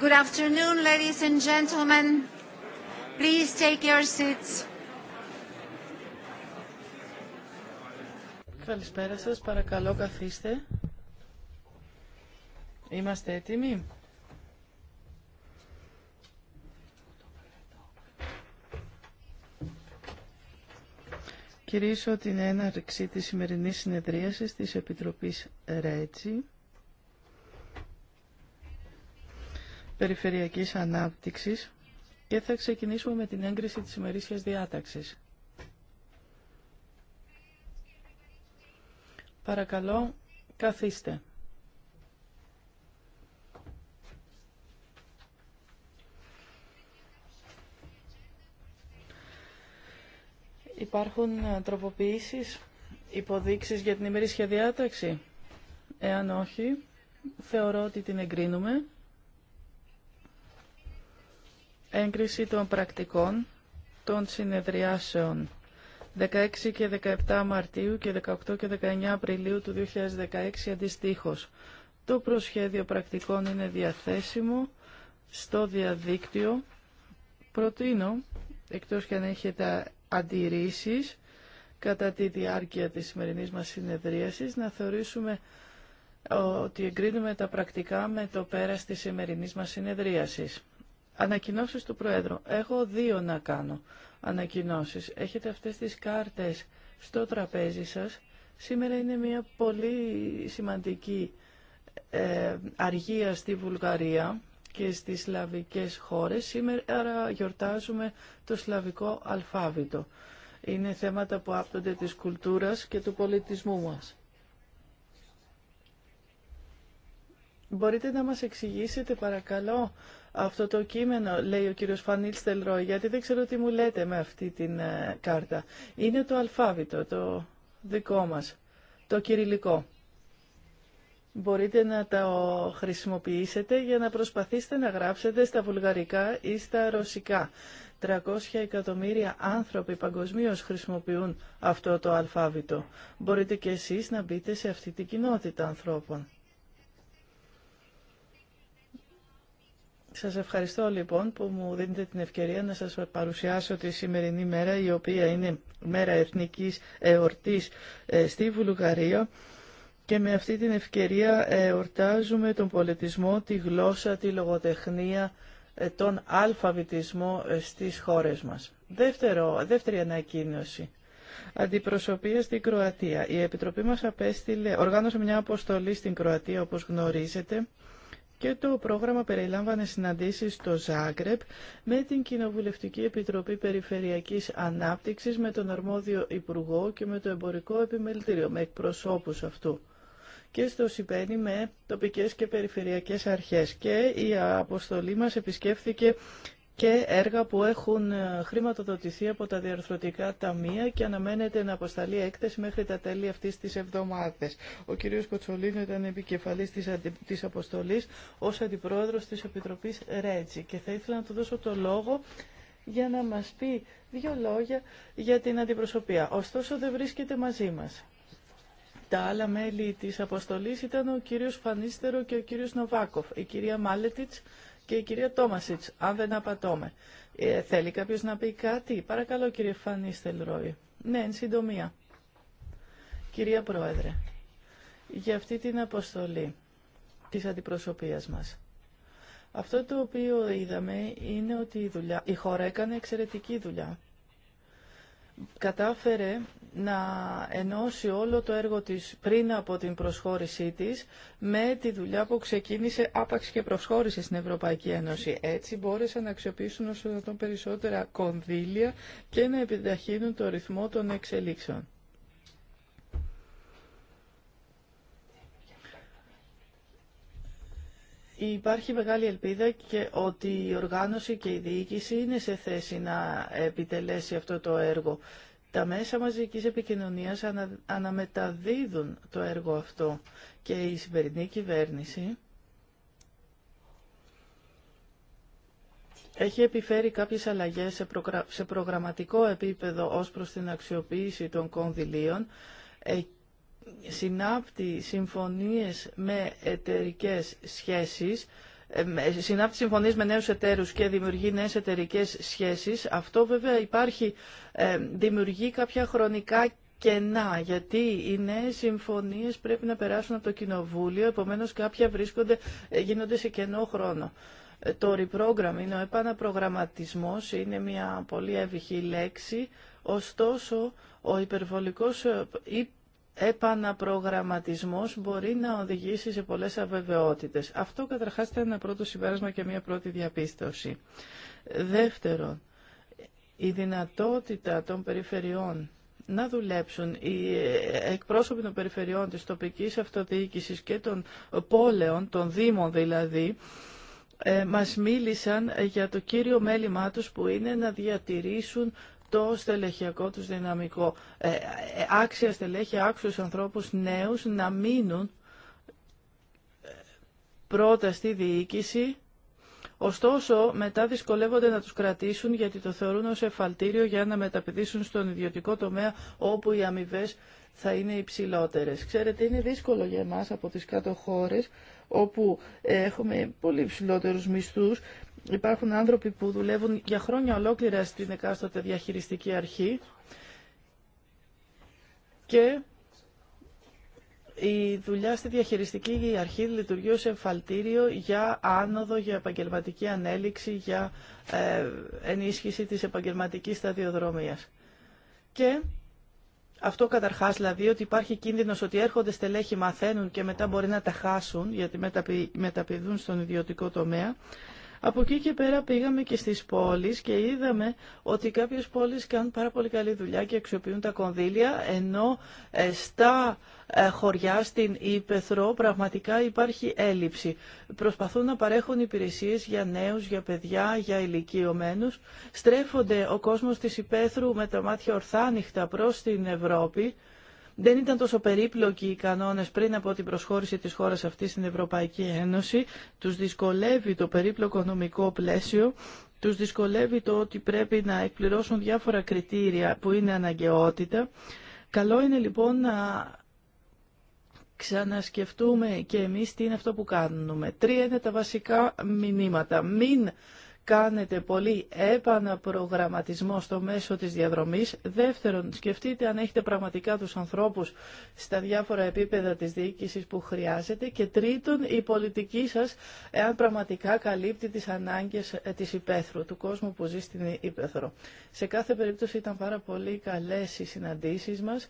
Good afternoon, ladies and gentlemen. Please take your seats. Καλησπέρα σας, παρακαλώ καθίστε. Είμαστε έτοιμοι. κηρύσω την έναρξη της σημερινής συνεδρίασης της Επιτροπής ΡΕΤΖΙ Περιφερειακής Ανάπτυξης και θα ξεκινήσουμε με την έγκριση της ημερήσιας διάταξης. Παρακαλώ, καθίστε. υπάρχουν ε, τροποποιήσεις, υποδείξεις για την ημερήσια διάταξη. Εάν όχι, θεωρώ ότι την εγκρίνουμε. Έγκριση των πρακτικών των συνεδριάσεων 16 και 17 Μαρτίου και 18 και 19 Απριλίου του 2016 αντιστοίχως. Το προσχέδιο πρακτικών είναι διαθέσιμο στο διαδίκτυο. Προτείνω, εκτός και αν έχετε αντιρρήσεις κατά τη διάρκεια της σημερινής μας συνεδρίασης, να θεωρήσουμε ότι εγκρίνουμε τα πρακτικά με το πέρας της σημερινής μας συνεδρίασης. Ανακοινώσεις του Προέδρου. Έχω δύο να κάνω ανακοινώσεις. Έχετε αυτές τις κάρτες στο τραπέζι σας. Σήμερα είναι μια πολύ σημαντική ε, αργία στη Βουλγαρία και στις σλαβικές χώρες. Σήμερα γιορτάζουμε το σλαβικό αλφάβητο. Είναι θέματα που άπτονται της κουλτούρας και του πολιτισμού μας. Μπορείτε να μας εξηγήσετε παρακαλώ αυτό το κείμενο, λέει ο κύριος Φανίλ Στελρό, γιατί δεν ξέρω τι μου λέτε με αυτή την ε, κάρτα. Είναι το αλφάβητο, το δικό μας, το κυριλικό μπορείτε να τα χρησιμοποιήσετε για να προσπαθήσετε να γράψετε στα βουλγαρικά ή στα ρωσικά. 300 εκατομμύρια άνθρωποι παγκοσμίω χρησιμοποιούν αυτό το αλφάβητο. Μπορείτε και εσείς να μπείτε σε αυτή την κοινότητα ανθρώπων. Σας ευχαριστώ λοιπόν που μου δίνετε την ευκαιρία να σας παρουσιάσω τη σημερινή μέρα η οποία είναι μέρα εθνικής εορτής ε, στη Βουλγαρία. Και με αυτή την ευκαιρία ε, εορτάζουμε τον πολιτισμό, τη γλώσσα, τη λογοτεχνία, ε, τον αλφαβητισμό ε, στις χώρες μας. Δεύτερο, δεύτερη ανακοίνωση. Αντιπροσωπεία στην Κροατία. Η Επιτροπή μας απέστειλε, οργάνωσε μια αποστολή στην Κροατία, όπως γνωρίζετε, και το πρόγραμμα περιλάμβανε συναντήσεις στο Ζάγκρεπ με την Κοινοβουλευτική Επιτροπή Περιφερειακής Ανάπτυξης, με τον αρμόδιο Υπουργό και με το Εμπορικό Επιμελητήριο, με εκπροσώπους αυτού και στο συμπαίνει με τοπικές και περιφερειακές αρχές. Και η αποστολή μας επισκέφθηκε και έργα που έχουν ε, χρηματοδοτηθεί από τα διαρθρωτικά ταμεία και αναμένεται να αποσταλεί έκθεση μέχρι τα τέλη αυτής της εβδομάδας. Ο κ. Κοτσολίνο ήταν επικεφαλής της αποστολής ως αντιπρόεδρος της Επιτροπής Ρέτζη και θα ήθελα να του δώσω το λόγο για να μας πει δύο λόγια για την αντιπροσωπεία. Ωστόσο δεν βρίσκεται μαζί μας. Τα άλλα μέλη της αποστολής ήταν ο κύριος Φανίστερο και ο κύριος Νοβάκοφ, η κυρία Μάλετιτς και η κυρία Τόμασιτς, αν δεν απατώμε. Ε, θέλει κάποιος να πει κάτι. Παρακαλώ κύριε Φανίστελ Ναι, εν συντομία. Κυρία Πρόεδρε, για αυτή την αποστολή της αντιπροσωπείας μας. Αυτό το οποίο είδαμε είναι ότι η, η χώρα έκανε εξαιρετική δουλειά. Κατάφερε να ενώσει όλο το έργο της πριν από την προσχώρησή της με τη δουλειά που ξεκίνησε άπαξ και προσχώρησε στην Ευρωπαϊκή Ένωση. Έτσι μπόρεσαν να αξιοποιήσουν όσο δυνατόν περισσότερα κονδύλια και να επιταχύνουν το ρυθμό των εξελίξεων. Υπάρχει μεγάλη ελπίδα και ότι η οργάνωση και η διοίκηση είναι σε θέση να επιτελέσει αυτό το έργο τα μέσα μαζικής επικοινωνίας αναμεταδίδουν το έργο αυτό και η σημερινή κυβέρνηση έχει επιφέρει κάποιες αλλαγές σε, προγραμματικό επίπεδο ως προς την αξιοποίηση των κονδυλίων, ε... συνάπτει συμφωνίες με εταιρικές σχέσεις, ε, συνάπτει συμφωνίε με νέου εταίρου και δημιουργεί νέε εταιρικέ σχέσει. αυτό βέβαια υπάρχει, ε, δημιουργεί κάποια χρονικά κενά, γιατί οι νέε συμφωνίε πρέπει να περάσουν από το Κοινοβούλιο, επομένω κάποια βρίσκονται, ε, γίνονται σε κενό χρόνο. Το reprogram είναι ο επαναπρογραμματισμός, είναι μια πολύ εύυχη λέξη, ωστόσο ο υπερβολικός επαναπρογραμματισμός μπορεί να οδηγήσει σε πολλές αβεβαιότητες. Αυτό καταρχάς ήταν ένα πρώτο συμπέρασμα και μια πρώτη διαπίστωση. Δεύτερον, η δυνατότητα των περιφερειών να δουλέψουν οι εκπρόσωποι των περιφερειών της τοπικής αυτοδιοίκησης και των πόλεων, των δήμων δηλαδή, ε, μας μίλησαν για το κύριο μέλημά τους που είναι να διατηρήσουν το στελεχειακό τους δυναμικό. Ε, ε, άξια στελέχη, άξιους ανθρώπους νέους να μείνουν ε, πρώτα στη διοίκηση, ωστόσο μετά δυσκολεύονται να τους κρατήσουν γιατί το θεωρούν ως εφαλτήριο για να μεταπηδήσουν στον ιδιωτικό τομέα όπου οι αμοιβέ θα είναι υψηλότερες. Ξέρετε, είναι δύσκολο για εμάς από τις κάτω χώρες όπου έχουμε πολύ υψηλότερους μισθούς Υπάρχουν άνθρωποι που δουλεύουν για χρόνια ολόκληρα στην εκάστοτε διαχειριστική αρχή και η δουλειά στη διαχειριστική αρχή λειτουργεί ως εμφαλτήριο για άνοδο, για επαγγελματική ανέλυξη, για ε, ενίσχυση της επαγγελματικής σταδιοδρομίας. Και αυτό καταρχάς δηλαδή ότι υπάρχει κίνδυνος ότι έρχονται στελέχοι, μαθαίνουν και μετά μπορεί να τα χάσουν γιατί μεταπηδούν στον ιδιωτικό τομέα. Από εκεί και πέρα πήγαμε και στις πόλεις και είδαμε ότι κάποιες πόλεις κάνουν πάρα πολύ καλή δουλειά και αξιοποιούν τα κονδύλια, ενώ ε, στα ε, χωριά στην Ήπεθρο πραγματικά υπάρχει έλλειψη. Προσπαθούν να παρέχουν υπηρεσίες για νέους, για παιδιά, για ηλικιωμένους. Στρέφονται ο κόσμος της Ήπεθρου με τα μάτια ορθάνυχτα προς την Ευρώπη δεν ήταν τόσο περίπλοκοι οι κανόνες πριν από την προσχώρηση της χώρας αυτή στην Ευρωπαϊκή Ένωση. Τους δυσκολεύει το περίπλοκο νομικό πλαίσιο τους δυσκολεύει το ότι πρέπει να εκπληρώσουν διάφορα κριτήρια που είναι αναγκαιότητα. Καλό είναι λοιπόν να ξανασκεφτούμε και εμείς τι είναι αυτό που κάνουμε. Τρία είναι τα βασικά μηνύματα κάνετε πολύ επαναπρογραμματισμό στο μέσο της διαδρομής. Δεύτερον, σκεφτείτε αν έχετε πραγματικά τους ανθρώπους στα διάφορα επίπεδα της διοίκησης που χρειάζεται. Και τρίτον, η πολιτική σας, εάν πραγματικά καλύπτει τις ανάγκες ε, της υπαίθρου, του κόσμου που ζει στην υπαίθρο. Σε κάθε περίπτωση ήταν πάρα πολύ καλές οι συναντήσεις μας.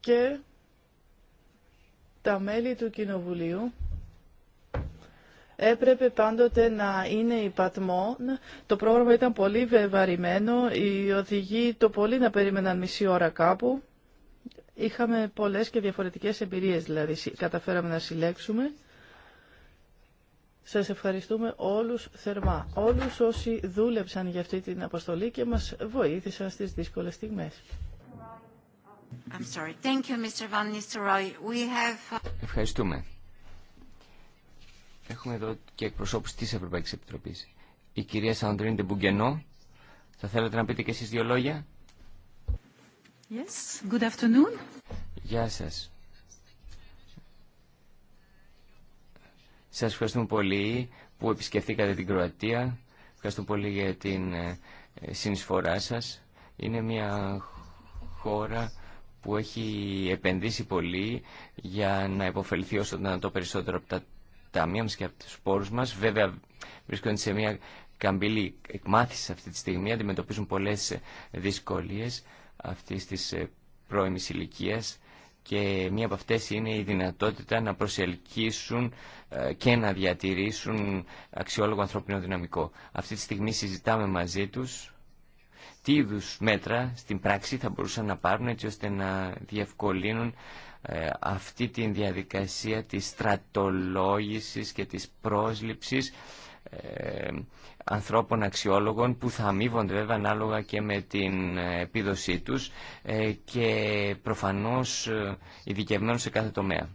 Και τα μέλη του Κοινοβουλίου έπρεπε πάντοτε να είναι υπατμόν. Το πρόγραμμα ήταν πολύ βεβαρημένο, οι οδηγοί το πολύ να περίμεναν μισή ώρα κάπου. Είχαμε πολλές και διαφορετικές εμπειρίες, δηλαδή καταφέραμε να συλλέξουμε. Σας ευχαριστούμε όλους θερμά, όλους όσοι δούλεψαν για αυτή την αποστολή και μας βοήθησαν στις δύσκολες στιγμές. Ευχαριστούμε. Έχουμε εδώ και εκπροσώπους της Ευρωπαϊκής Επιτροπής. Η κυρία Σαντρίν Τεμπουγγενό. Θα θέλατε να πείτε και εσείς δύο λόγια. Yes, good afternoon. Γεια σας. Σας ευχαριστούμε πολύ που επισκεφθήκατε την Κροατία. Ευχαριστούμε πολύ για την ε, συνεισφορά σας. Είναι μια χώρα που έχει επενδύσει πολύ για να υποφελθεί όσο το περισσότερο από τα ταμεία μας και από τους πόρους μας. Βέβαια βρίσκονται σε μια καμπύλη εκμάθηση αυτή τη στιγμή, αντιμετωπίζουν πολλές ε, δυσκολίες αυτής της ε, πρώιμης ηλικία και μία από αυτές είναι η δυνατότητα να προσελκύσουν ε, και να διατηρήσουν αξιόλογο ανθρώπινο δυναμικό. Αυτή τη στιγμή συζητάμε μαζί τους τι είδου μέτρα στην πράξη θα μπορούσαν να πάρουν έτσι ώστε να διευκολύνουν ε, αυτή την διαδικασία της στρατολόγησης και της πρόσληψης ε, ανθρώπων αξιόλογων που θα αμείβονται βέβαια ανάλογα και με την ε, επίδοσή τους και προφανώς ειδικευμένους σε κάθε τομέα.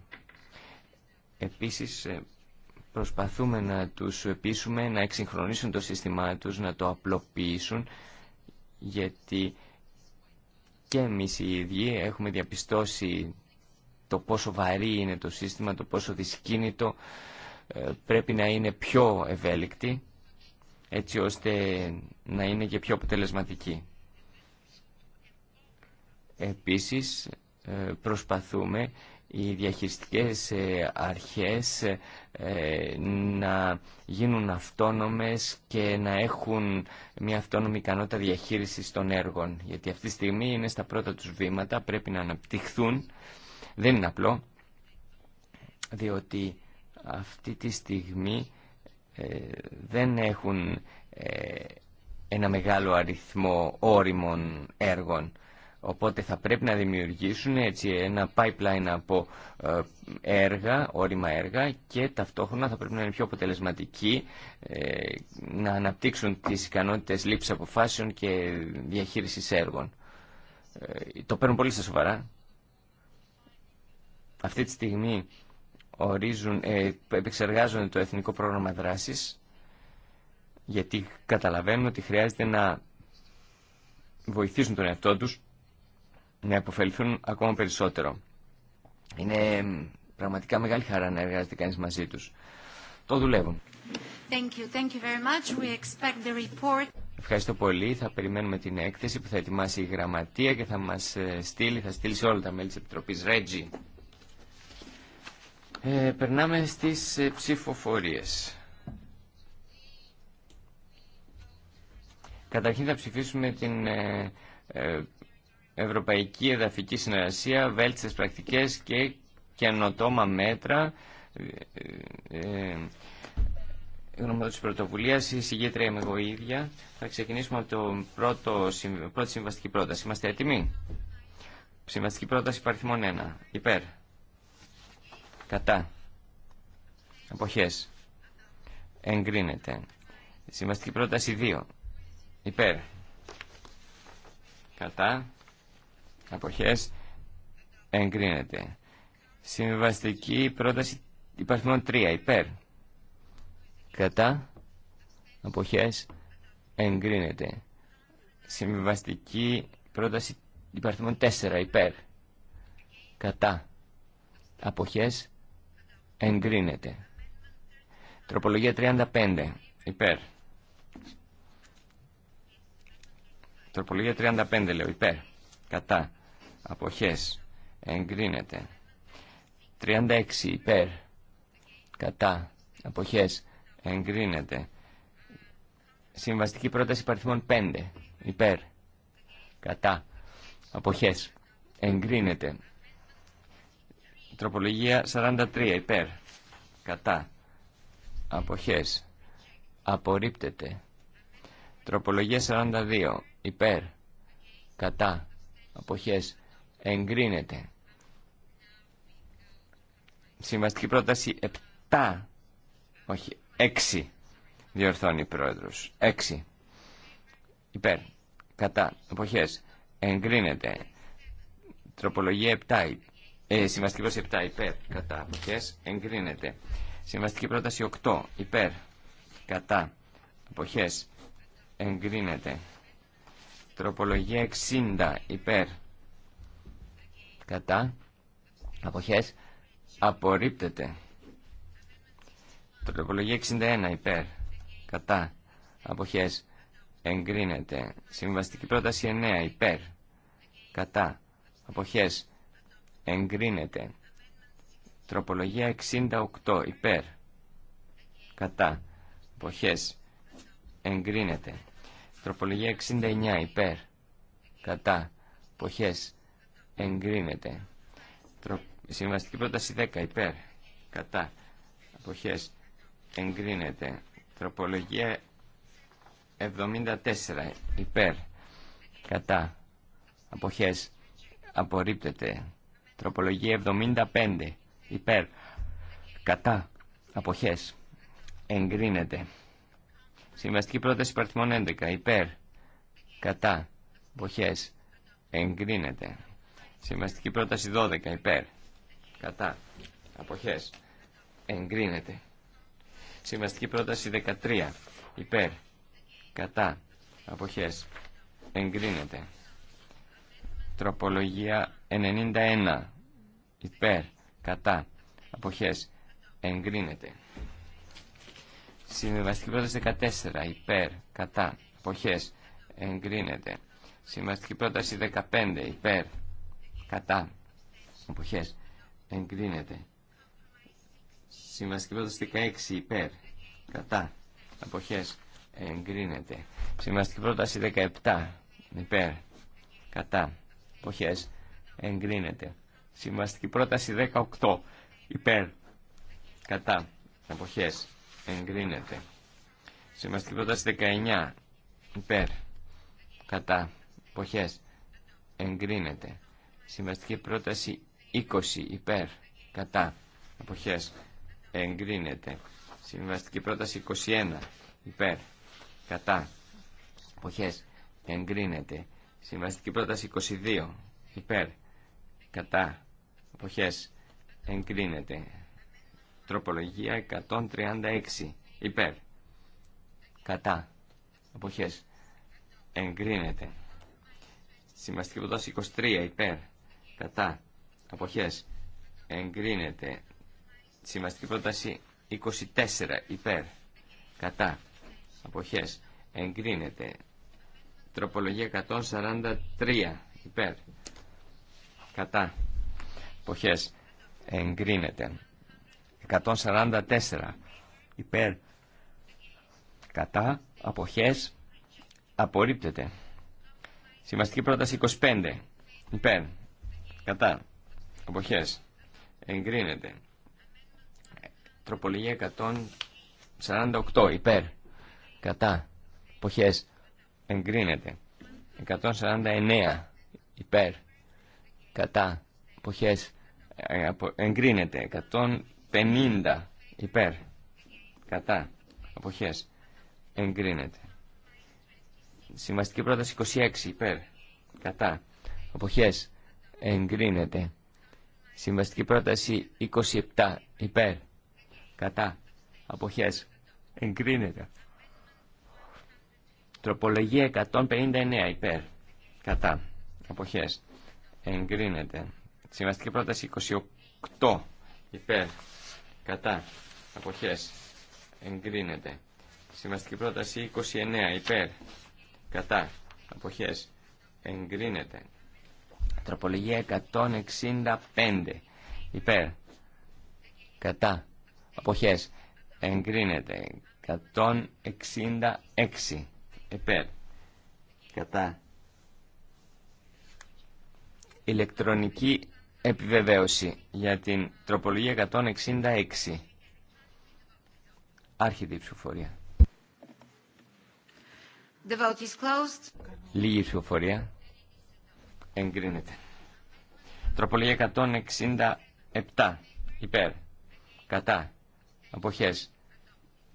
Επίσης προσπαθούμε να τους επίσουμε να εξυγχρονίσουν το σύστημά τους, να το απλοποιήσουν γιατί και εμείς οι ίδιοι έχουμε διαπιστώσει το πόσο βαρύ είναι το σύστημα, το πόσο δυσκίνητο ε, πρέπει να είναι πιο ευέλικτη έτσι ώστε να είναι και πιο αποτελεσματική. Επίσης ε, προσπαθούμε οι διαχειριστικές ε, αρχές να γίνουν αυτόνομες και να έχουν μια αυτόνομη ικανότητα διαχείρισης των έργων. Γιατί αυτή τη στιγμή είναι στα πρώτα τους βήματα, πρέπει να αναπτυχθούν δεν είναι απλό, διότι αυτή τη στιγμή ε, δεν έχουν ε, ένα μεγάλο αριθμό όριμων έργων. Οπότε θα πρέπει να δημιουργήσουν έτσι ένα pipeline από ε, έργα, όριμα έργα και ταυτόχρονα θα πρέπει να είναι πιο αποτελεσματικοί, να αναπτύξουν τις ικανότητες λήψης αποφάσεων και διαχείρισης έργων. Το παίρνουν πολύ στα σοβαρά αυτή τη στιγμή ορίζουν, ε, επεξεργάζονται το Εθνικό Πρόγραμμα Δράσης γιατί καταλαβαίνουν ότι χρειάζεται να βοηθήσουν τον εαυτό τους να υποφεληθούν ακόμα περισσότερο. Είναι πραγματικά μεγάλη χαρά να εργάζεται κανείς μαζί τους. Το δουλεύουν. Thank you. Thank you very much. We the Ευχαριστώ πολύ. Θα περιμένουμε την έκθεση που θα ετοιμάσει η Γραμματεία και θα μας ε, στείλει, θα στείλει σε όλα τα μέλη της Επιτροπής ε, περνάμε στις ε, ψηφοφορίες. Καταρχήν θα ψηφίσουμε την ε, ε, Ευρωπαϊκή Εδαφική Συνεργασία, βέλτιστες πρακτικές και καινοτόμα μέτρα ε, γνωμοδότηση πρωτοβουλία, η συγγήτρια είμαι εγώ ίδια. Θα ξεκινήσουμε από το πρώτο, πρώτη συμβαστική πρόταση. Είμαστε έτοιμοι. Συμβαστική πρόταση υπάρχει μόνο ένα. Υπέρ. Κατά. Αποχές. Εγκρίνεται. Συμβαστική πρόταση 2. Υπέρ. Κατά. Αποχές. Εγκρίνεται. Συμβαστική πρόταση υπαρθμών 3. Υπέρ. Κατά. Αποχές. Εγκρίνεται. Συμβαστική πρόταση υπαρθμών 4. Υπέρ. Κατά. Αποχές εγκρίνεται. Τροπολογία 35 υπέρ. Τροπολογία 35 λέω υπέρ. Κατά. Αποχές. Εγκρίνεται. 36 υπέρ. Κατά. Αποχές. Εγκρίνεται. Συμβαστική πρόταση παριθμών 5. Υπέρ. Κατά. Αποχές. Εγκρίνεται. Τροπολογία 43 υπέρ. Κατά. Αποχές. Απορρίπτεται. Τροπολογία 42 υπέρ. Κατά. Αποχές. Εγκρίνεται. Συμβαστική πρόταση 7. Όχι. 6. Διορθώνει η πρόεδρος. 6. Υπέρ. Κατά. Αποχές. Εγκρίνεται. Τροπολογία 7 ε, συμβαστική πρόταση 7 υπέρ κατά αποχές εγκρίνεται. Συμβαστική πρόταση 8 υπέρ κατά αποχές εγκρίνεται. Τροπολογία 60 υπέρ κατά αποχές απορρίπτεται. Τροπολογία 61 υπέρ κατά αποχές εγκρίνεται. Συμβαστική πρόταση 9 υπέρ κατά αποχές εγκρίνεται. Τροπολογία 68 υπέρ. Κατά. Εποχές. Εγκρίνεται. Τροπολογία 69 υπέρ. Κατά. Εποχές. Εγκρίνεται. Τρο... Συμβαστική πρόταση 10 υπέρ. Κατά. Ποχές. Εγκρίνεται. Τροπολογία 74 υπέρ. Κατά. Αποχές. Απορρίπτεται. Τροπολογία 75. Υπέρ. Κατά. Αποχές. Εγκρίνεται. Συμβαστική πρόταση παρθυμών 11. Υπέρ. Κατά. Αποχές. Εγκρίνεται. Συμβαστική πρόταση 12. Υπέρ. Κατά. Αποχές. Εγκρίνεται. Συμβαστική πρόταση 13. Υπέρ. Κατά. Αποχές. Εγκρίνεται. Τροπολογία 91. Υπέρ. Κατά. Αποχές. Εγκρίνεται. Συμβιβαστική πρόταση 14. Υπέρ. Κατά. Αποχές. Εγκρίνεται. Συμβαστική πρόταση 15. Υπέρ. Κατά. Αποχές. Εγκρίνεται. Συμβαστική πρόταση 16. Υπέρ. Κατά. Αποχές. Εγκρίνεται. Συμβαστική πρόταση 17. Υπέρ. Κατά. Αποχές. Εγκρίνεται. Συμβαστική πρόταση 18. Υπέρ. Κατά. Αποχές. Εγκρίνεται. Συμβαστική πρόταση 19. Υπέρ. Κατά. Αποχές. Εγκρίνεται. Συμβαστική πρόταση 20. Υπέρ. Κατά. Αποχές. Εγκρίνεται. Συμβαστική πρόταση 21. Υπέρ. Κατά. Αποχές. Εγκρίνεται. Συμβαστική πρόταση 22. Υπέρ. Κατά. Αποχές. Εγκρίνεται. Τροπολογία 136. Υπέρ. Κατά. Αποχές. Εγκρίνεται. Συμβαστική πρόταση 23. Υπέρ. Κατά. Αποχές. Εγκρίνεται. Συμβαστική πρόταση 24. Υπέρ. Κατά. Αποχές. Εγκρίνεται. Τροπολογία 143 υπέρ. Κατά. Εποχές. Εγκρίνεται. 144 υπέρ. Κατά. Αποχές. Απορρίπτεται. Συμβαστική πρόταση 25 υπέρ. Κατά. εποχές, Εγκρίνεται. Τροπολογία 148 υπέρ. Κατά. εποχές εγκρίνεται. 149 υπέρ κατά εποχές ε, εγκρίνεται. 150 υπέρ κατά εποχές εγκρίνεται. Συμβαστική πρόταση 26 υπέρ κατά εποχές εγκρίνεται. Συμβαστική πρόταση 27 υπέρ κατά εποχές εγκρίνεται. Τροπολογία 159 υπέρ. Κατά. Αποχές. Εγκρίνεται. Συμβαστική πρόταση 28 υπέρ. Κατά. Αποχές. Εγκρίνεται. Συμβαστική πρόταση 29 υπέρ. Κατά. Αποχές. Εγκρίνεται. Τροπολογία 165 υπέρ. Κατά. Αποχές. Εγκρίνεται. 166 Επέρ κατά ηλεκτρονική επιβεβαίωση για την τροπολογία 166 Άρχιτη ψηφοφορία The vote is closed. Λίγη ψηφοφορία εγκρίνεται τροπολογία 167 υπέρ κατά αποχές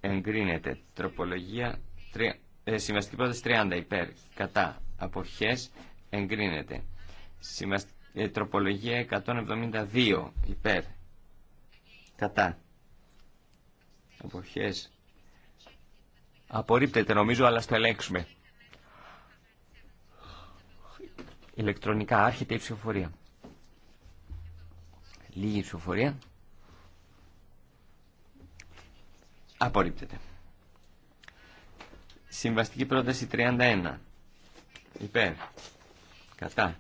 εγκρίνεται τροπολογία 3 ε, Σημαντική πρόταση 30 υπέρ κατά αποχές εγκρίνεται. Ε, τροπολογία 172 υπέρ κατά αποχές απορρίπτεται νομίζω αλλά στο ελέγξουμε. Ηλεκτρονικά άρχεται η ψηφοφορία. Λίγη ψηφοφορία. Απορρίπτεται. Συμβαστική πρόταση 31. Υπέρ. Κατά.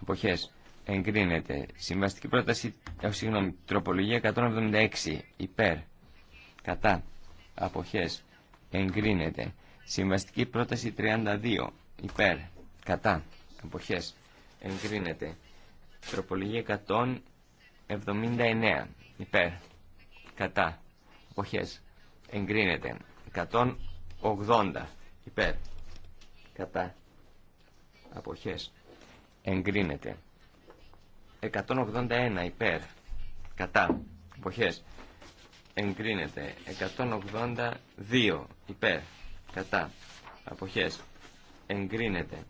Αποχές. Εγκρίνεται. Συμβαστική πρόταση, ε, συγγνώμη, τροπολογία 176. Υπέρ. Κατά. Αποχές. Εγκρίνεται. Συμβαστική πρόταση 32. Υπέρ. Κατά. Αποχές. Εγκρίνεται. Τροπολογία 179. Υπέρ. Κατά. Αποχές. Εγκρίνεται. 180 80 υπέρ κατά αποχές εγκρίνεται 181 υπέρ κατά αποχές εγκρίνεται 182 υπέρ κατά αποχές εγκρίνεται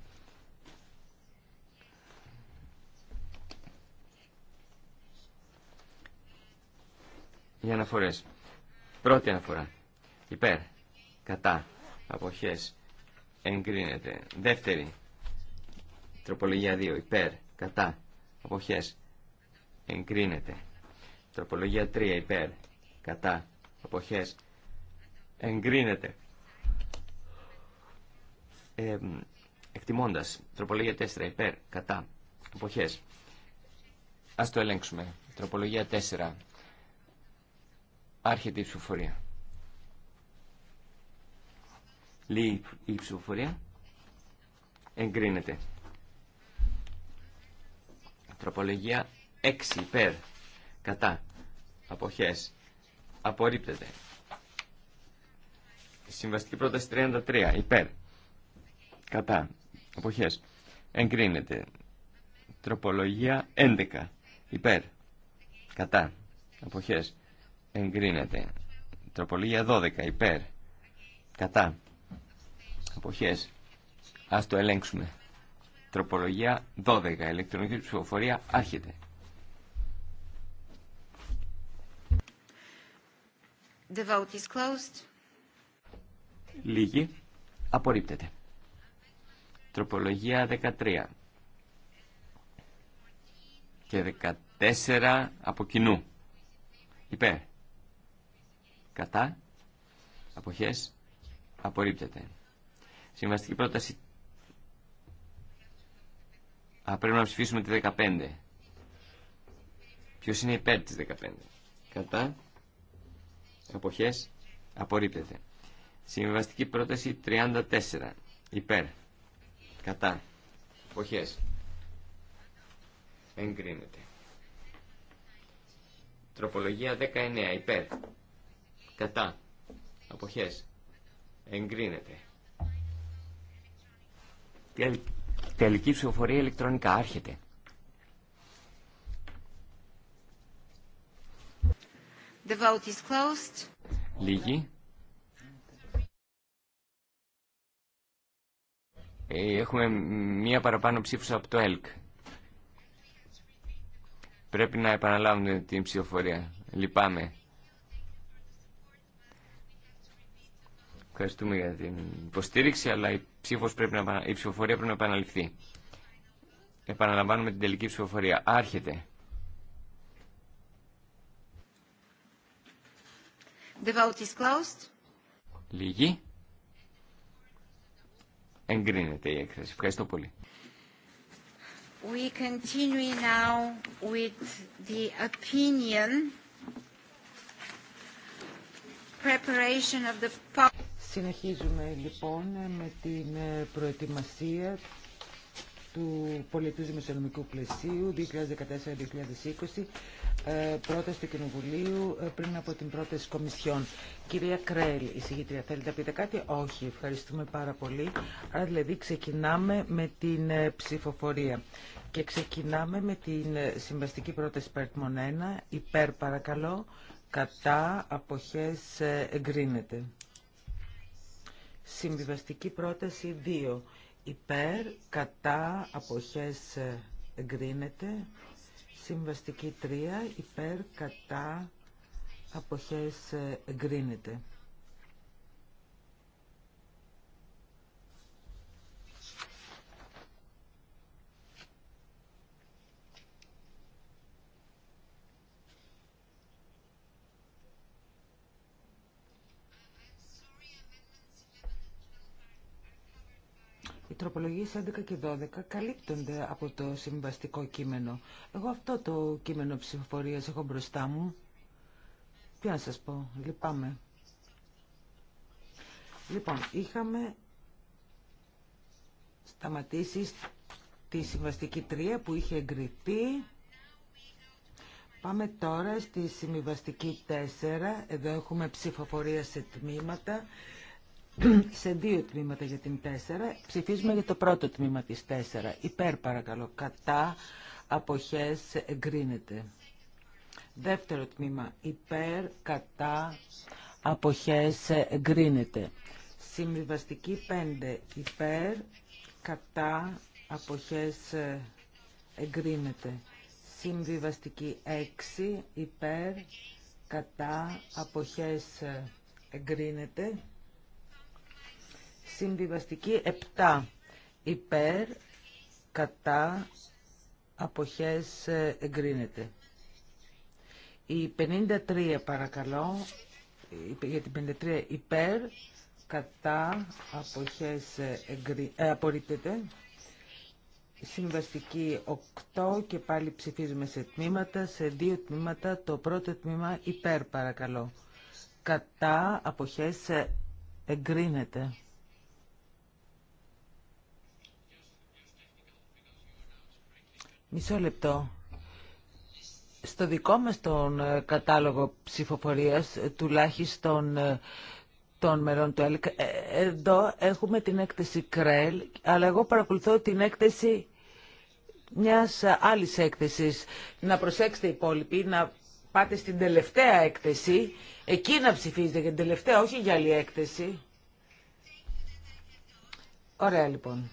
οι αναφορές πρώτη αναφορά υπέρ κατά αποχές εγκρίνεται. Δεύτερη τροπολογία 2 υπέρ κατά αποχές εγκρίνεται. Τροπολογία 3 υπέρ κατά αποχές εγκρίνεται. Ε, εκτιμώντας τροπολογία 4 υπέρ κατά αποχές Ας το ελέγξουμε. Τροπολογία 4. Άρχεται η ψηφοφορία. Λίγη. η ψηφοφορία. Εγκρίνεται. Τροπολογία 6 υπέρ. Κατά. Αποχές. Απορρίπτεται. Συμβαστική πρόταση 33 υπέρ. Κατά. Αποχές. Εγκρίνεται. Τροπολογία 11 υπέρ. Κατά. Αποχές. Εγκρίνεται. Τροπολογία 12 υπέρ. Κατά αποχές. Ας το ελέγξουμε. Τροπολογία 12. Ηλεκτρονική ψηφοφορία άρχεται. The is closed. Λίγη. Απορρίπτεται. Τροπολογία 13 και 14 από κοινού. Υπέρ. Κατά. Αποχές. Απορρίπτεται. Συμβαστική πρόταση. Α, πρέπει να ψηφίσουμε τη 15. Ποιο είναι υπέρ τη 15. Κατά. Αποχές. Απορρίπτεται. Συμβαστική πρόταση 34. Υπέρ. Κατά. Αποχές. Εγκρίνεται. Τροπολογία 19. Υπέρ. Κατά. Αποχές. Εγκρίνεται. Τελική ψηφοφορία ηλεκτρονικά. Άρχεται. The vote is closed. Λίγη. Ε, έχουμε μία παραπάνω ψήφους από το ΕΛΚ. Πρέπει να επαναλάβουμε την ψηφοφορία. Λυπάμαι. Ευχαριστούμε για την υποστήριξη, αλλά η, ψήφος πρέπει να, η ψηφοφορία πρέπει να επαναληφθεί. Επαναλαμβάνουμε την τελική ψηφοφορία. Άρχεται. The vote is closed. Λίγη. Εγκρίνεται η έκθεση. Ευχαριστώ πολύ. We continue now with the opinion preparation of the Συνεχίζουμε λοιπόν με την ε, προετοιμασία του πολιτού δημοσιονομικού πλαισίου 2014-2020 ε, πρόταση του Κοινοβουλίου ε, πριν από την πρόταση Κομισιόν. Κυρία Κρέλ, η συγγήτρια, θέλετε να πείτε κάτι. Όχι, ευχαριστούμε πάρα πολύ. Άρα δηλαδή ξεκινάμε με την ψηφοφορία. Και ξεκινάμε με την συμβαστική πρόταση ΠΕΡΤΜΟΝΕΝΑ, 1. Υπέρ παρακαλώ, κατά αποχές εγκρίνεται. Συμβιβαστική πρόταση 2. Υπέρ, κατά, αποχές ε, εγκρίνεται. Συμβαστική 3. Υπέρ, κατά, αποχές ε, εγκρίνεται. τροπολογίες 11 και 12 καλύπτονται από το συμβαστικό κείμενο. Εγώ αυτό το κείμενο ψηφοφορίας έχω μπροστά μου. Τι να σας πω, λυπάμαι. Λοιπόν, είχαμε σταματήσει τη συμβαστική 3 που είχε εγκριθεί. Πάμε τώρα στη συμβαστική 4. Εδώ έχουμε ψηφοφορία σε τμήματα. σε δύο τμήματα για την 4. Ψηφίζουμε για το πρώτο τμήμα τη 4. Υπέρ παρακαλώ. Κατά αποχές εγκρίνεται. Δεύτερο τμήμα. Υπέρ κατά αποχές εγκρίνεται. Συμβιβαστική 5. Υπέρ κατά αποχές εγκρίνεται. Συμβιβαστική 6. Υπέρ κατά αποχές εγκρίνεται. Συμβιβαστική 7 υπέρ, κατά, αποχές ε, εγκρίνεται. Η 53 παρακαλώ, για την 53 υπέρ, κατά, αποχές ε, εγκρι... Ε, απορρίπτεται. Συμβαστική 8 και πάλι ψηφίζουμε σε τμήματα, σε δύο τμήματα, το πρώτο τμήμα υπέρ παρακαλώ. Κατά, αποχές εγκρίνεται. Μισό λεπτό. Στο δικό μας τον ε, κατάλογο ψηφοφορίας, ε, τουλάχιστον ε, των μερών του ΕΛΚ, εδώ έχουμε την έκθεση ΚΡΕΛ, αλλά εγώ παρακολουθώ την έκθεση μιας άλλης έκθεσης. Να προσέξετε οι υπόλοιποι, να πάτε στην τελευταία έκθεση, εκεί να ψηφίζετε για την τελευταία, όχι για άλλη έκθεση. Ωραία λοιπόν.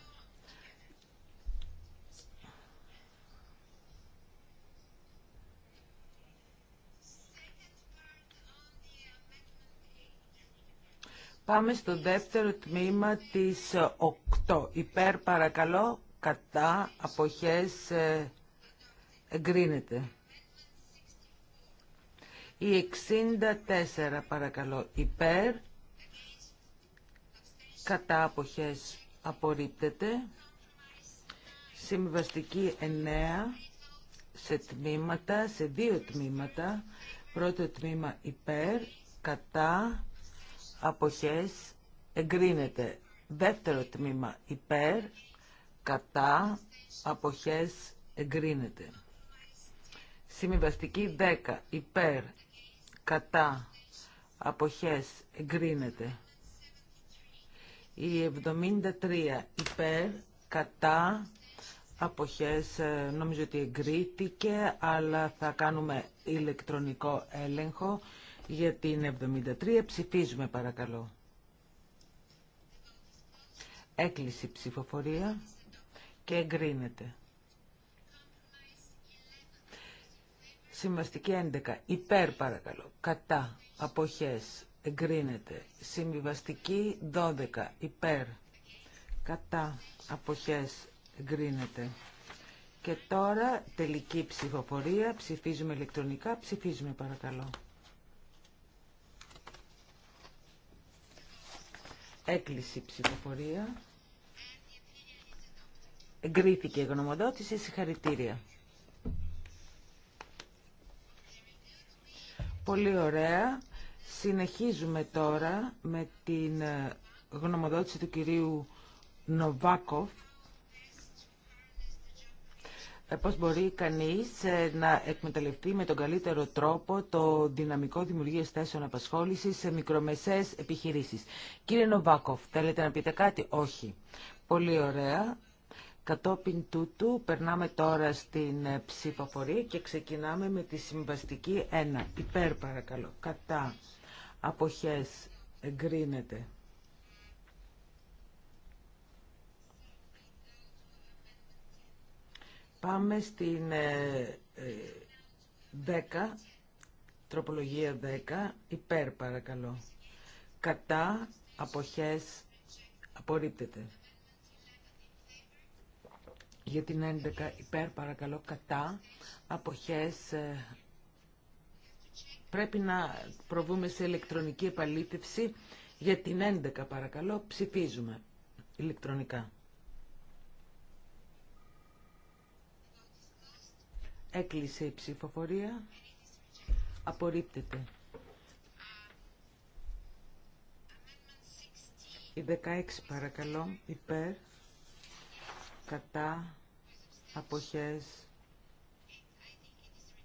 Πάμε στο δεύτερο τμήμα της 8. Ε, υπέρ παρακαλώ, κατά, αποχές, ε, εγκρίνεται. Η 64 παρακαλώ, υπέρ, κατά, αποχές, απορρίπτεται. Συμβαστική 9 σε τμήματα, σε δύο τμήματα. Πρώτο τμήμα υπέρ, κατά, αποχές εγκρίνεται. Δεύτερο τμήμα υπέρ, κατά, αποχές εγκρίνεται. Συμβιβαστική 10 υπέρ, κατά, αποχές εγκρίνεται. Η 73 υπέρ, κατά, αποχές ε, νομίζω ότι εγκρίθηκε, αλλά θα κάνουμε ηλεκτρονικό έλεγχο. Για την 73 ψηφίζουμε παρακαλώ. Έκλεισε η ψηφοφορία και εγκρίνεται. Συμβαστική 11. Υπέρ παρακαλώ. Κατά. Αποχές. Εγκρίνεται. Συμβιβαστική 12. Υπέρ. Κατά. Αποχές. Εγκρίνεται. Και τώρα τελική ψηφοφορία. Ψηφίζουμε ηλεκτρονικά. Ψηφίζουμε παρακαλώ. Έκλεισε η ψηφοφορία. Εγκρίθηκε η γνωμοδότηση. Συγχαρητήρια. Πολύ ωραία. Συνεχίζουμε τώρα με την ε, γνωμοδότηση του κυρίου Νοβάκοφ ε, πώς μπορεί κανείς ε, να εκμεταλλευτεί με τον καλύτερο τρόπο το δυναμικό δημιουργίας θέσεων απασχόλησης σε μικρομεσαίες επιχειρήσεις. Κύριε Νοβάκοφ, θέλετε να πείτε κάτι? Όχι. Πολύ ωραία. Κατόπιν τούτου περνάμε τώρα στην ε, ψηφοφορία και ξεκινάμε με τη συμβαστική 1. Υπέρ παρακαλώ. Κατά. Αποχές. Εγκρίνεται. Πάμε στην 10, ε, ε, τροπολογία 10, υπέρ παρακαλώ. Κατά, αποχές, απορρίπτεται. Για την 11, υπέρ παρακαλώ, κατά, αποχές, ε, πρέπει να προβούμε σε ηλεκτρονική επαλήθευση. Για την 11 παρακαλώ, ψηφίζουμε ηλεκτρονικά. Έκλεισε η ψηφοφορία. Απορρίπτεται. Η 16 παρακαλώ. Υπέρ. Κατά. Αποχές.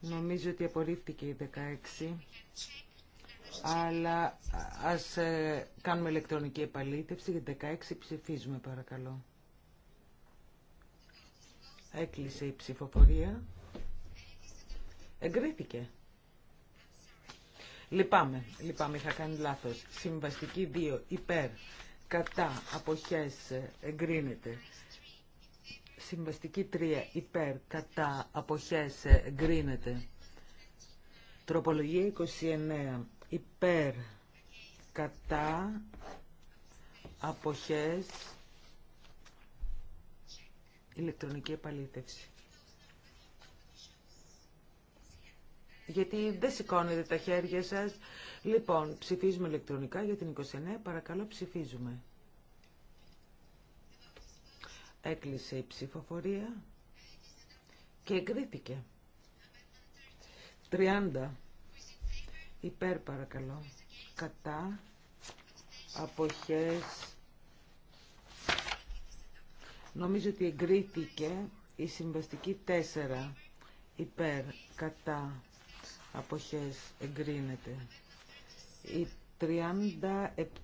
Νομίζω ότι απορρίφθηκε η 16. Αλλά ας ε, κάνουμε ηλεκτρονική επαλήθευση. Για 16 ψηφίζουμε παρακαλώ. Έκλεισε η ψηφοφορία. Εγκρίθηκε. Λυπάμαι, λυπάμαι, είχα κάνει λάθος. Συμβαστική 2, υπέρ, κατά, αποχές, εγκρίνεται. Συμβαστική 3, υπέρ, κατά, αποχές, εγκρίνεται. Τροπολογία 29, υπέρ, κατά, αποχές, ηλεκτρονική επαλήθευση. γιατί δεν σηκώνετε τα χέρια σας. Λοιπόν, ψηφίζουμε ηλεκτρονικά για την 29. Παρακαλώ, ψηφίζουμε. Έκλεισε η ψηφοφορία και εγκρίθηκε. 30. Υπέρ παρακαλώ. Κατά. Αποχές. Νομίζω ότι εγκρίθηκε η συμβαστική 4. Υπέρ. Κατά αποχές εγκρίνεται. Η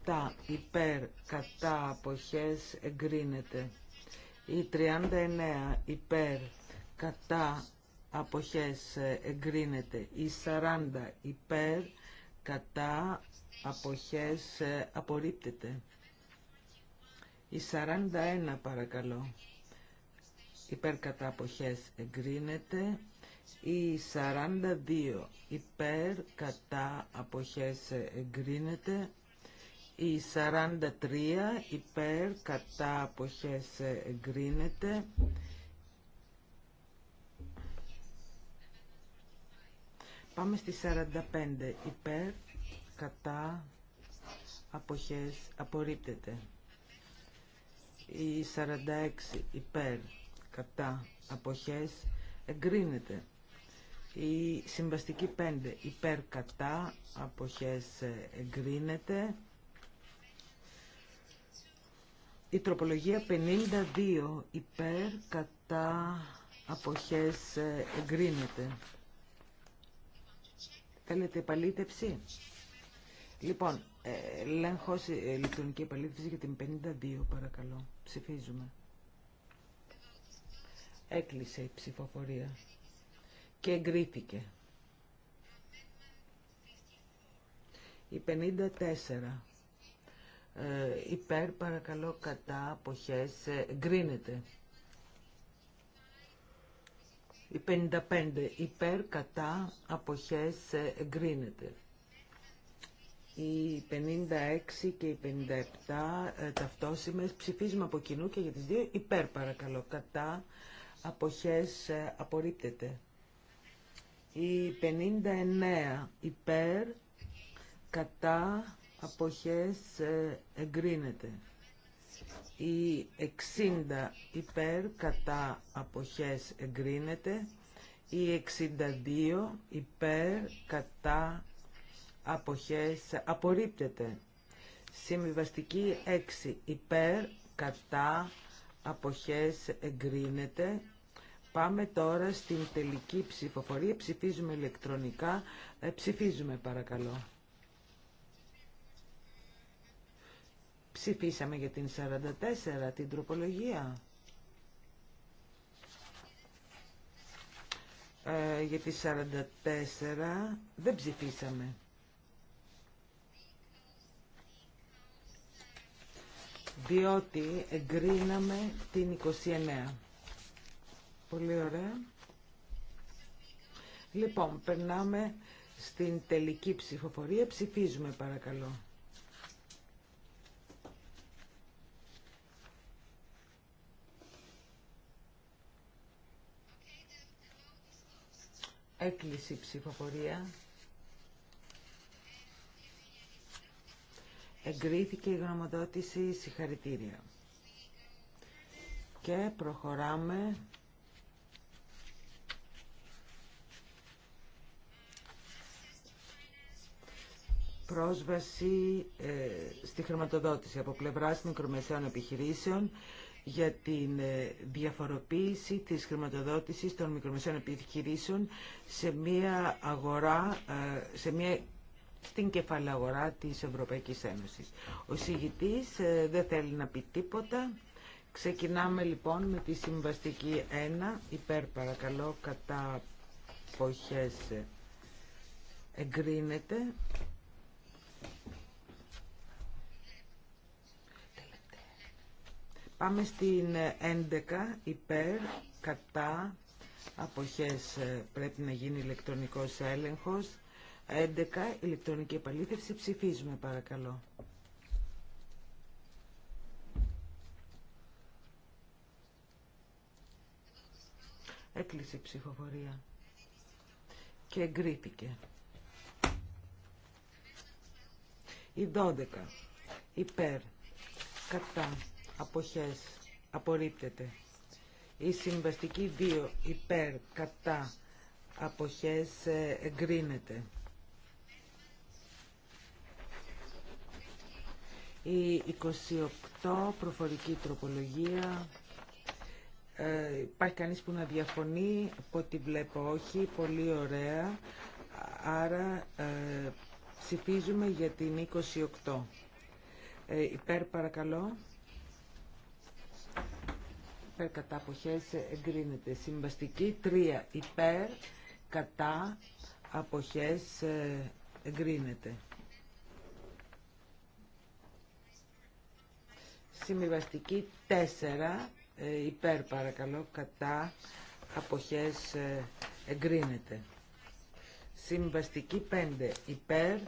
37 υπέρ κατά αποχές εγκρίνεται. Η 39 υπέρ κατά αποχές εγκρίνεται. Η 40 υπέρ κατά αποχές απορρίπτεται. Η 41 παρακαλώ. Υπέρ κατά αποχές εγκρίνεται. Η 42 υπέρ κατά αποχές εγκρίνεται. Η 43 υπέρ κατά αποχές εγκρίνεται. Πάμε στη 45 υπέρ κατά αποχές απορρίπτεται. Η 46 υπέρ κατά αποχές εγκρίνεται. Η συμβαστική 5 υπέρ κατά αποχές ε, εγκρίνεται. Η τροπολογία 52 υπέρ κατά αποχές ε, εγκρίνεται. Θέλετε επαλήτευση. Λοιπόν, ε, ελέγχος ηλεκτρονική επαλήθευση για την 52, παρακαλώ. Ψηφίζουμε. Έκλεισε η ψηφοφορία και εγκρίθηκε. Η 54. Ε, υπέρ παρακαλώ κατά αποχές ε, εγκρίνεται. Η 55. Υπέρ κατά αποχές ε, εγκρίνεται. Οι 56 και οι 57 ε, ταυτόσημες ψηφίζουμε από κοινού και για τις δύο υπέρ παρακαλώ. Κατά αποχές ε, απορρίπτεται. Η 59 ε, υπέρ, κατά, αποχές εγκρίνεται. Η 60 υπέρ, κατά, αποχές εγκρίνεται. Η 62 υπέρ, κατά, αποχές απορρίπτεται. Συμβιβαστική 6 υπέρ, κατά, αποχές εγκρίνεται. Πάμε τώρα στην τελική ψηφοφορία. Ψηφίζουμε ηλεκτρονικά. Ε, ψηφίζουμε παρακαλώ. Ψηφίσαμε για την 44, την τροπολογία. Ε, για τη 44 δεν ψηφίσαμε. Διότι εγκρίναμε την 29. Πολύ ωραία. Λοιπόν, περνάμε στην τελική ψηφοφορία. Ψηφίζουμε παρακαλώ. Έκλεισε η ψηφοφορία. Εγκρίθηκε η γνωμοδότηση συγχαρητήρια. Και προχωράμε πρόσβαση ε, στη χρηματοδότηση από πλευράς μικρομεσαίων επιχειρήσεων για την ε, διαφοροποίηση της χρηματοδότησης των μικρομεσαίων επιχειρήσεων σε μια αγορά, ε, σε μια στην κεφαλαγορά της Ευρωπαϊκής Ένωσης. Ο συγητής δεν θέλει να πει τίποτα. Ξεκινάμε λοιπόν με τη συμβαστική 1, υπέρ παρακαλώ, κατά ποχές εγκρίνεται. Πάμε στην 11 υπέρ, κατά, αποχές ε, πρέπει να γίνει ηλεκτρονικός έλεγχος. 11 ηλεκτρονική επαλήθευση ψηφίζουμε παρακαλώ. Έκλεισε η ψηφοφορία και εγκρίθηκε. Η 12 υπέρ κατά αποχές απορρίπτεται. Η συμβαστική 2 υπέρ κατά αποχές ε, εγκρίνεται. Η 28 προφορική τροπολογία. Ε, υπάρχει κανείς που να διαφωνεί, από ό,τι βλέπω όχι, πολύ ωραία. Άρα ε, Ψηφίζουμε για την 28. Ε, υπέρ παρακαλώ. Υπέρ κατά αποχές εγκρίνεται. Συμβαστική 3. Υπέρ κατά αποχές ε, εγκρίνεται. Συμβαστική 4. Ε, υπέρ παρακαλώ κατά αποχές ε, εγκρίνεται. Συμβαστική 5 υπέρ,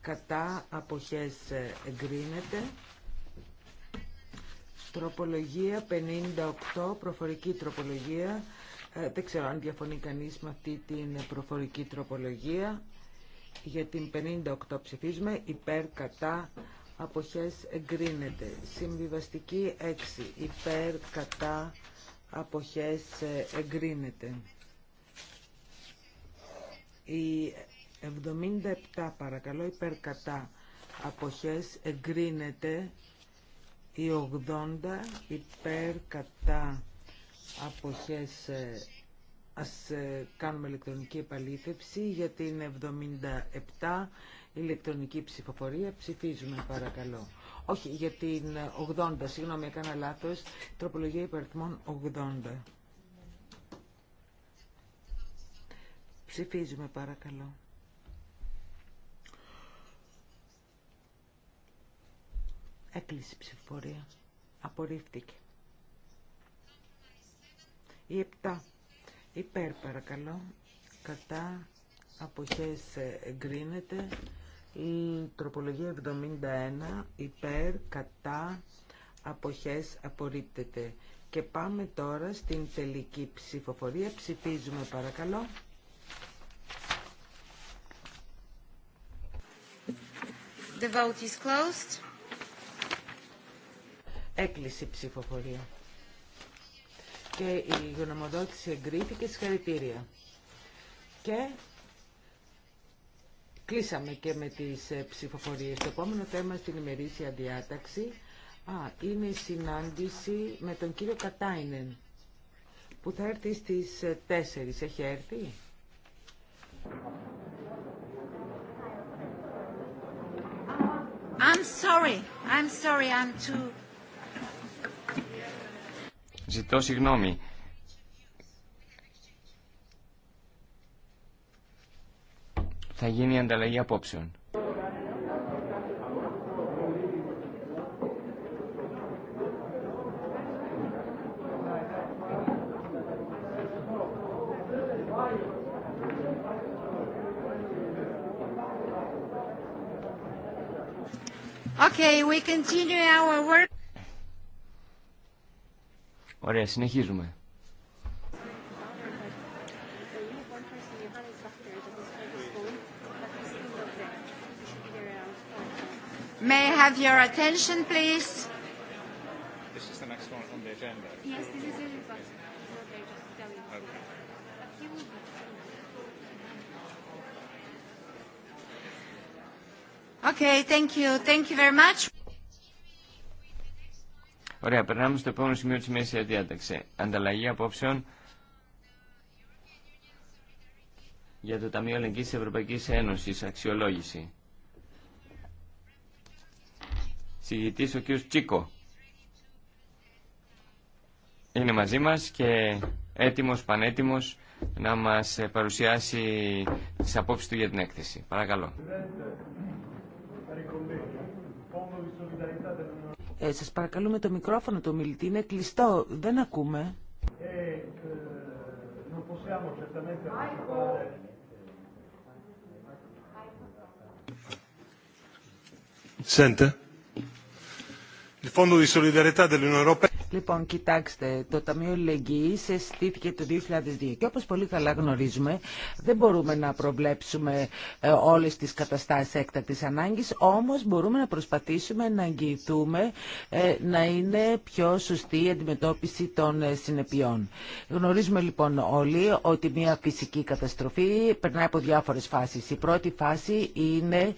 κατά αποχές ε, εγκρίνεται. Τροπολογία 58, προφορική τροπολογία. Ε, δεν ξέρω αν διαφωνεί κανείς με αυτή την προφορική τροπολογία. Για την 58 ψηφίζουμε υπέρ, κατά αποχές εγκρίνεται. Συμβιβαστική 6 υπέρ, κατά αποχές ε, εγκρίνεται. Η 77 παρακαλώ υπέρκατα κατά αποχές εγκρίνεται η 80 υπέρ κατά αποχές ε, ας ε, κάνουμε ηλεκτρονική επαλήθευση για την 77 ηλεκτρονική ψηφοφορία ψηφίζουμε παρακαλώ όχι για την 80 συγγνώμη έκανα λάθος τροπολογία υπερθμών 80 Ψηφίζουμε παρακαλώ. Έκλεισε η ψηφοφορία. Απορρίφθηκε. Η 7. Υπέρ παρακαλώ. Κατά αποχές ε, εγκρίνεται. Η τροπολογία 71. Υπέρ κατά αποχές απορρίπτεται. Και πάμε τώρα στην τελική ψηφοφορία. Ψηφίζουμε παρακαλώ. The vote Έκλεισε η ψηφοφορία. Και η γνωμοδότηση εγκρίθηκε συγχαρητήρια. Και κλείσαμε και με τις ε, ψηφοφορίες. Το επόμενο θέμα στην ημερήσια διάταξη α, είναι η συνάντηση με τον κύριο Κατάινεν που θα έρθει στις 4. Ε, Έχει έρθει. Ζητώ συγγνώμη. Θα γίνει ανταλλαγή απόψεων. Okay, we continue our work. Ωραία, συνεχίζουμε. May I have your attention, please? This is the next one on the agenda. Yes, this is Okay, Ωραία, περνάμε στο επόμενο σημείο της μέσης διάταξη. Ανταλλαγή απόψεων για το Ταμείο Ελληνικής της Ευρωπαϊκής Ένωσης, αξιολόγηση. Συγητής ο κ. Τσίκο. Είναι μαζί μας και έτοιμος, πανέτοιμος να μας παρουσιάσει τις απόψεις του για την έκθεση. Παρακαλώ. Ε, σας παρακαλούμε το μικρόφωνο του ομιλητή, είναι κλειστό, δεν ακούμε. Σέντε. Sente? Il Fondo di solidarietà dell'Unione Europea Λοιπόν, κοιτάξτε, το Ταμείο Λεγγύης συστήθηκε το 2002 και όπως πολύ καλά γνωρίζουμε δεν μπορούμε να προβλέψουμε ε, όλες τις καταστάσεις έκτακτης ανάγκης, όμως μπορούμε να προσπαθήσουμε να αγγιηθούμε ε, να είναι πιο σωστή η αντιμετώπιση των ε, συνεπειών. Γνωρίζουμε λοιπόν όλοι ότι μια φυσική καταστροφή περνάει από διάφορες φάσεις. Η πρώτη φάση είναι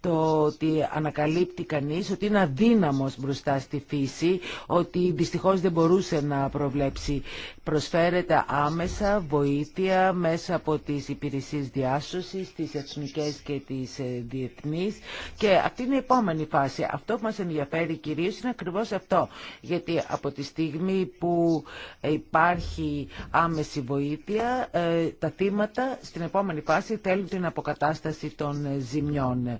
το ότι ανακαλύπτει κανείς ότι είναι αδύναμος μπροστά στη φύση, ότι ότι δυστυχώς δεν μπορούσε να προβλέψει. Προσφέρεται άμεσα βοήθεια μέσα από τις υπηρεσίες διάσωσης, τις εθνικές και τις ε, διεθνείς και αυτή είναι η επόμενη φάση. Αυτό που μας ενδιαφέρει κυρίως είναι ακριβώς αυτό, γιατί από τη στιγμή που ε, υπάρχει άμεση βοήθεια, ε, τα θύματα στην επόμενη φάση θέλουν την αποκατάσταση των ζημιών.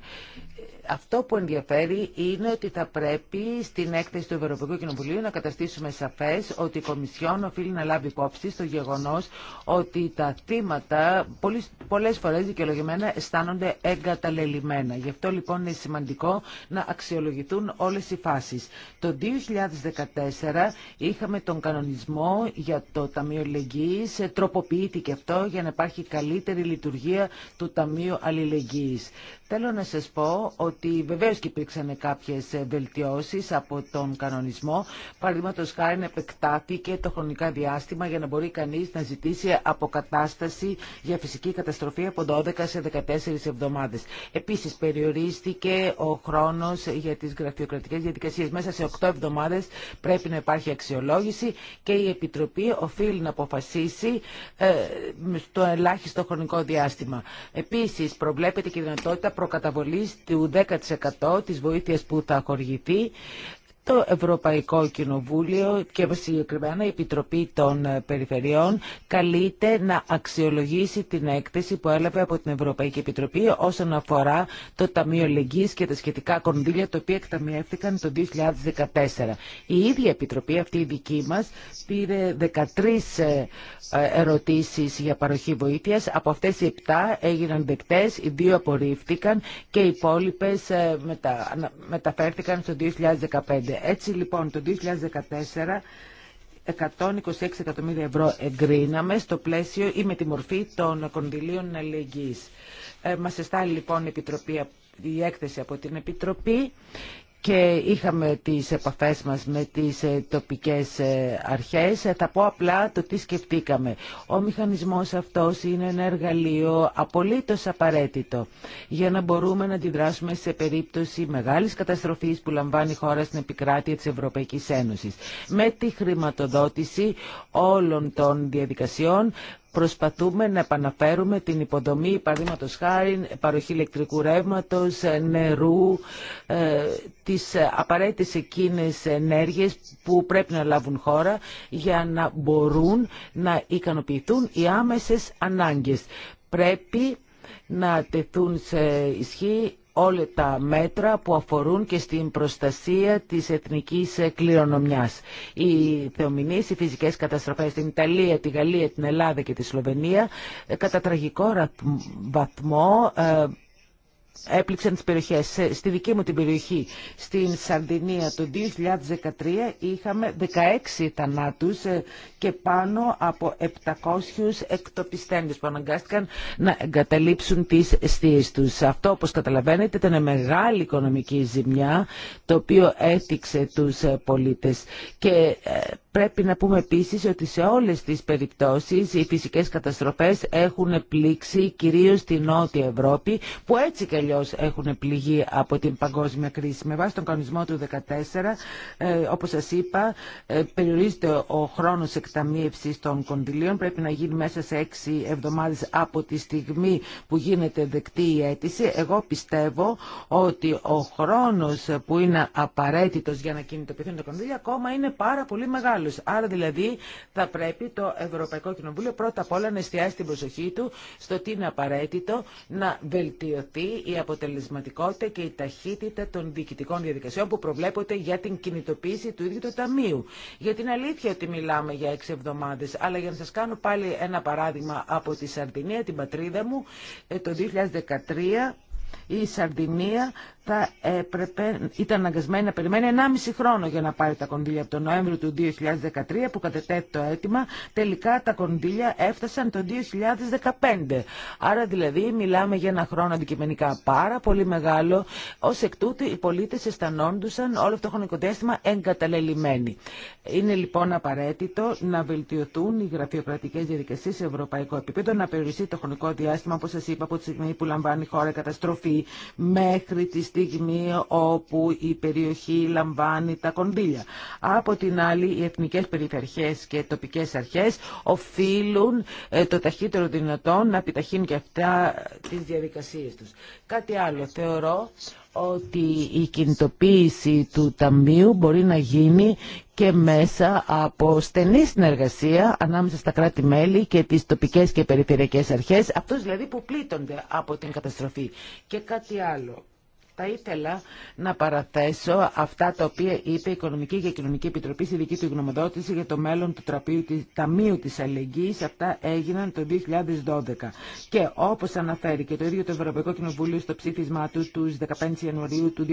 Αυτό που ενδιαφέρει είναι ότι θα πρέπει στην έκθεση του Ευρωπαϊκού Κοινοβουλίου να καταστήσουμε σαφές ότι η Κομισιόν οφείλει να λάβει υπόψη στο γεγονός ότι τα θύματα πολλές φορές δικαιολογημένα αισθάνονται εγκαταλελειμμένα. Γι' αυτό λοιπόν είναι σημαντικό να αξιολογηθούν όλες οι φάσεις. Το 2014 είχαμε τον κανονισμό για το Ταμείο Αλληλεγγύης. Τροποποιήθηκε αυτό για να υπάρχει καλύτερη λειτουργία του Ταμείου αλληλεγγύη. Θέλω να σας πω ότι βεβαίως και υπήρξαν κάποιες βελτιώσεις από τον κανονισμό. Παραδείγματο χάρη να επεκτάθηκε το χρονικά διάστημα για να μπορεί κανείς να ζητήσει αποκατάσταση για φυσική καταστροφή από 12 σε 14 εβδομάδες. Επίσης περιορίστηκε ο χρόνος για τις γραφειοκρατικές διαδικασίες. Μέσα σε 8 εβδομάδες πρέπει να υπάρχει αξιολόγηση και η Επιτροπή οφείλει να αποφασίσει ε, στο ελάχιστο χρονικό διάστημα. Επίσης προβλέπεται και δυνατότητα προκαταβολής του 10% της βοήθειας που θα χορηγηθεί το Ευρωπαϊκό Κοινοβούλιο και συγκεκριμένα η Επιτροπή των Περιφερειών καλείται να αξιολογήσει την έκθεση που έλαβε από την Ευρωπαϊκή Επιτροπή όσον αφορά το Ταμείο Λεγγύης και τα σχετικά κονδύλια τα οποία εκταμιεύτηκαν το 2014. Η ίδια Επιτροπή, αυτή η δική μας, πήρε 13 ε, ερωτήσεις για παροχή βοήθειας. Από αυτές οι 7 έγιναν δεκτές, οι δύο απορρίφθηκαν και οι υπόλοιπε ε, μεταφέρθηκαν στο 2015. Έτσι λοιπόν το 2014 126 εκατομμύρια ευρώ εγκρίναμε στο πλαίσιο ή με τη μορφή των κονδυλίων αλληλεγγύης. Ε, μας εστάλει λοιπόν η Επιτροπή η έκθεση από την Επιτροπή και είχαμε τις επαφές μας με τις ε, τοπικές ε, αρχές. Ε, θα πω απλά το τι σκεφτήκαμε. Ο μηχανισμός αυτός είναι ένα εργαλείο απολύτως απαραίτητο για να μπορούμε να αντιδράσουμε σε περίπτωση μεγάλης καταστροφής που λαμβάνει η χώρα στην επικράτεια της Ευρωπαϊκής Ένωσης. Με τη χρηματοδότηση όλων των διαδικασιών προσπαθούμε να επαναφέρουμε την υποδομή, παραδείγματο χάρη, παροχή ηλεκτρικού ρεύματο, ε, νερού, ε, τι ε, απαραίτητε εκείνε ενέργειε που πρέπει να λάβουν χώρα για να μπορούν να ικανοποιηθούν οι άμεσες ανάγκε. Πρέπει να τεθούν σε ισχύ όλα τα μέτρα που αφορούν και στην προστασία της εθνικής κληρονομιάς. Οι θεομηνείς, οι φυσικές καταστροφές στην Ιταλία, τη Γαλλία, την Ελλάδα και τη Σλοβενία ε, κατά τραγικό βαθμό ε, έπληξαν τις περιοχές. Στη δική μου την περιοχή, στην Σαρδινία, το 2013 είχαμε 16 θανάτους ε, και πάνω από 700 εκτοπιστέντες που αναγκάστηκαν να εγκαταλείψουν τις στήσεις τους. Αυτό, όπως καταλαβαίνετε, ήταν μεγάλη οικονομική ζημιά, το οποίο έτυξε τους ε, πολίτες. Και ε, πρέπει να πούμε επίσης ότι σε όλες τις περιπτώσεις οι φυσικές καταστροφές έχουν πλήξει κυρίως τη Νότια Ευρώπη, που έτσι και αλλιώ έχουν πληγεί από την παγκόσμια κρίση. Με βάση τον κανονισμό του 2014, όπω σα είπα, ε, περιορίζεται ο χρόνο εκταμείευση των κονδυλίων. Πρέπει να γίνει μέσα σε έξι εβδομάδε από τη στιγμή που γίνεται δεκτή η αίτηση. Εγώ πιστεύω ότι ο χρόνο που είναι απαραίτητο για να κινητοποιηθούν τα κονδύλια ακόμα είναι πάρα πολύ μεγάλο. Άρα δηλαδή θα πρέπει το Ευρωπαϊκό Κοινοβούλιο πρώτα απ' όλα να εστιάσει την προσοχή του στο τι είναι απαραίτητο να βελτιωθεί η η αποτελεσματικότητα και η ταχύτητα των διοικητικών διαδικασιών που προβλέπονται για την κινητοποίηση του ίδιου του Ταμείου. Για την αλήθεια ότι μιλάμε για έξι εβδομάδες, αλλά για να σας κάνω πάλι ένα παράδειγμα από τη Σαρδινία, την πατρίδα μου, ε, το 2013 η Σαρδινία θα έπρεπε, ήταν αναγκασμένη να περιμένει 1,5 χρόνο για να πάρει τα κονδύλια από τον Νοέμβριο του 2013 που κατετέθη το αίτημα. Τελικά τα κονδύλια έφτασαν το 2015. Άρα δηλαδή μιλάμε για ένα χρόνο αντικειμενικά πάρα πολύ μεγάλο. ω εκ τούτου οι πολίτε αισθανόντουσαν όλο αυτό το χρονικό διάστημα εγκαταλελειμμένοι. Είναι λοιπόν απαραίτητο να βελτιωθούν οι γραφειοκρατικέ διαδικασίε σε ευρωπαϊκό επίπεδο, να περιοριστεί το χρονικό διάστημα, όπω σα είπα, από τη στιγμή που λαμβάνει η χώρα καταστροφή μέχρι τις στιγμή όπου η περιοχή λαμβάνει τα κονδύλια. Από την άλλη, οι εθνικές περιφερειές και τοπικές αρχές οφείλουν ε, το ταχύτερο δυνατόν να επιταχύνουν και αυτά τις διαδικασίες τους. Κάτι άλλο θεωρώ ότι η κινητοποίηση του Ταμείου μπορεί να γίνει και μέσα από στενή συνεργασία ανάμεσα στα κράτη-μέλη και τις τοπικές και περιφερειακές αρχές, αυτούς δηλαδή που πλήττονται από την καταστροφή. Και κάτι άλλο. Θα ήθελα να παραθέσω αυτά τα οποία είπε η Οικονομική και Κοινωνική Επιτροπή στη δική του γνωμοδότηση για το μέλλον του τραπείου, Ταμείου της Αλληλεγγύης. Αυτά έγιναν το 2012. Και όπως αναφέρει και το ίδιο το Ευρωπαϊκό Κοινοβούλιο στο ψήφισμά του του 15 Ιανουαρίου του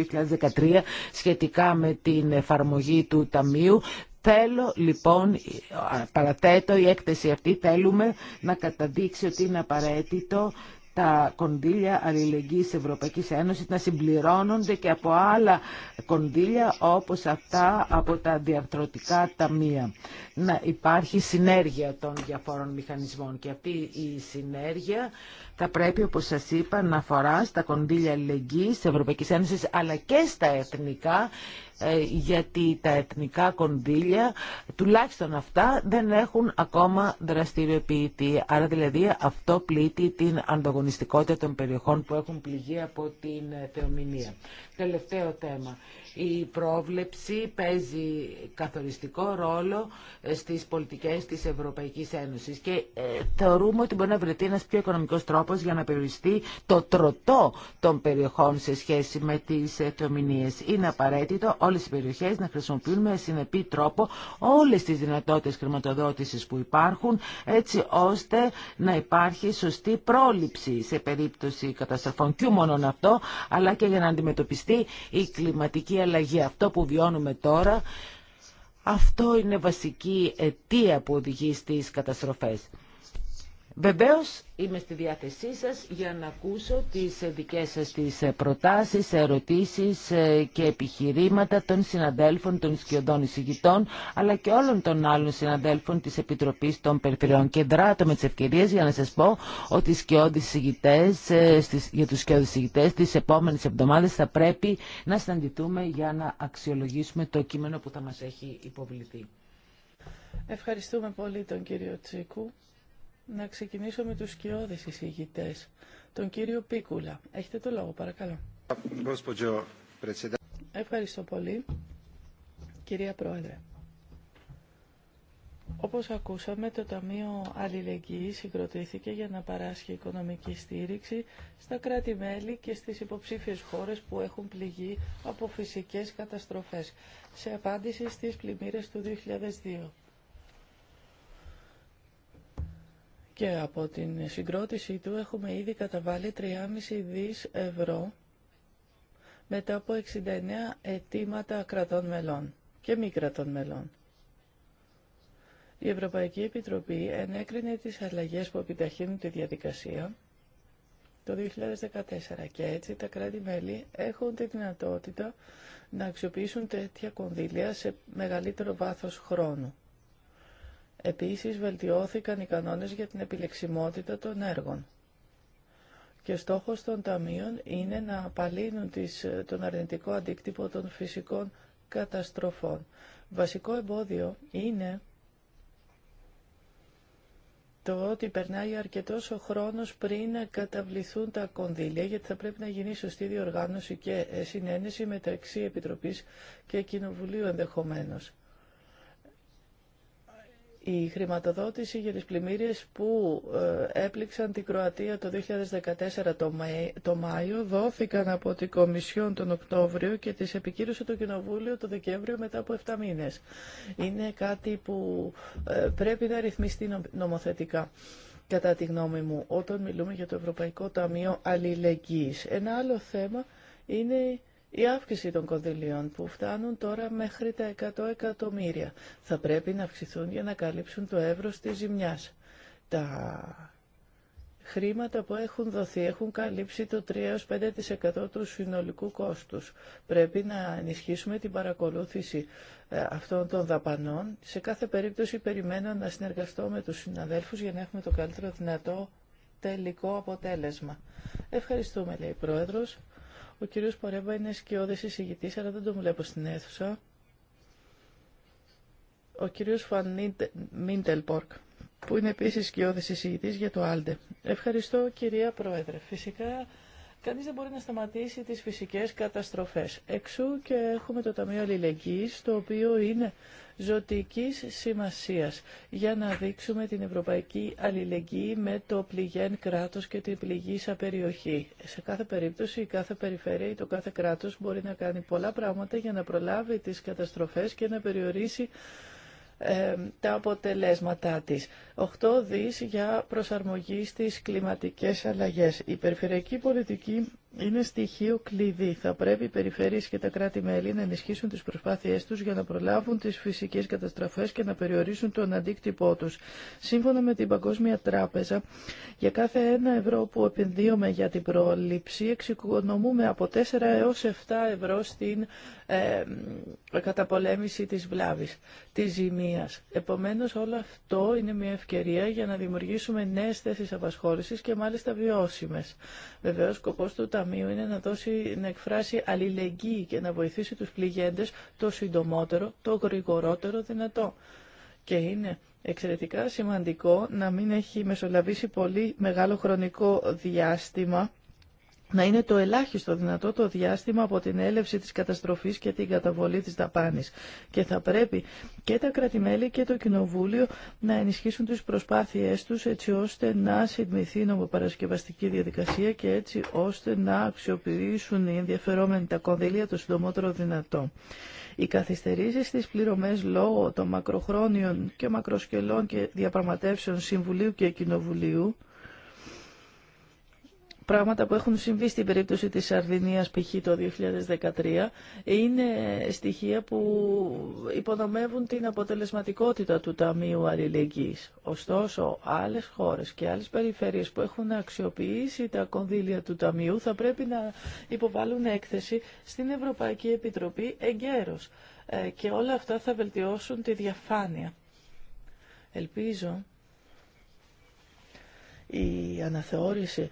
2013 σχετικά με την εφαρμογή του Ταμείου, Θέλω λοιπόν, παραθέτω η έκθεση αυτή, θέλουμε να καταδείξει ότι είναι απαραίτητο τα κονδύλια αλληλεγγύης Ευρωπαϊκής Ένωσης να συμπληρώνονται και από άλλα κονδύλια όπως αυτά από τα διαρθρωτικά ταμεία. Να υπάρχει συνέργεια των διαφόρων μηχανισμών και αυτή η συνέργεια θα πρέπει όπως σας είπα να αφορά στα κονδύλια αλληλεγγύης Ευρωπαϊκής Ένωσης αλλά και στα εθνικά ε, γιατί τα εθνικά κονδύλια, τουλάχιστον αυτά, δεν έχουν ακόμα δραστηριοποιηθεί. Άρα δηλαδή αυτό πλήττει την ανταγωνιστικότητα των περιοχών που έχουν πληγεί από την θεομηνία. Τελευταίο θέμα. Η πρόβλεψη παίζει καθοριστικό ρόλο ε, στις πολιτικές της Ευρωπαϊκής Ένωσης και ε, θεωρούμε ότι μπορεί να βρεθεί ένας πιο οικονομικός τρόπος για να περιοριστεί το τροτό των περιοχών σε σχέση με τις θεομηνίες. Είναι απαραίτητο όλες οι περιοχές να χρησιμοποιούν με συνεπή τρόπο όλες τις δυνατότητες χρηματοδότησης που υπάρχουν έτσι ώστε να υπάρχει σωστή πρόληψη σε περίπτωση καταστροφών και μόνο αυτό αλλά και για να αντιμετωπιστεί η κλιματική αλλαγή. Αυτό που βιώνουμε τώρα αυτό είναι βασική αιτία που οδηγεί στις καταστροφές. Βεβαίω είμαι στη διάθεσή σα για να ακούσω τι δικέ σα προτάσει, ερωτήσει ε, και επιχειρήματα των συναδέλφων, των σκιωδών εισηγητών, αλλά και όλων των άλλων συναδέλφων τη Επιτροπής των Περιφερειών. Και δράτω με τι ευκαιρίε για να σα πω ότι ε, για του σκιώδει εισηγητέ, τις επόμενες εβδομάδε θα πρέπει να συναντηθούμε για να αξιολογήσουμε το κείμενο που θα μα έχει υποβληθεί. Ευχαριστούμε πολύ τον κύριο Τσίκου. Να ξεκινήσω με τους σκιώδες εισηγητές. Τον κύριο Πίκουλα. Έχετε το λόγο, παρακαλώ. Ευχαριστώ πολύ, κυρία Πρόεδρε. Όπως ακούσαμε, το Ταμείο Αλληλεγγύης συγκροτήθηκε για να παράσχει οικονομική στήριξη στα κράτη-μέλη και στις υποψήφιες χώρες που έχουν πληγεί από φυσικές καταστροφές, σε απάντηση στις πλημμύρες του 2002. και από την συγκρότησή του έχουμε ήδη καταβάλει 3,5 δις ευρώ μετά από 69 αιτήματα κρατών μελών και μη κρατών μελών. Η Ευρωπαϊκή Επιτροπή ενέκρινε τις αλλαγές που επιταχύνουν τη διαδικασία το 2014 και έτσι τα κράτη-μέλη έχουν τη δυνατότητα να αξιοποιήσουν τέτοια κονδύλια σε μεγαλύτερο βάθος χρόνου. Επίσης βελτιώθηκαν οι κανόνες για την επιλεξιμότητα των έργων. Και στόχος των ταμείων είναι να απαλύνουν τις, τον αρνητικό αντίκτυπο των φυσικών καταστροφών. Βασικό εμπόδιο είναι το ότι περνάει αρκετός ο χρόνος πριν να καταβληθούν τα κονδύλια, γιατί θα πρέπει να γίνει σωστή διοργάνωση και συνένεση μεταξύ Επιτροπής και Κοινοβουλίου ενδεχομένως η χρηματοδότηση για τις πλημμύρες που ε, έπληξαν την Κροατία το 2014 το Μάιο δόθηκαν από την Κομισιόν τον Οκτώβριο και τις επικύρωσε το Κοινοβούλιο το Δεκέμβριο μετά από 7 μήνες. Είναι κάτι που ε, πρέπει να ρυθμιστεί νομοθετικά κατά τη γνώμη μου όταν μιλούμε για το Ευρωπαϊκό Ταμείο Αλληλεγγύης. Ένα άλλο θέμα είναι η αύξηση των κονδυλίων που φτάνουν τώρα μέχρι τα 100 εκατομμύρια. Θα πρέπει να αυξηθούν για να καλύψουν το εύρος της ζημιάς. Τα χρήματα που έχουν δοθεί έχουν καλύψει το 3-5% του συνολικού κόστους. Πρέπει να ενισχύσουμε την παρακολούθηση ε, αυτών των δαπανών. Σε κάθε περίπτωση περιμένω να συνεργαστώ με τους συναδέλφους για να έχουμε το καλύτερο δυνατό τελικό αποτέλεσμα. Ευχαριστούμε, λέει η Πρόεδρος. Ο κύριος Πορέμπα είναι σκιώδης εισηγητής, αλλά δεν τον βλέπω στην αίθουσα. Ο κύριος Φαν Μίντελπορκ, που είναι επίσης σκιώδης εισηγητής για το Άλντε. Ευχαριστώ κυρία Πρόεδρε. Φυσικά Κανείς δεν μπορεί να σταματήσει τις φυσικές καταστροφές. Εξού και έχουμε το Ταμείο Αλληλεγγύης, το οποίο είναι ζωτικής σημασίας για να δείξουμε την ευρωπαϊκή αλληλεγγύη με το πληγέν κράτος και την πληγή πληγήσα περιοχή. Σε κάθε περίπτωση η κάθε περιφέρεια ή το κάθε κράτος μπορεί να κάνει πολλά πράγματα για να προλάβει τις καταστροφές και να περιορίσει ε, τα αποτελέσματά της. 8 δις για προσαρμογή στις κλιματικές αλλαγές. Η περιφερειακή πολιτική είναι στοιχείο κλειδί. Θα πρέπει οι περιφέρειες και τα κράτη-μέλη να ενισχύσουν τις προσπάθειές τους για να προλάβουν τις φυσικές καταστροφές και να περιορίσουν τον αντίκτυπό τους. Σύμφωνα με την Παγκόσμια Τράπεζα, για κάθε ένα ευρώ που επενδύουμε για την πρόληψη, εξοικονομούμε από 4 έως 7 ευρώ στην ε, καταπολέμηση της βλάβης, της ζημίας. Επομένως, όλο αυτό είναι μια ευκαιρία για να δημιουργήσουμε νέες θέσεις απασχόλησης και μάλιστα βιώσιμες. Βεβαίως, σκοπός του Ταμείου είναι να, δώσει, να εκφράσει αλληλεγγύη και να βοηθήσει τους πληγέντες το συντομότερο, το γρηγορότερο δυνατό. Και είναι εξαιρετικά σημαντικό να μην έχει μεσολαβήσει πολύ μεγάλο χρονικό διάστημα να είναι το ελάχιστο δυνατό το διάστημα από την έλευση της καταστροφής και την καταβολή της δαπάνης. Και θα πρέπει και τα κρατημέλη και το Κοινοβούλιο να ενισχύσουν τις προσπάθειές τους έτσι ώστε να συντμηθεί η νομοπαρασκευαστική διαδικασία και έτσι ώστε να αξιοποιήσουν οι ενδιαφερόμενοι τα κονδύλια το συντομότερο δυνατό. Οι καθυστερήσεις στις πληρωμές λόγω των μακροχρόνιων και μακροσκελών και διαπραγματεύσεων Συμβουλίου και Κοινοβουλίου πράγματα που έχουν συμβεί στην περίπτωση της Σαρδινίας π.χ. το 2013 είναι στοιχεία που υποδομεύουν την αποτελεσματικότητα του Ταμείου Αλληλεγγύης. Ωστόσο, άλλες χώρες και άλλες περιφέρειες που έχουν αξιοποιήσει τα κονδύλια του Ταμείου θα πρέπει να υποβάλουν έκθεση στην Ευρωπαϊκή Επιτροπή εγκαίρως. Ε, και όλα αυτά θα βελτιώσουν τη διαφάνεια. Ελπίζω η αναθεώρηση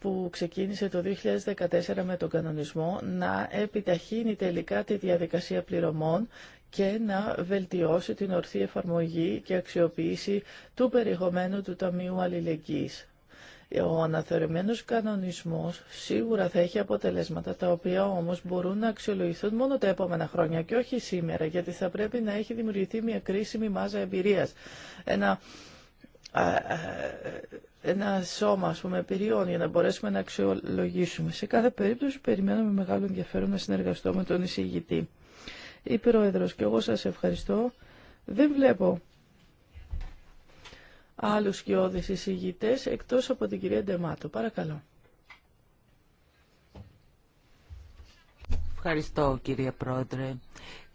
που ξεκίνησε το 2014 με τον κανονισμό να επιταχύνει τελικά τη διαδικασία πληρωμών και να βελτιώσει την ορθή εφαρμογή και αξιοποίηση του περιεχομένου του Ταμείου Αλληλεγγύης. Ο αναθεωρημένος κανονισμός σίγουρα θα έχει αποτελέσματα, τα οποία όμως μπορούν να αξιολογηθούν μόνο τα επόμενα χρόνια και όχι σήμερα, γιατί θα πρέπει να έχει δημιουργηθεί μια κρίσιμη μάζα εμπειρίας. Ένα ένα σώμα ας πούμε, πυριών για να μπορέσουμε να αξιολογήσουμε. Σε κάθε περίπτωση περιμένουμε μεγάλο ενδιαφέρον να συνεργαστώ με τον εισηγητή. Η Πρόεδρος και εγώ σας ευχαριστώ. Δεν βλέπω άλλους σκιώδεις εισηγητές εκτός από την κυρία Ντεμάτο. Παρακαλώ. Ευχαριστώ κυρία Πρόεδρε.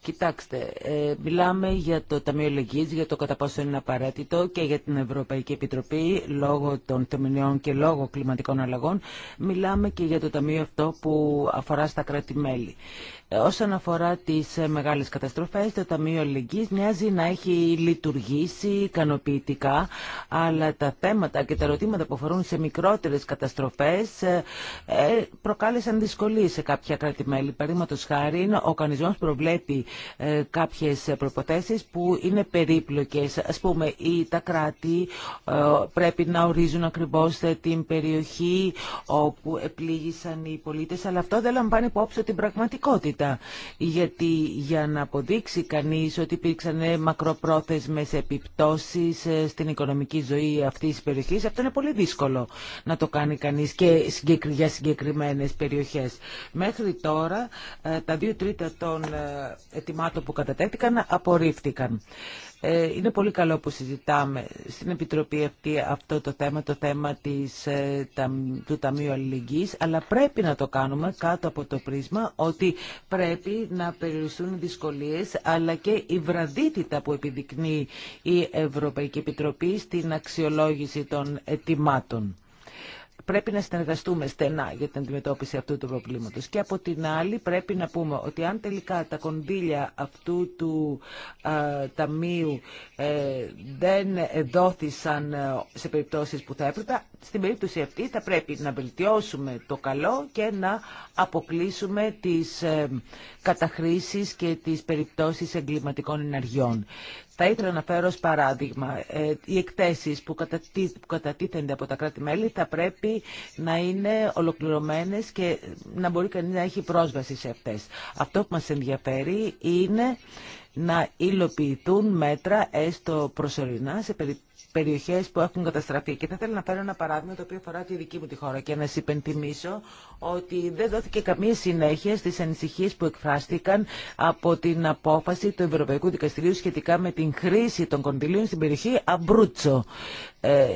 Κοιτάξτε, ε, μιλάμε για το Ταμείο Λεγγύης, για το κατά πόσο είναι απαραίτητο και για την Ευρωπαϊκή Επιτροπή λόγω των θεμελιών και λόγω κλιματικών αλλαγών. Μιλάμε και για το Ταμείο αυτό που αφορά στα κράτη-μέλη. Όσον αφορά τις ε, μεγάλες καταστροφές, το Ταμείο Αλληλεγγύης μοιάζει να έχει λειτουργήσει ικανοποιητικά, αλλά τα θέματα και τα ερωτήματα που αφορούν σε μικρότερες καταστροφές ε, ε, προκάλεσαν δυσκολίες σε κάποια κράτη-μέλη. Παραδείγματος χάρη, ο κανονισμός προβλέπει κάποιες προποθέσεις που είναι περίπλοκες. Ας πούμε, τα κράτη πρέπει να ορίζουν ακριβώς την περιοχή όπου επλήγησαν οι πολίτες, αλλά αυτό δεν λαμβάνει υπόψη την πραγματικότητα. Γιατί για να αποδείξει κανείς ότι υπήρξαν μακροπρόθεσμες επιπτώσεις ε, στην οικονομική ζωή αυτής της περιοχής, αυτό είναι πολύ δύσκολο να το κάνει κανείς και για συγκεκριμένες περιοχές. Μέχρι τώρα ε, τα δύο τρίτα των ε, ετοιμάτων που κατατέθηκαν απορρίφθηκαν. Ε, είναι πολύ καλό που συζητάμε στην Επιτροπή αυτή αυτό το θέμα, το θέμα της, ε, του Ταμείου Αλληλεγγύης, αλλά πρέπει να το κάνουμε κάτω από το πρίσμα ότι πρέπει να περιοριστούν οι δυσκολίες, αλλά και η βραδύτητα που επιδεικνύει η Ευρωπαϊκή Επιτροπή στην αξιολόγηση των ετοιμάτων πρέπει να συνεργαστούμε στενά για την αντιμετώπιση αυτού του προβλήματος. Και από την άλλη πρέπει να πούμε ότι αν τελικά τα κονδύλια αυτού του ταμείου ε, δεν δόθησαν ε, σε περιπτώσεις που θα έπρεπε, στην περίπτωση αυτή θα πρέπει να βελτιώσουμε το καλό και να αποκλείσουμε τις ε, καταχρήσεις και τις περιπτώσεις εγκληματικών ενεργειών. Θα ήθελα να φέρω ως παράδειγμα, ε, οι εκθέσεις που, κατατίθενται από τα κράτη-μέλη θα πρέπει να είναι ολοκληρωμένες και να μπορεί κανείς να έχει πρόσβαση σε αυτές. Αυτό που μας ενδιαφέρει είναι να υλοποιηθούν μέτρα έστω προσωρινά σε περι... Περιοχέ που έχουν καταστραφεί. Και θα ήθελα να φέρω ένα παράδειγμα το οποίο αφορά τη δική μου τη χώρα και να σα υπενθυμίσω ότι δεν δόθηκε καμία συνέχεια στι ανησυχίε που εκφράστηκαν από την απόφαση του Ευρωπαϊκού Δικαστηρίου σχετικά με την χρήση των κοντιλίων στην περιοχή Αμπρούτσο. Ε,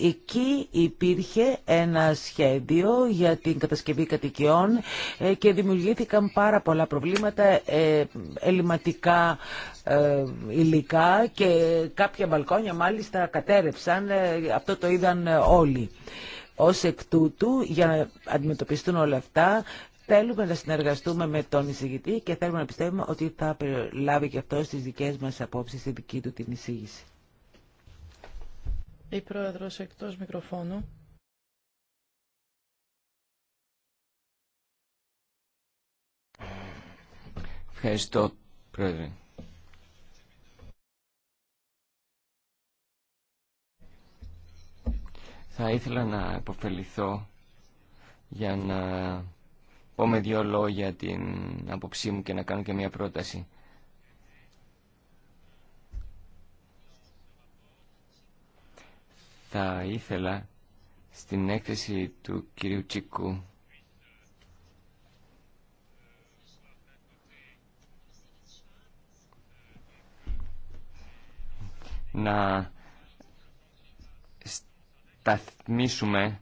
Εκεί υπήρχε ένα σχέδιο για την κατασκευή κατοικιών ε, και δημιουργήθηκαν πάρα πολλά προβλήματα, ε, ελληματικά ε, υλικά και κάποια μπαλκόνια μάλιστα κατέρευσαν, αυτό το είδαν όλοι. Ως εκ τούτου, για να αντιμετωπιστούν όλα αυτά, θέλουμε να συνεργαστούμε με τον εισηγητή και θέλουμε να πιστεύουμε ότι θα λάβει και αυτό στις δικές μας απόψεις, στη δική του την εισήγηση. Η πρόεδρος εκτός μικροφώνου. Ευχαριστώ, πρόεδρε. Θα ήθελα να υποφεληθώ για να πω με δύο λόγια την άποψή μου και να κάνω και μια πρόταση. Θα ήθελα στην έκθεση του κυρίου Τσίκου να σταθμίσουμε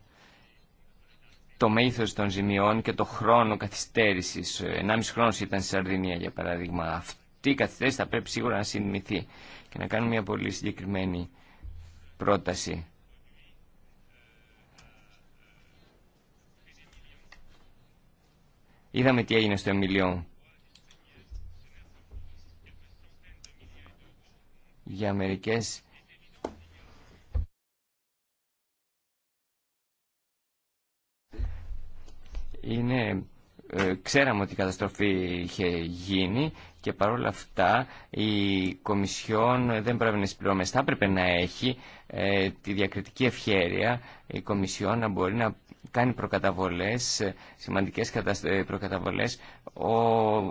το μέγεθος των ζημιών και το χρόνο καθυστέρησης. ενάμιση χρόνος ήταν στη Σαρδινία για παράδειγμα. Αυτή η καθυστέρηση θα πρέπει σίγουρα να συνημηθεί και να κάνουμε μια πολύ συγκεκριμένη πρόταση. Είδαμε τι έγινε στο Εμιλιό. Για μερικές... Είναι... Ε, ξέραμε ότι η καταστροφή είχε γίνει και παρόλα αυτά η Κομισιόν δεν πρέπει να πληρώμες. Θα έπρεπε να έχει ε, τη διακριτική ευχέρεια η Κομισιόν να μπορεί να κάνει προκαταβολές, ε, σημαντικές ε, προκαταβολές, ο,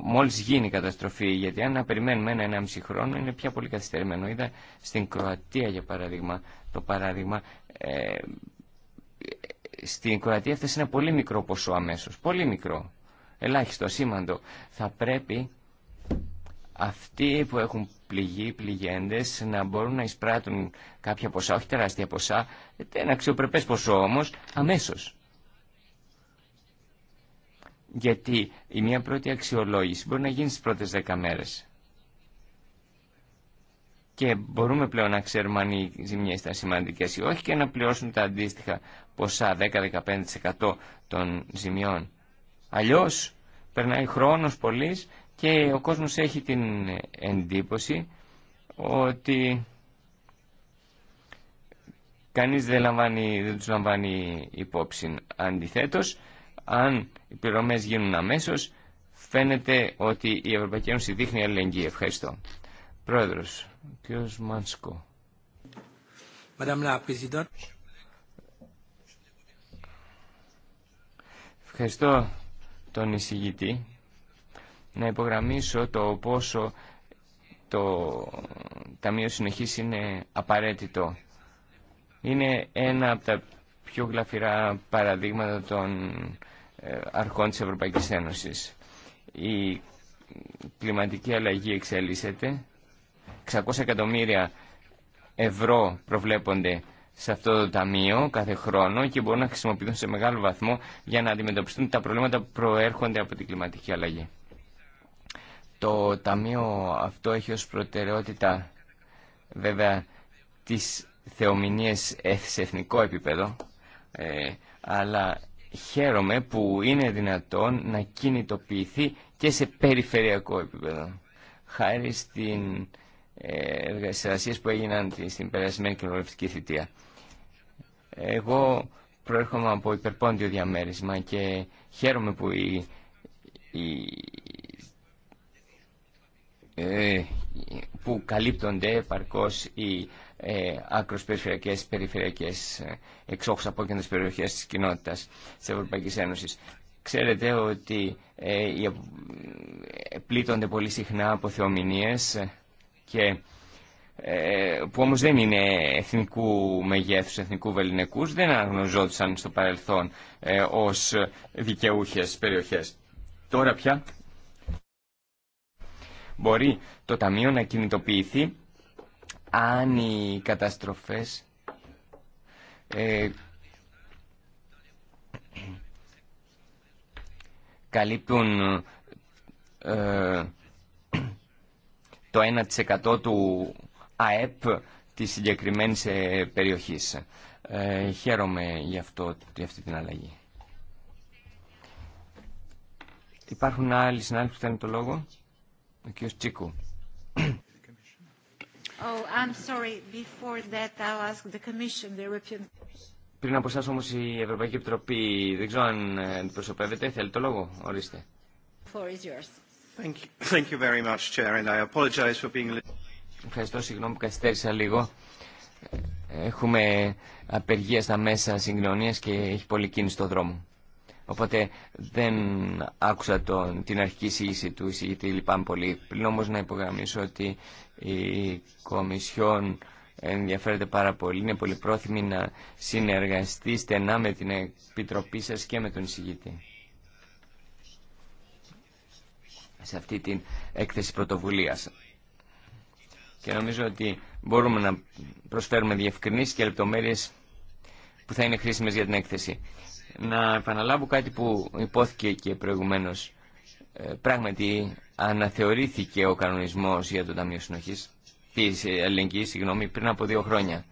μόλις γίνει η καταστροφή, γιατί αν να περιμένουμε ένα, ένα μισή χρόνο είναι πια πολύ καθυστερημένο. Είδα στην Κροατία για παράδειγμα, το παράδειγμα, ε, στην Κροατία έφτασε είναι πολύ μικρό ποσό αμέσως, πολύ μικρό, ελάχιστο, σήμαντο. Θα πρέπει αυτοί που έχουν πληγεί, πληγέντες, να μπορούν να εισπράττουν κάποια ποσά, όχι τεράστια ποσά, ένα αξιοπρεπές ποσό όμως, αμέσως. Γιατί η μία πρώτη αξιολόγηση μπορεί να γίνει στις πρώτες δέκα μέρες. Και μπορούμε πλέον να ξέρουμε αν οι ζημιές ήταν σημαντικές ή όχι και να πληρώσουν τα αντίστοιχα ποσά 10-15% των ζημιών. Αλλιώς περνάει χρόνος πολύ και ο κόσμος έχει την εντύπωση ότι κανείς δεν, λαμβάνει, δεν τους λαμβάνει υπόψη. Αντιθέτως, αν οι πληρωμέ γίνουν αμέσω φαίνεται ότι η Ευρωπαϊκή Ένωση δείχνει αλληλεγγύη. Ευχαριστώ. Πρόεδρος, κ. Μάνσκο. Ευχαριστώ τον εισηγητή να υπογραμμίσω το πόσο το Ταμείο Συνοχής είναι απαραίτητο. Είναι ένα από τα πιο γλαφυρά παραδείγματα των αρχών της Ευρωπαϊκής Ένωσης. Η κλιματική αλλαγή εξελίσσεται. 600 εκατομμύρια ευρώ προβλέπονται σε αυτό το ταμείο κάθε χρόνο και μπορούν να χρησιμοποιηθούν σε μεγάλο βαθμό για να αντιμετωπιστούν τα προβλήματα που προέρχονται από την κλιματική αλλαγή. Το ταμείο αυτό έχει ως προτεραιότητα βέβαια τις θεομηνίες σε εθνικό επίπεδο ε, αλλά χαίρομαι που είναι δυνατόν να κινητοποιηθεί και σε περιφερειακό επίπεδο. Χάρη στην ε, εργασία που έγιναν στην περασμένη κοινοβουλευτική θητεία. Εγώ προέρχομαι από υπερπόντιο διαμέρισμα και χαίρομαι που η, ε, που καλύπτονται επαρκώς οι ε, άκρως περιφερειακές, περιφερειακές, ε, εξόχους τη περιοχές της κοινότητας της Ευρωπαϊκής Ένωσης. Ξέρετε ότι ε, ε πλήττονται πολύ συχνά από θεομηνίες και ε, που όμως δεν είναι εθνικού μεγέθους, εθνικού βεληνικούς, δεν αναγνωζόντουσαν στο παρελθόν ως δικαιούχες περιοχές. Τώρα πια μπορεί το Ταμείο να κινητοποιηθεί αν οι καταστροφές ε, καλύπτουν ε, το 1% του ΑΕΠ της συγκεκριμένης ε, περιοχής. Ε, χαίρομαι για, αυτό, για αυτή την αλλαγή. Υπάρχουν άλλοι συνάδελφοι που θέλουν το λόγο. Ο κ. Τσίκου. Πριν από εσάς όμως η Ευρωπαϊκή Επιτροπή δεν ξέρω αν ε, αντιπροσωπεύεται. Θέλει το λόγο. Ορίστε. Ευχαριστώ. Συγγνώμη που καθυστέρησα λίγο. Ε, έχουμε απεργία στα μέσα συγκοινωνίας και έχει πολύ κίνηση στο δρόμο. Οπότε δεν άκουσα τον, την αρχική εισήγηση του εισηγητή, λυπάμαι πολύ. Πριν όμως να υπογραμμίσω ότι η Κομισιόν ενδιαφέρεται πάρα πολύ, είναι πολύ πρόθυμη να συνεργαστεί στενά με την Επιτροπή σας και με τον εισηγητή. Σε αυτή την έκθεση πρωτοβουλίας. Και νομίζω ότι μπορούμε να προσφέρουμε διευκρινήσεις και λεπτομέρειες που θα είναι χρήσιμες για την έκθεση να επαναλάβω κάτι που υπόθηκε και προηγουμένως. Ε, πράγματι αναθεωρήθηκε ο κανονισμός για το Ταμείο Συνοχής της Ελληνικής, συγγνώμη, πριν από δύο χρόνια.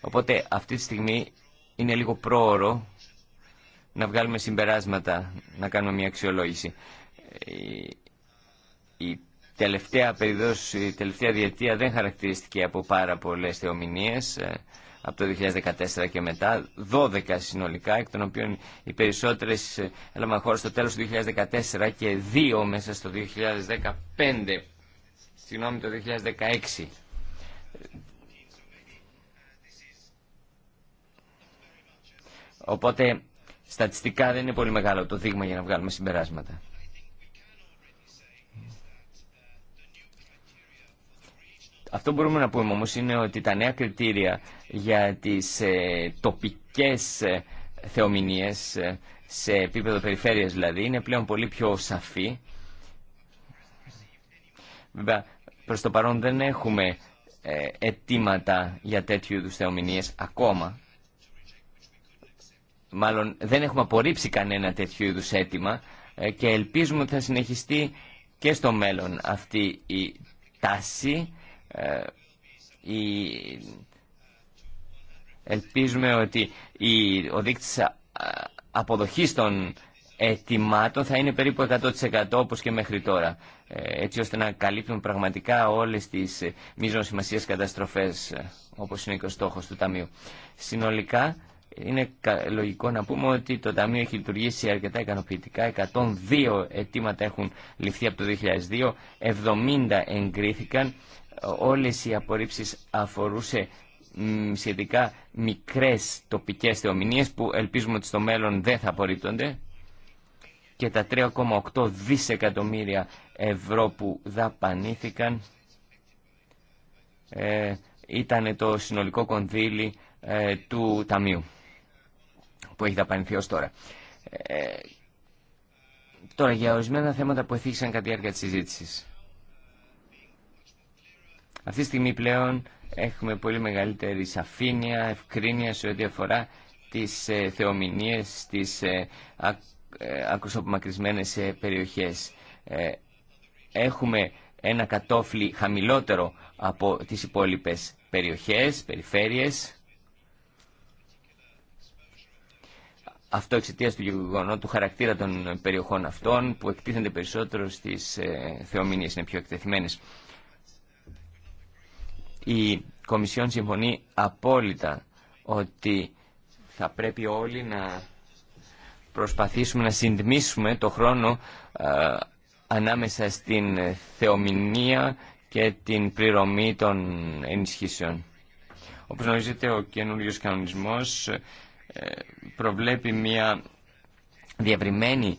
Οπότε αυτή τη στιγμή είναι λίγο πρόωρο να βγάλουμε συμπεράσματα, να κάνουμε μια αξιολόγηση. Η τελευταία περίοδος, η τελευταία διετία δεν χαρακτηρίστηκε από πάρα πολλές θεομηνίες. Ε, από το 2014 και μετά, 12 συνολικά, εκ των οποίων οι περισσότερε ε, έλαβαν χώρα στο τέλο του 2014 και 2 μέσα στο 2015, συγγνώμη το 2016. Οπότε στατιστικά δεν είναι πολύ μεγάλο το δείγμα για να βγάλουμε συμπεράσματα. Αυτό που μπορούμε να πούμε όμω είναι ότι τα νέα κριτήρια για τι ε, τοπικές ε, θεομηνίες ε, σε επίπεδο περιφέρεια δηλαδή είναι πλέον πολύ πιο σαφή. Βέβαια, προ το παρόν δεν έχουμε ε, αιτήματα για τέτοιου είδου θεομηνίες ακόμα. Μάλλον δεν έχουμε απορρίψει κανένα τέτοιου είδου αίτημα και ελπίζουμε ότι θα συνεχιστεί και στο μέλλον αυτή η τάση ε, ελπίζουμε ότι η, ο δείκτης αποδοχής των ετοιμάτων θα είναι περίπου 100% όπως και μέχρι τώρα ε, έτσι ώστε να καλύπτουν πραγματικά όλες τις μείζων σημασίας καταστροφές ε, όπως είναι και ο στόχος του Ταμείου. Συνολικά είναι λογικό να πούμε ότι το Ταμείο έχει λειτουργήσει αρκετά ικανοποιητικά 102 αιτήματα έχουν ληφθεί από το 2002 70 εγκρίθηκαν όλες οι απορρίψεις αφορούσε σχετικά μικρές τοπικές θεομηνίες που ελπίζουμε ότι στο μέλλον δεν θα απορρίπτονται και τα 3,8 δισεκατομμύρια ευρώ που δαπανήθηκαν ε, ήταν το συνολικό κονδύλι ε, του Ταμείου που έχει δαπανηθεί ως τώρα. Ε, τώρα για ορισμένα θέματα που εθίξαν κατά τη διάρκεια της συζήτησης. Αυτή τη στιγμή πλέον έχουμε πολύ μεγαλύτερη σαφήνεια, ευκρίνεια σε ό,τι αφορά τις ε, θεομηνίες, τις ε, ε, ε περιοχές. Ε, έχουμε ένα κατόφλι χαμηλότερο από τις υπόλοιπες περιοχές, περιφέρειες. Αυτό εξαιτία του γεγονότου του χαρακτήρα των περιοχών αυτών που εκτίθενται περισσότερο στις ε, θεομηνίες, είναι πιο εκτεθειμένες. Η Κομισιόν συμφωνεί απόλυτα ότι θα πρέπει όλοι να προσπαθήσουμε να συντμίσουμε το χρόνο ε, ανάμεσα στην θεομηνία και την πληρωμή των ενισχύσεων. Όπως γνωρίζετε, ο καινούριος κανονισμός ε, προβλέπει μια διαβριμένη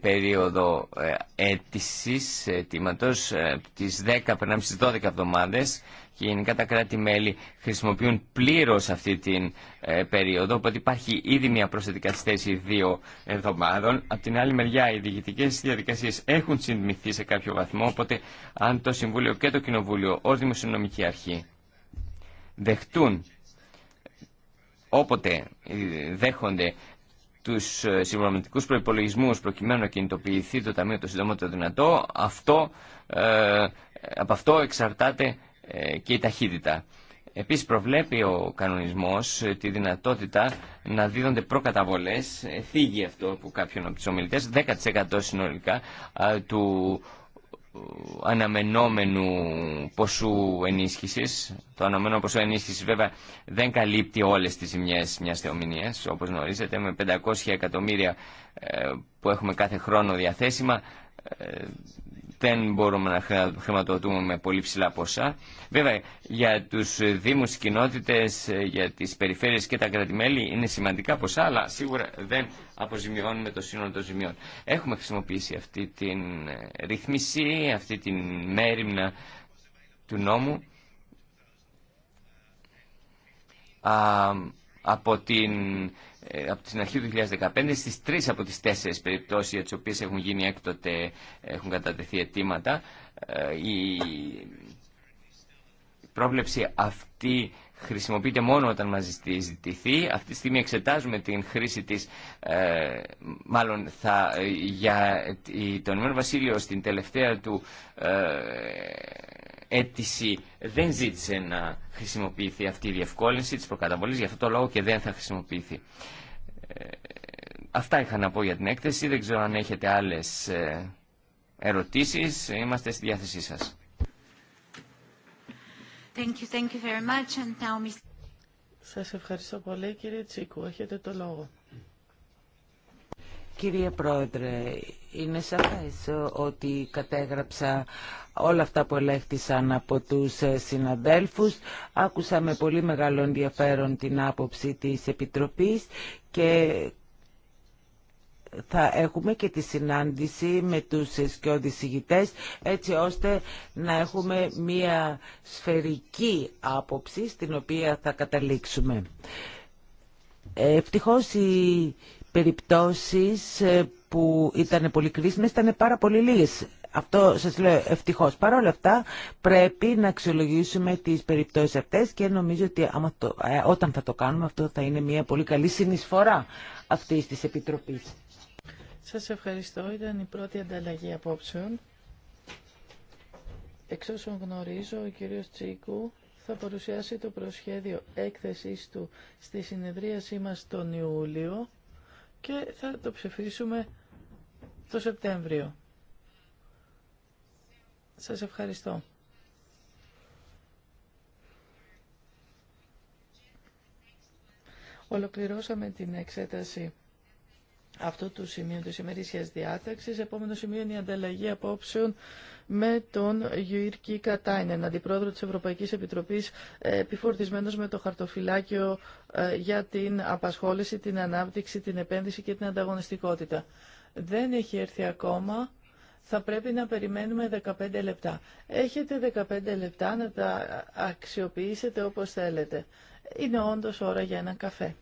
περίοδο ε, αίτησης αιτήματος, τις 10 περνάμε στις 12 εβδομάδες και γενικά τα κράτη-μέλη χρησιμοποιούν πλήρω αυτή την ε, περίοδο, οπότε υπάρχει ήδη μια πρόσθετη καθυστέρηση δύο εβδομάδων. Απ' την άλλη μεριά, οι διηγητικέ διαδικασίε έχουν συνδυμηθεί σε κάποιο βαθμό, οπότε αν το Συμβούλιο και το Κοινοβούλιο ω Δημοσιονομική Αρχή δεχτούν όποτε ε, δέχονται του ε, συμπραγματικού προπολογισμού προκειμένου να κινητοποιηθεί το Ταμείο το Συντομότερο Δυνατό, αυτό, από αυτό εξαρτάται ε, και η ταχύτητα. Επίσης προβλέπει ο κανονισμός ε, τη δυνατότητα να δίδονται προκαταβολές, ε, θίγει αυτό που κάποιον από τους ομιλητές, 10% συνολικά του αναμενόμενου ποσού ενίσχυσης. Το αναμενόμενο ποσό ενίσχυσης βέβαια δεν καλύπτει όλες τις ζημιές μιας θεομηνίας, όπως γνωρίζετε, με 500 εκατομμύρια που έχουμε κάθε χρόνο διαθέσιμα δεν μπορούμε να χρηματοδοτούμε με πολύ ψηλά ποσά. Βέβαια, για του Δήμου τι κοινότητες, για τι περιφέρειες και τα κρατημέλη είναι σημαντικά ποσά, αλλά σίγουρα δεν αποζημιώνουμε το σύνολο των ζημιών. Έχουμε χρησιμοποιήσει αυτή την ρυθμίση, αυτή την μέρημνα του νόμου από την, ε, από την αρχή του 2015 στις τρεις από τις τέσσερις περιπτώσεις για τις οποίες έχουν γίνει έκτοτε έχουν κατατεθεί αιτήματα ε, η πρόβλεψη αυτή χρησιμοποιείται μόνο όταν μας ζητηθεί. Αυτή τη στιγμή εξετάζουμε την χρήση της, ε, μάλλον θα, για τον Ηνωμένο Βασίλειο στην τελευταία του αίτηση δεν ζήτησε να χρησιμοποιηθεί αυτή η διευκόλυνση της προκαταβολής, γι' αυτό το λόγο και δεν θα χρησιμοποιηθεί. Ε, αυτά είχα να πω για την έκθεση. Δεν ξέρω αν έχετε άλλες ε, ερωτήσεις. Είμαστε στη διάθεσή σας. Thank you, thank you very much. And now... Σας ευχαριστώ πολύ κύριε Τσίκου. Έχετε το λόγο. Κύριε Πρόεδρε, είναι σαφές ότι κατέγραψα όλα αυτά που ελέγχθησαν από τους συναδέλφους. Άκουσα με πολύ μεγάλο ενδιαφέρον την άποψη της Επιτροπής και θα έχουμε και τη συνάντηση με τους σκιώδης ηγητές έτσι ώστε να έχουμε μία σφαιρική άποψη στην οποία θα καταλήξουμε. Ευτυχώς η περιπτώσεις ε, που ήταν πολύ κρίσιμες ήταν πάρα πολύ λίγες. Αυτό σας λέω ευτυχώς. Παρ' όλα αυτά πρέπει να αξιολογήσουμε τις περιπτώσεις αυτές και νομίζω ότι ε, όταν θα το κάνουμε αυτό θα είναι μια πολύ καλή συνεισφορά αυτής της Επιτροπής. Σας ευχαριστώ. Ήταν η πρώτη ανταλλαγή απόψεων. Εξ όσων γνωρίζω, ο κύριος Τσίκου θα παρουσιάσει το προσχέδιο έκθεσης του στη συνεδρίασή μας τον Ιούλιο και θα το ψηφίσουμε το Σεπτέμβριο. Σας ευχαριστώ. Ολοκληρώσαμε την εξέταση αυτού του σημείου της ημερήσιας διάταξης. Επόμενο σημείο είναι η ανταλλαγή απόψεων με τον Γιουίρκη Κατάινεν, αντιπρόεδρο της Ευρωπαϊκής Επιτροπής, ε, επιφορτισμένος με το χαρτοφυλάκιο ε, για την απασχόληση, την ανάπτυξη, την επένδυση και την ανταγωνιστικότητα. Δεν έχει έρθει ακόμα θα πρέπει να περιμένουμε 15 λεπτά. Έχετε 15 λεπτά να τα αξιοποιήσετε όπως θέλετε. Είναι όντως ώρα για έναν καφέ.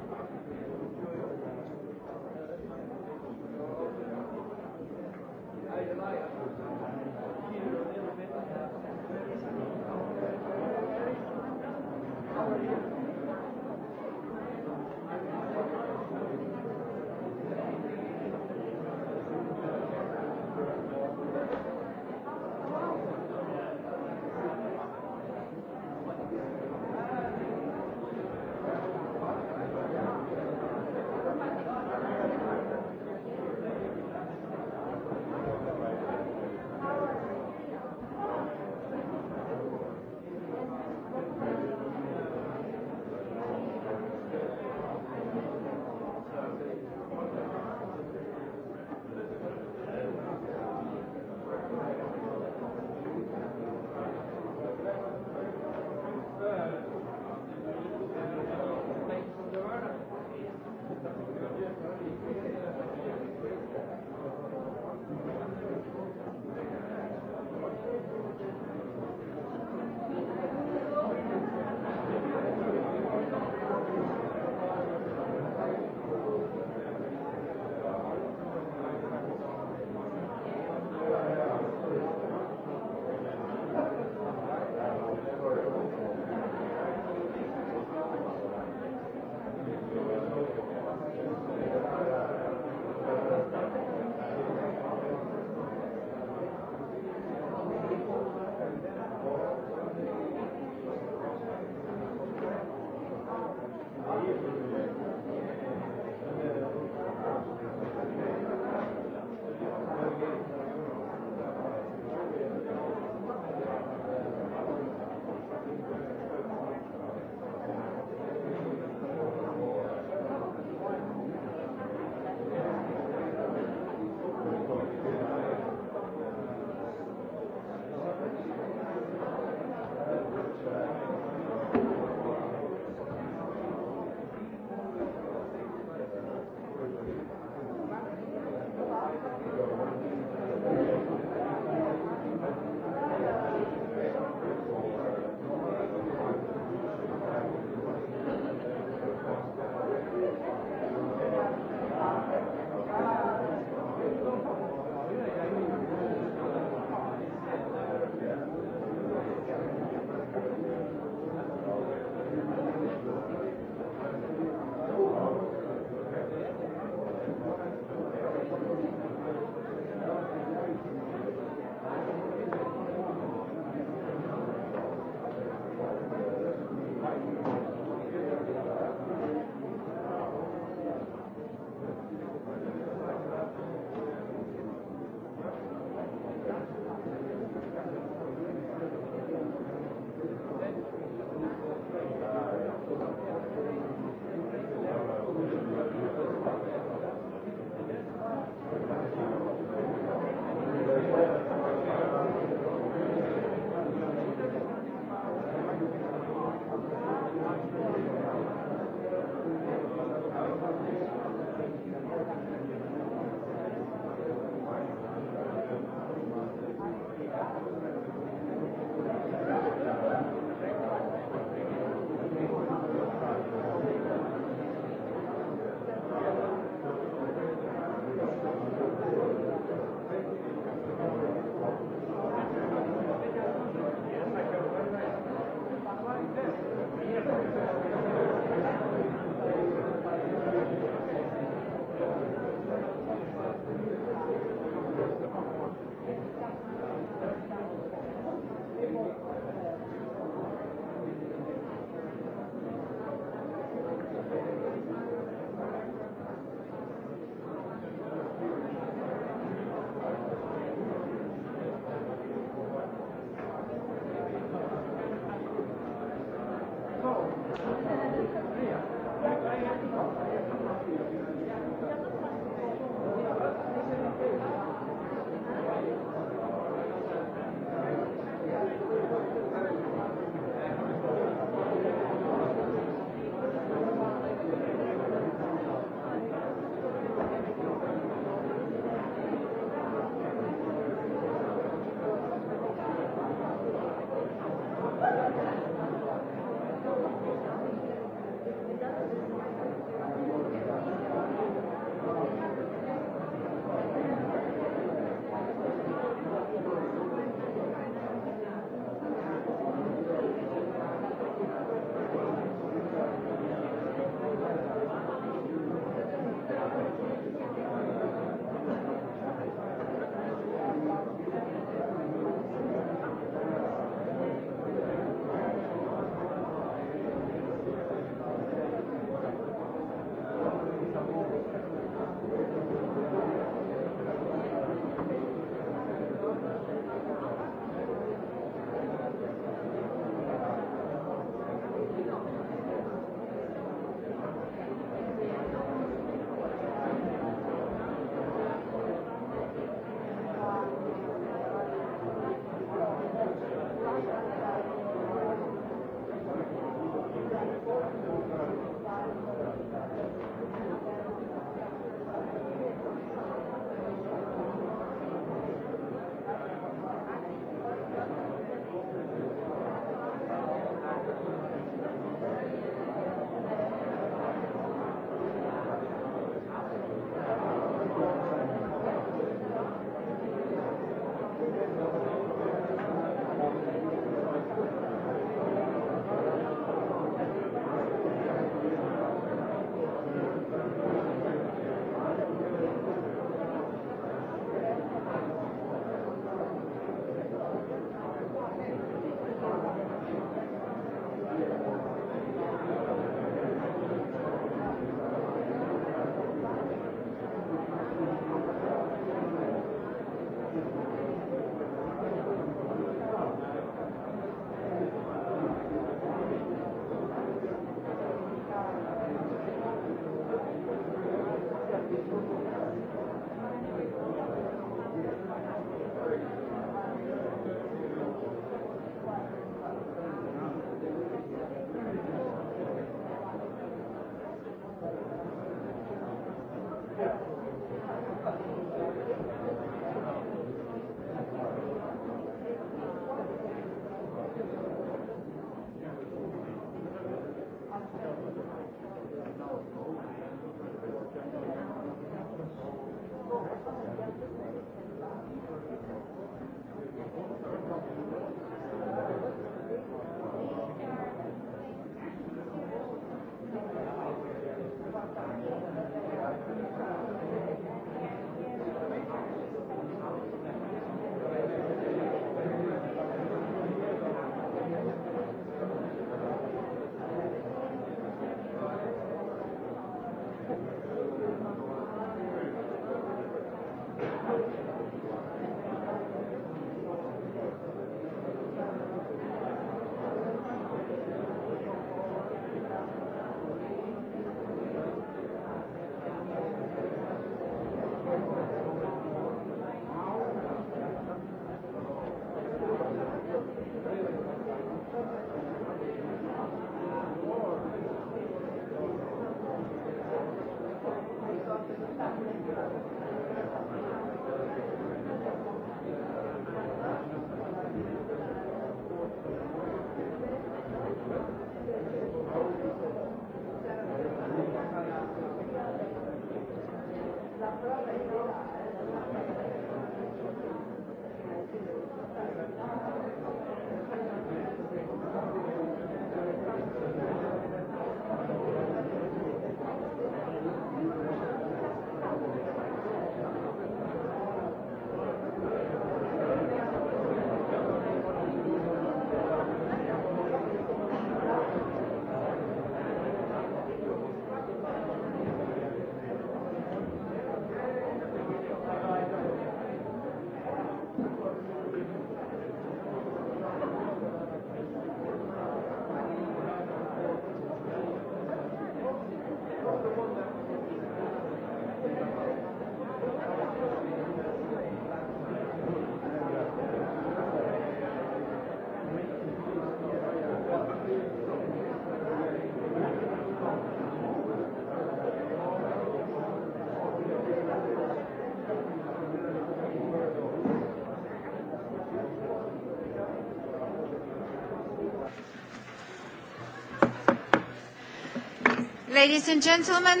Ladies and gentlemen,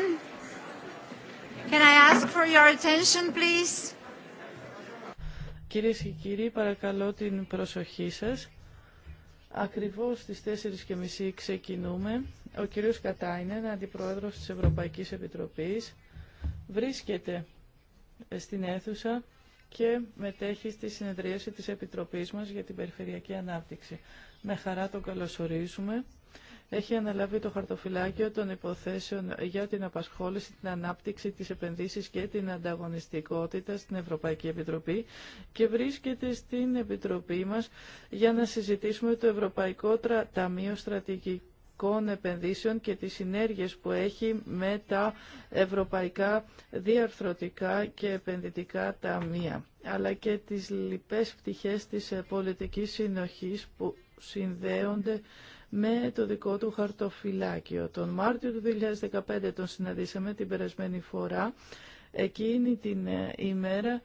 can I ask for your attention, Κυρίες και κύριοι, παρακαλώ την προσοχή σας. Ακριβώς στις 4.30 ξεκινούμε. Ο κύριος Κατάινεν, αντιπρόεδρος της Ευρωπαϊκής Επιτροπής, βρίσκεται στην αίθουσα και μετέχει στη συνεδρίαση της Επιτροπής μας για την Περιφερειακή Ανάπτυξη. Με χαρά τον καλωσορίζουμε έχει αναλάβει το χαρτοφυλάκιο των υποθέσεων για την απασχόληση, την ανάπτυξη, τις επενδύσεις και την ανταγωνιστικότητα στην Ευρωπαϊκή Επιτροπή και βρίσκεται στην Επιτροπή μας για να συζητήσουμε το Ευρωπαϊκό Ταμείο Στρατηγικών επενδύσεων και τις συνέργειες που έχει με τα ευρωπαϊκά διαρθρωτικά και επενδυτικά ταμεία, αλλά και τις λοιπές πτυχές της πολιτικής συνοχής που συνδέονται με το δικό του χαρτοφυλάκιο. Τον Μάρτιο του 2015 τον συναντήσαμε την περασμένη φορά. Εκείνη την ε, ημέρα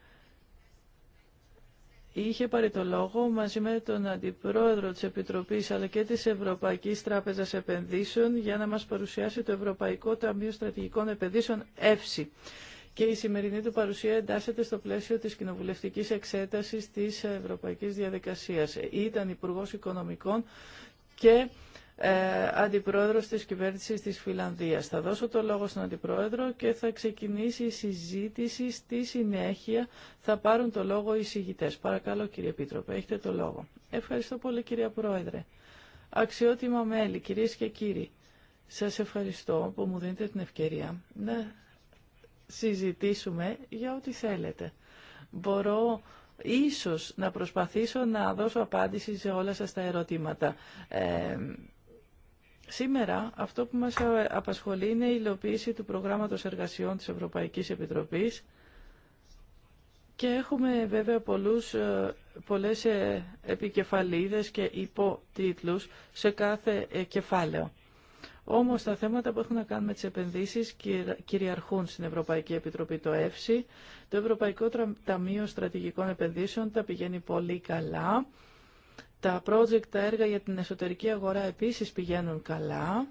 είχε πάρει το λόγο μαζί με τον Αντιπρόεδρο της Επιτροπής αλλά και της Ευρωπαϊκής Τράπεζας Επενδύσεων για να μας παρουσιάσει το Ευρωπαϊκό Ταμείο Στρατηγικών Επενδύσεων ΕΦΣΥ. Και η σημερινή του παρουσία εντάσσεται στο πλαίσιο της κοινοβουλευτικής εξέτασης της Ευρωπαϊκής Διαδικασίας. Ήταν Υπουργό Οικονομικών και ε, αντιπρόεδρος της κυβέρνησης της Φιλανδίας. Θα δώσω το λόγο στον αντιπρόεδρο και θα ξεκινήσει η συζήτηση. Στη συνέχεια θα πάρουν το λόγο οι συγητές. Παρακαλώ κύριε Επίτροπε, έχετε το λόγο. Ευχαριστώ πολύ κύριε Πρόεδρε. Αξιότιμα μέλη, κυρίες και κύριοι, σας ευχαριστώ που μου δίνετε την ευκαιρία να συζητήσουμε για ό,τι θέλετε. Μπορώ Ίσως να προσπαθήσω να δώσω απάντηση σε όλα σας τα ερωτήματα. Ε, σήμερα αυτό που μας απασχολεί είναι η υλοποίηση του προγράμματος εργασιών της Ευρωπαϊκής Επιτροπής και έχουμε βέβαια πολλούς, ε, πολλές ε, επικεφαλίδες και υποτίτλους σε κάθε κεφάλαιο. Όμω, τα θέματα που έχουν να κάνουν με τι επενδύσεις κυριαρχούν στην Ευρωπαϊκή Επιτροπή το ΕΦΣΥ. Το Ευρωπαϊκό Ταμείο Στρατηγικών Επενδύσεων τα πηγαίνει πολύ καλά. Τα project, τα έργα για την εσωτερική αγορά επίσης πηγαίνουν καλά.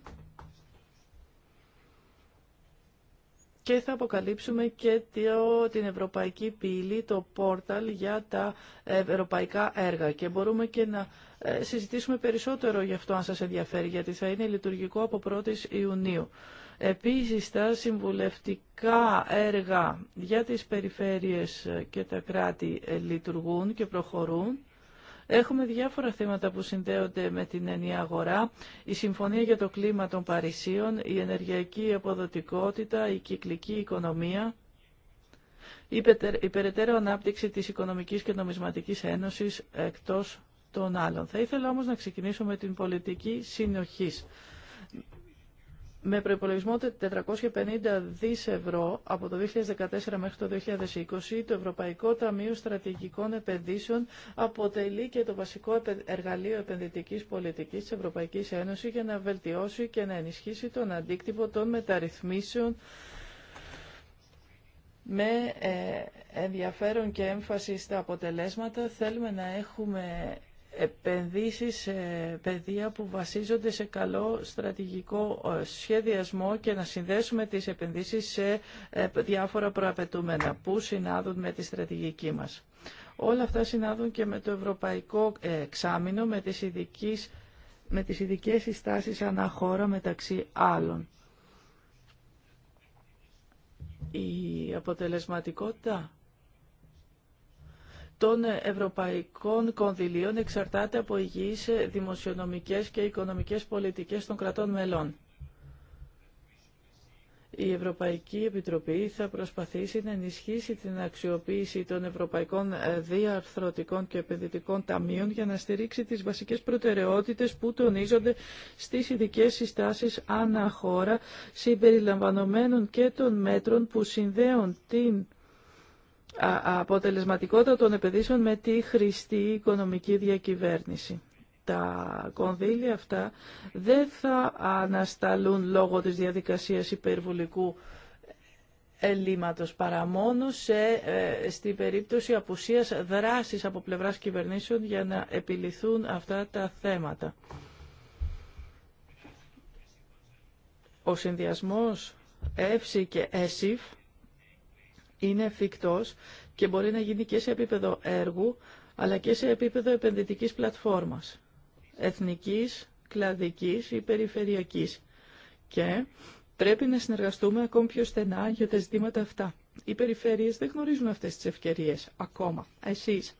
και θα αποκαλύψουμε και το, την ευρωπαϊκή πύλη, το πόρταλ για τα ευρωπαϊκά έργα και μπορούμε και να ε, συζητήσουμε περισσότερο γι' αυτό αν σας ενδιαφέρει, γιατί θα είναι λειτουργικό από 1η Ιουνίου. Επίσης, τα συμβουλευτικά έργα για τις περιφέρειες και τα κράτη ε, λειτουργούν και προχωρούν. Έχουμε διάφορα θέματα που συνδέονται με την ενιαία αγορά. Η Συμφωνία για το Κλίμα των Παρισίων, η ενεργειακή αποδοτικότητα, η κυκλική οικονομία, η περαιτέρω ανάπτυξη της Οικονομικής και Νομισματικής Ένωσης εκτός των άλλων. Θα ήθελα όμως να ξεκινήσω με την πολιτική συνοχής. Με προπολογισμό 450 δις ευρώ από το 2014 μέχρι το 2020, το Ευρωπαϊκό Ταμείο Στρατηγικών Επενδύσεων αποτελεί και το βασικό εργαλείο επενδυτικής πολιτικής της Ευρωπαϊκής Ένωσης για να βελτιώσει και να ενισχύσει τον αντίκτυπο των μεταρρυθμίσεων με ε, ενδιαφέρον και έμφαση στα αποτελέσματα θέλουμε να έχουμε επενδύσεις σε παιδεία που βασίζονται σε καλό στρατηγικό ε, σχεδιασμό και να συνδέσουμε τις επενδύσεις σε ε, διάφορα προαπαιτούμενα που συνάδουν με τη στρατηγική μας. Όλα αυτά συνάδουν και με το ευρωπαϊκό ε, εξάμεινο, με τις, ειδικές, με τις ειδικές συστάσεις αναχώρα μεταξύ άλλων. Η αποτελεσματικότητα των ευρωπαϊκών κονδυλίων εξαρτάται από υγιείς δημοσιονομικές και οικονομικές πολιτικές των κρατών μελών. Η Ευρωπαϊκή Επιτροπή θα προσπαθήσει να ενισχύσει την αξιοποίηση των Ευρωπαϊκών Διαρθρωτικών και Επενδυτικών Ταμείων για να στηρίξει τις βασικές προτεραιότητες που τονίζονται στις ειδικές συστάσεις αναχώρα συμπεριλαμβανομένων και των μέτρων που συνδέουν την αποτελεσματικότητα των επενδύσεων με τη χρηστή οικονομική διακυβέρνηση. Τα κονδύλια αυτά δεν θα ανασταλούν λόγω της διαδικασίας υπερβολικού ελλείμματος παρά μόνο σε, ε, στην περίπτωση απουσίας δράσης από πλευράς κυβερνήσεων για να επιληθούν αυτά τα θέματα. Ο συνδυασμός ΕΦΣΙ και ΕΣΥΦ είναι εφικτός και μπορεί να γίνει και σε επίπεδο έργου, αλλά και σε επίπεδο επενδυτικής πλατφόρμας, εθνικής, κλαδικής ή περιφερειακής. Και πρέπει να συνεργαστούμε ακόμη πιο στενά για τα ζητήματα αυτά. Οι περιφέρειες δεν γνωρίζουν αυτές τις ευκαιρίες ακόμα. Εσείς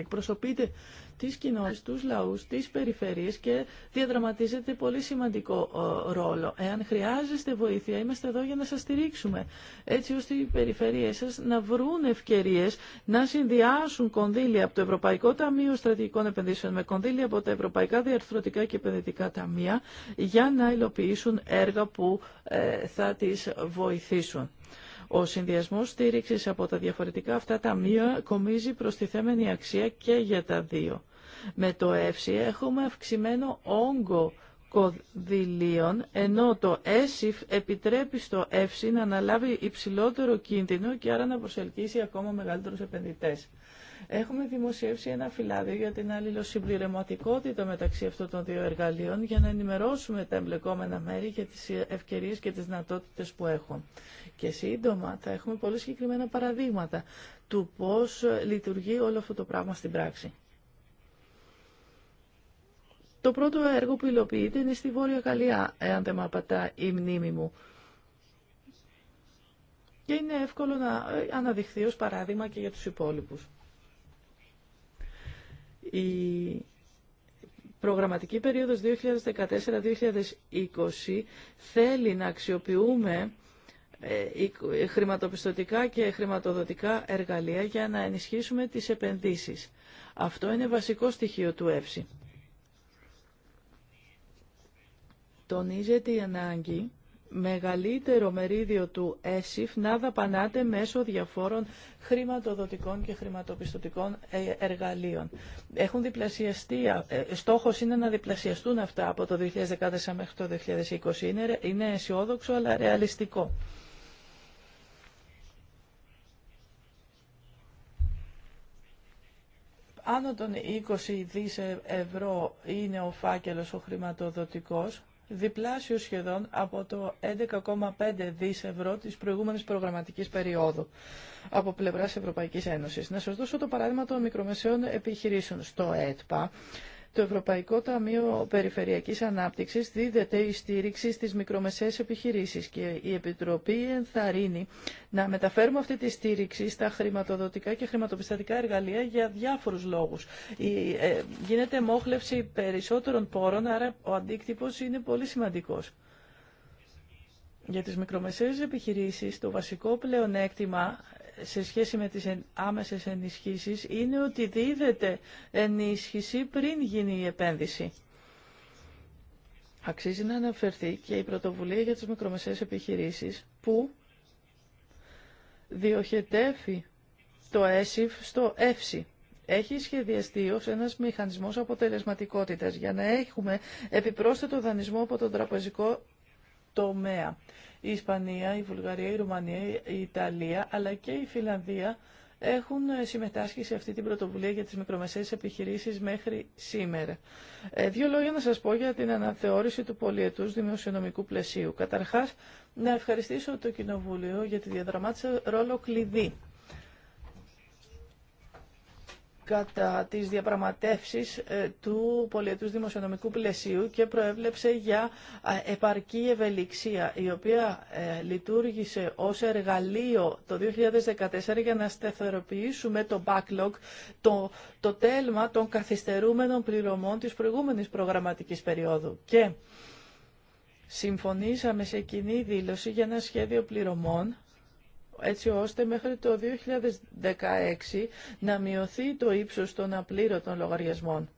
εκπροσωπείτε τις κοινότητες, τους λαούς, τις περιφερειές και διαδραματίζετε πολύ σημαντικό ε, ρόλο. Εάν χρειάζεστε βοήθεια, είμαστε εδώ για να σας στηρίξουμε, έτσι ώστε οι περιφερειές σας να βρουν ευκαιρίες να συνδυάσουν κονδύλια από το Ευρωπαϊκό Ταμείο Στρατηγικών Επενδύσεων με κονδύλια από τα Ευρωπαϊκά Διαρθρωτικά και Επενδυτικά Ταμεία για να υλοποιήσουν έργα που ε, θα τις βοηθήσουν. Ο συνδυασμό στήριξη από τα διαφορετικά αυτά ταμεία κομίζει προστιθέμενη αξία και για τα δύο. Με το ΕΦΣΥ έχουμε αυξημένο όγκο κονδυλίων, ενώ το ΕΣΥΦ επιτρέπει στο ΕΦΣΥ να αναλάβει υψηλότερο κίνδυνο και άρα να προσελκύσει ακόμα μεγαλύτερους επενδυτές. Έχουμε δημοσιεύσει ένα φυλάδιο για την αλληλοσυμπληρωματικότητα μεταξύ αυτών των δύο εργαλείων για να ενημερώσουμε τα εμπλεκόμενα μέρη για τις ευκαιρίες και τις δυνατότητες που έχουν. Και σύντομα θα έχουμε πολύ συγκεκριμένα παραδείγματα του πώς λειτουργεί όλο αυτό το πράγμα στην πράξη. Το πρώτο έργο που υλοποιείται είναι στη Βόρεια Γαλλία, εάν δεν με απατά η μνήμη μου. Και είναι εύκολο να αναδειχθεί ως παράδειγμα και για τους υπόλοιπους. Η προγραμματική περίοδος 2014-2020 θέλει να αξιοποιούμε ε, χρηματοπιστωτικά και χρηματοδοτικά εργαλεία για να ενισχύσουμε τις επενδύσεις. Αυτό είναι βασικό στοιχείο του ΕΦΣΥ. Τονίζεται η ανάγκη μεγαλύτερο μερίδιο του ΕΣΥΦ να δαπανάται μέσω διαφόρων χρηματοδοτικών και χρηματοπιστωτικών ε, εργαλείων. Έχουν διπλασιαστεί, ε, στόχος είναι να διπλασιαστούν αυτά από το 2014 μέχρι το 2020. Είναι, αισιόδοξο αλλά ρεαλιστικό. Άνω των 20 δις ευρώ είναι ο φάκελος ο χρηματοδοτικός διπλάσιο σχεδόν από το 11,5 δις ευρώ της προηγούμενης προγραμματικής περίοδου από πλευράς Ευρωπαϊκής Ένωσης. Να σας δώσω το παράδειγμα των μικρομεσαίων επιχειρήσεων. Στο ΕΤΠΑ το Ευρωπαϊκό Ταμείο Περιφερειακής Ανάπτυξης δίδεται η στήριξη στις μικρομεσαίες επιχειρήσεις και η Επιτροπή ενθαρρύνει να μεταφέρουμε αυτή τη στήριξη στα χρηματοδοτικά και χρηματοπιστωτικά εργαλεία για διάφορους λόγους. Η, ε, γίνεται μόχλευση περισσότερων πόρων, άρα ο αντίκτυπος είναι πολύ σημαντικός. Για τις μικρομεσαίες επιχειρήσεις το βασικό πλεονέκτημα σε σχέση με τις άμεσες ενισχύσεις είναι ότι δίδεται ενίσχυση πριν γίνει η επένδυση. Αξίζει να αναφερθεί και η πρωτοβουλία για τις μικρομεσαίες επιχειρήσεις που διοχετεύει το ΕΣΥΦ στο ΕΦΣΥ. Έχει σχεδιαστεί ως ένας μηχανισμός αποτελεσματικότητας για να έχουμε επιπρόσθετο δανεισμό από τον τραπεζικό τομέα η Ισπανία, η Βουλγαρία, η Ρουμανία, η Ιταλία αλλά και η Φιλανδία έχουν συμμετάσχει σε αυτή την πρωτοβουλία για τις μικρομεσαίες επιχειρήσεις μέχρι σήμερα. Ε, δύο λόγια να σας πω για την αναθεώρηση του πολιετούς δημοσιονομικού πλαισίου. Καταρχάς, να ευχαριστήσω το Κοινοβούλιο για τη διαδραμάτιση ρόλο κλειδί κατά τις διαπραγματεύσεις ε, του πολιετούς δημοσιονομικού πλαισίου και προέβλεψε για επαρκή ευελιξία, η οποία ε, λειτουργήσε ως εργαλείο το 2014 για να στεθεροποιήσουμε το backlog, το, το τέλμα των καθυστερούμενων πληρωμών της προηγούμενης προγραμματικής περίοδου. Και συμφωνήσαμε σε κοινή δήλωση για ένα σχέδιο πληρωμών έτσι ώστε μέχρι το 2016 να μειωθεί το ύψος των απλήρωτων λογαριασμών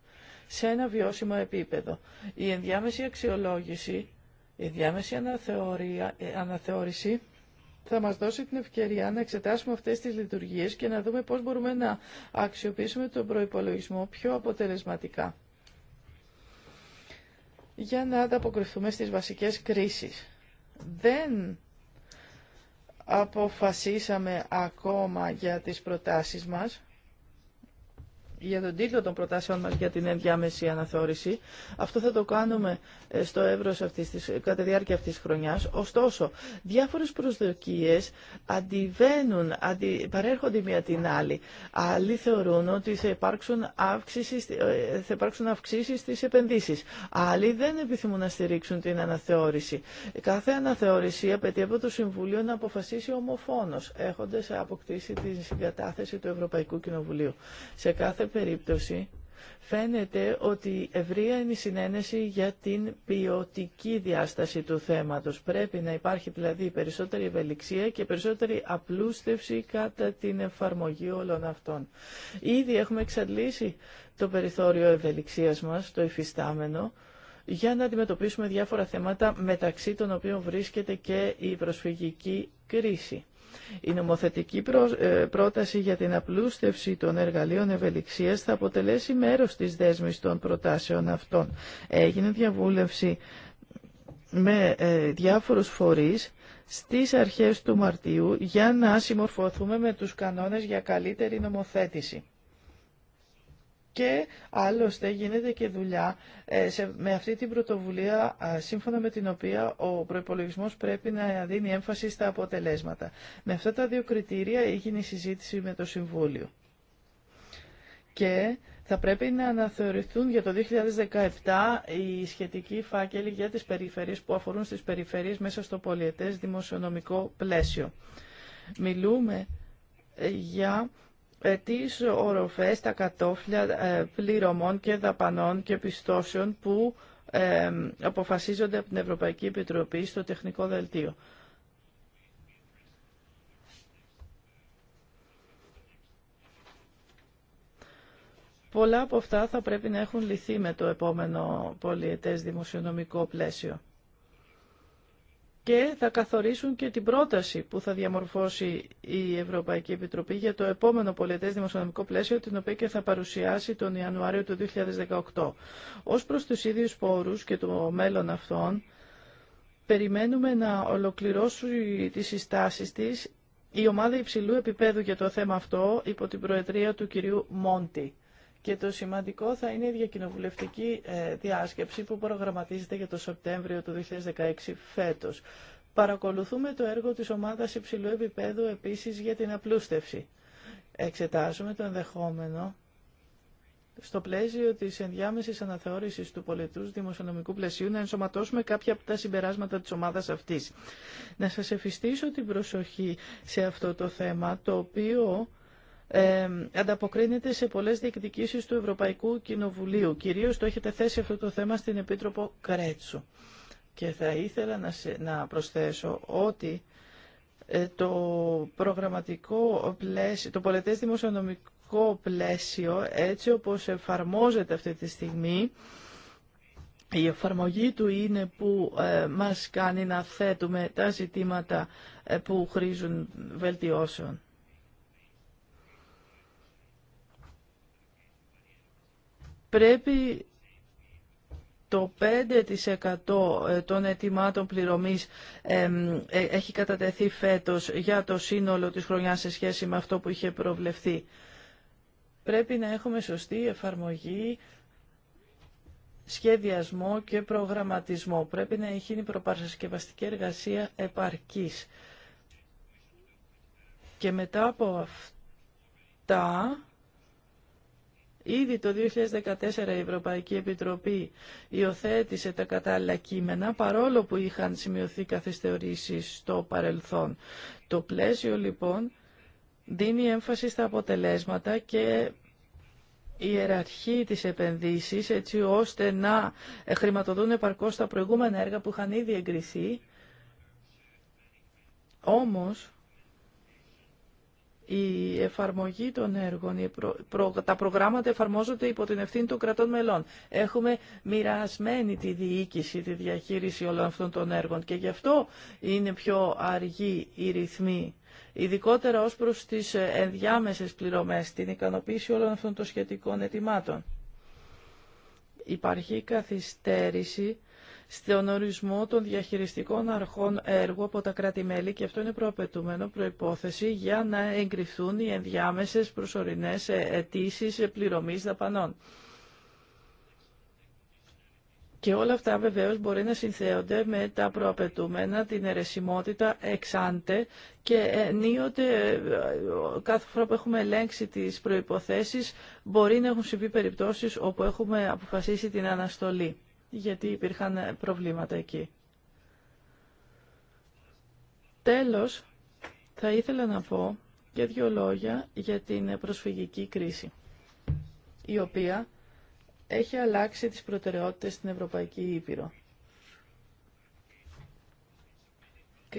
σε ένα βιώσιμο επίπεδο. Η ενδιάμεση αξιολόγηση, η ενδιάμεση ε, αναθεώρηση θα μας δώσει την ευκαιρία να εξετάσουμε αυτές τις λειτουργίες και να δούμε πώς μπορούμε να αξιοποιήσουμε τον προϋπολογισμό πιο αποτελεσματικά για να ανταποκριθούμε στις βασικές κρίσεις. Δεν αποφασίσαμε ακόμα για τις προτάσεις μας για τον τίτλο των προτάσεων μας για την ενδιάμεση αναθεώρηση. Αυτό θα το κάνουμε ε, στο εύρος αυτής της, ε, κατά τη διάρκεια αυτής της χρονιάς. Ωστόσο, διάφορες προσδοκίες αντιβαίνουν, αντι, παρέρχονται μία την άλλη. Άλλοι θεωρούν ότι θα υπάρξουν, αύξηση, ε, θα υπάρξουν αυξήσεις στις επενδύσεις. Άλλοι δεν επιθυμούν να στηρίξουν την αναθεώρηση. Κάθε αναθεώρηση απαιτεί από το Συμβούλιο να αποφασίσει ομοφόνος, έχοντας αποκτήσει την συγκατάθεση του Ευρωπαϊκού Κοινοβουλίου. Σε κάθε περίπτωση φαίνεται ότι ευρεία είναι η συνένεση για την ποιοτική διάσταση του θέματος. Πρέπει να υπάρχει δηλαδή περισσότερη ευελιξία και περισσότερη απλούστευση κατά την εφαρμογή όλων αυτών. Ήδη έχουμε εξαντλήσει το περιθώριο ευελιξίας μας, το υφιστάμενο, για να αντιμετωπίσουμε διάφορα θέματα μεταξύ των οποίων βρίσκεται και η προσφυγική κρίση. Η νομοθετική ε, πρόταση για την απλούστευση των εργαλείων ευελιξίας θα αποτελέσει μέρο της δέσμη των προτάσεων αυτών. Έγινε διαβούλευση με ε, διάφορους φορείς στις αρχές του Μαρτίου για να συμμορφωθούμε με τους κανόνες για καλύτερη νομοθέτηση. Και άλλωστε γίνεται και δουλειά ε, σε, με αυτή την πρωτοβουλία σύμφωνα με την οποία ο προϋπολογισμός πρέπει να δίνει έμφαση στα αποτελέσματα. Με αυτά τα δύο κριτήρια έγινε η συζήτηση με το Συμβούλιο. Και θα πρέπει να αναθεωρηθούν για το 2017 οι σχετικοί φάκελοι για τις περιφέρειες που αφορούν στις περιφέρειες μέσα στο πολιετές δημοσιονομικό πλαίσιο. Μιλούμε ε, για τις οροφές, τα κατόφλια ε, πληρωμών και δαπανών και πιστώσεων που ε, αποφασίζονται από την Ευρωπαϊκή Επιτροπή στο τεχνικό δελτίο. Πολλά από αυτά θα πρέπει να έχουν λυθεί με το επόμενο πολιετές δημοσιονομικό πλαίσιο και θα καθορίσουν και την πρόταση που θα διαμορφώσει η Ευρωπαϊκή Επιτροπή για το επόμενο πολιτές δημοσιονομικό πλαίσιο, την οποία και θα παρουσιάσει τον Ιανουάριο του 2018. Ως προς τους ίδιους πόρους και το μέλλον αυτών, περιμένουμε να ολοκληρώσει τις συστάσεις της η ομάδα υψηλού επίπεδου για το θέμα αυτό υπό την προεδρία του κυρίου Μόντι. Και το σημαντικό θα είναι η διακοινοβουλευτική ε, διάσκεψη που προγραμματίζεται για το Σεπτέμβριο του 2016 φέτος. Παρακολουθούμε το έργο της ομάδας υψηλού επίπεδου επίσης για την απλούστευση. Εξετάζουμε το ενδεχόμενο στο πλαίσιο της ενδιάμεσης αναθεώρησης του πολιτού δημοσιονομικού πλαισίου να ενσωματώσουμε κάποια από τα συμπεράσματα της ομάδας αυτής. Να σας εφιστήσω την προσοχή σε αυτό το θέμα, το οποίο ε, ανταποκρίνεται σε πολλές διεκδικήσεις του Ευρωπαϊκού Κοινοβουλίου. Κυρίως το έχετε θέσει αυτό το θέμα στην Επίτροπο Κρέτσου. Και θα ήθελα να, προσθέσω ότι ε, το προγραμματικό πλαίσιο, το πολιτές δημοσιονομικό πλαίσιο, έτσι όπως εφαρμόζεται αυτή τη στιγμή, η εφαρμογή του είναι που ε, μας κάνει να θέτουμε τα ζητήματα που χρήζουν βελτιώσεων. πρέπει το 5% ε, των ετοιμάτων πληρωμής ε, έχει κατατεθεί φέτος για το σύνολο της χρονιάς σε σχέση με αυτό που είχε προβλεφθεί. Πρέπει να έχουμε σωστή εφαρμογή, σχεδιασμό και προγραμματισμό. Πρέπει να η προπαρασκευαστική εργασία επαρκής. Και μετά από αυτά Ήδη το 2014 η Ευρωπαϊκή Επιτροπή υιοθέτησε τα κατάλληλα κείμενα, παρόλο που είχαν σημειωθεί καθυστερήσεις στο παρελθόν. Το πλαίσιο λοιπόν δίνει έμφαση στα αποτελέσματα και η εραρχή της επενδύσης, έτσι ώστε να χρηματοδούν επαρκώς τα προηγούμενα έργα που είχαν ήδη εγκριθεί. Όμως, η εφαρμογή των έργων, τα προγράμματα εφαρμόζονται υπό την ευθύνη των κρατών μελών. Έχουμε μοιρασμένη τη διοίκηση, τη διαχείριση όλων αυτών των έργων και γι' αυτό είναι πιο αργή η ρυθμή, ειδικότερα ως προς τις ενδιάμεσες πληρωμές, την ικανοποίηση όλων αυτών των σχετικών ετοιμάτων. Υπάρχει καθυστέρηση στον ορισμό των διαχειριστικών αρχών έργου από τα κράτη-μέλη και αυτό είναι προαπαιτούμενο προϋπόθεση για να εγκριθούν οι ενδιάμεσες προσωρινές αιτήσει πληρωμής δαπανών. Και όλα αυτά βεβαίως μπορεί να συνθέονται με τα προαπαιτούμενα, την αιρεσιμότητα εξάντε και ενίοτε ε, κάθε φορά που έχουμε ελέγξει τις προϋποθέσεις μπορεί να έχουν συμβεί περιπτώσεις όπου έχουμε αποφασίσει την αναστολή γιατί υπήρχαν προβλήματα εκεί. Τέλος, θα ήθελα να πω και δύο λόγια για την προσφυγική κρίση, η οποία έχει αλλάξει τις προτεραιότητες στην Ευρωπαϊκή Ήπειρο.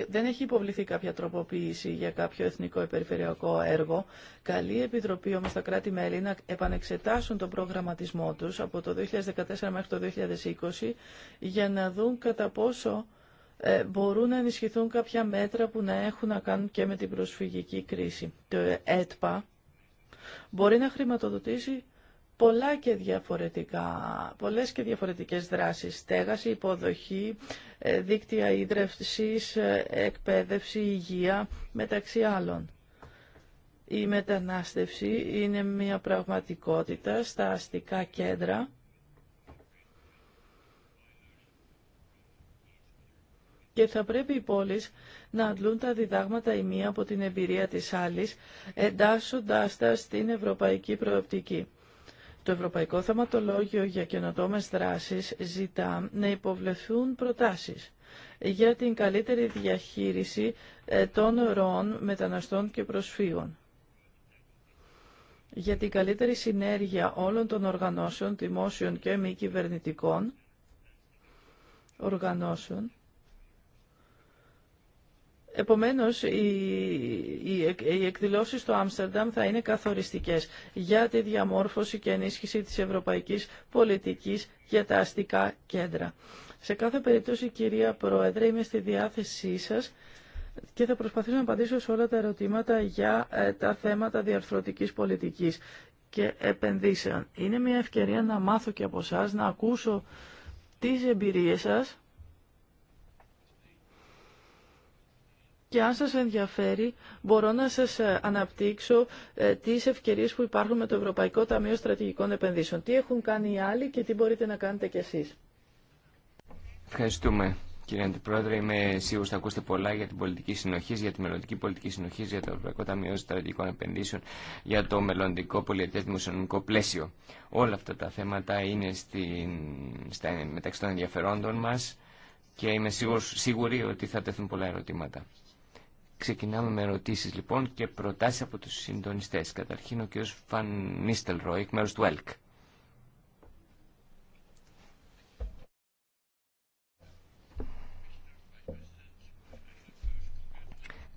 δεν έχει υποβληθεί κάποια τροποποίηση για κάποιο εθνικό ή περιφερειακό έργο. Καλεί η περιφερειακο εργο Καλή επιτροπη ομως τα κράτη-μέλη να επανεξετάσουν τον προγραμματισμό τους από το 2014 μέχρι το 2020 για να δουν κατά πόσο ε, μπορούν να ενισχυθούν κάποια μέτρα που να έχουν να κάνουν και με την προσφυγική κρίση. Το ΕΤΠΑ μπορεί να χρηματοδοτήσει πολλά και διαφορετικά, πολλές και διαφορετικές δράσεις, στέγαση, υποδοχή, ε, δίκτυα ίδρευσης, ε, εκπαίδευση, υγεία, μεταξύ άλλων. Η μετανάστευση είναι μια πραγματικότητα στα αστικά κέντρα, και θα πρέπει οι πόλεις να αντλούν τα διδάγματα η μία από την εμπειρία της άλλης, εντάσσοντάς τα στην ευρωπαϊκή προοπτική. Το Ευρωπαϊκό Θεματολόγιο για Καινοτόμες Δράσεις ζητά να υποβλεθούν προτάσεις για την καλύτερη διαχείριση ε, των ροών μεταναστών και προσφύγων για την καλύτερη συνέργεια όλων των οργανώσεων, δημόσιων και μη κυβερνητικών οργανώσεων, Επομένως, οι, οι, εκδηλώσεις στο Άμστερνταμ θα είναι καθοριστικές για τη διαμόρφωση και ενίσχυση της ευρωπαϊκής πολιτικής για τα αστικά κέντρα. Σε κάθε περίπτωση, κυρία Πρόεδρε, είμαι στη διάθεσή σας και θα προσπαθήσω να απαντήσω σε όλα τα ερωτήματα για ε, τα θέματα διαρθρωτικής πολιτικής και επενδύσεων. Είναι μια ευκαιρία να μάθω και από εσά, να ακούσω τις εμπειρίες σας Και αν σας ενδιαφέρει, μπορώ να σας ε, αναπτύξω ε, τις ευκαιρίες που υπάρχουν με το Ευρωπαϊκό Ταμείο Στρατηγικών Επενδύσεων. Τι έχουν κάνει οι άλλοι και τι μπορείτε να κάνετε κι εσείς. Ευχαριστούμε. Κύριε Αντιπρόεδρε, είμαι σίγουρο θα ακούσετε πολλά για την πολιτική συνοχή, για τη μελλοντική πολιτική συνοχή, για το Ευρωπαϊκό Ταμείο Στρατηγικών Επενδύσεων, για το μελλοντικό πολιετέ δημοσιονομικό πλαίσιο. Όλα αυτά τα θέματα είναι στην, στα, μεταξύ των ενδιαφερόντων μα και είμαι σίγουρος, ότι θα τεθούν πολλά ερωτήματα. Ξεκινάμε με ερωτήσεις λοιπόν και προτάσεις από τους συντονιστές. Καταρχήν ο κ. Φαν Νίστελροϊκ, εκ του ΕΛΚ.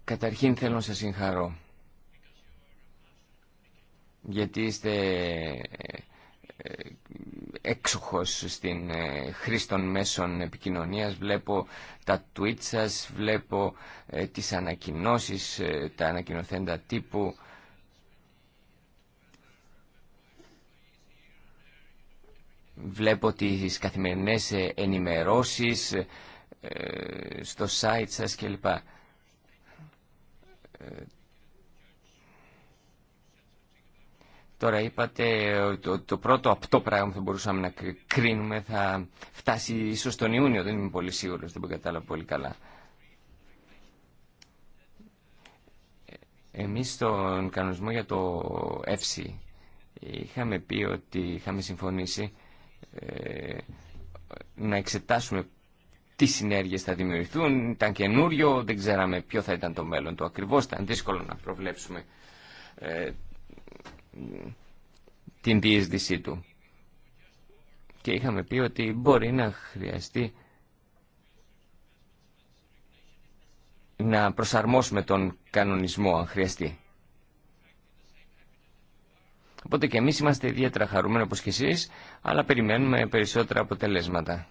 Καταρχήν θέλω να σας συγχαρώ. Γιατί είστε ε, ε, έξοχος στην ε, χρήση των μέσων επικοινωνίας. Βλέπω τα tweets σας, βλέπω ε, τις ανακοινώσεις, ε, τα ανακοινωθέντα τύπου. Βλέπω τις καθημερινές ενημερώσεις στο site σας κλπ Τώρα είπατε ότι το, το πρώτο αυτό πράγμα που θα μπορούσαμε να κρίνουμε θα φτάσει ίσως τον Ιούνιο. Δεν είμαι πολύ σίγουρος, δεν κατάλαβα πολύ καλά. Ε, εμείς στον κανονισμό για το ΕΦΣΥ είχαμε πει ότι είχαμε συμφωνήσει ε, να εξετάσουμε τι συνέργειες θα δημιουργηθούν. Ήταν καινούριο, δεν ξέραμε ποιο θα ήταν το μέλλον του ακριβώς. Ήταν δύσκολο να προβλέψουμε ε, την διείσδυσή του. Και είχαμε πει ότι μπορεί να χρειαστεί να προσαρμόσουμε τον κανονισμό αν χρειαστεί. Οπότε και εμείς είμαστε ιδιαίτερα χαρούμενοι όπως και εσείς, αλλά περιμένουμε περισσότερα αποτελέσματα.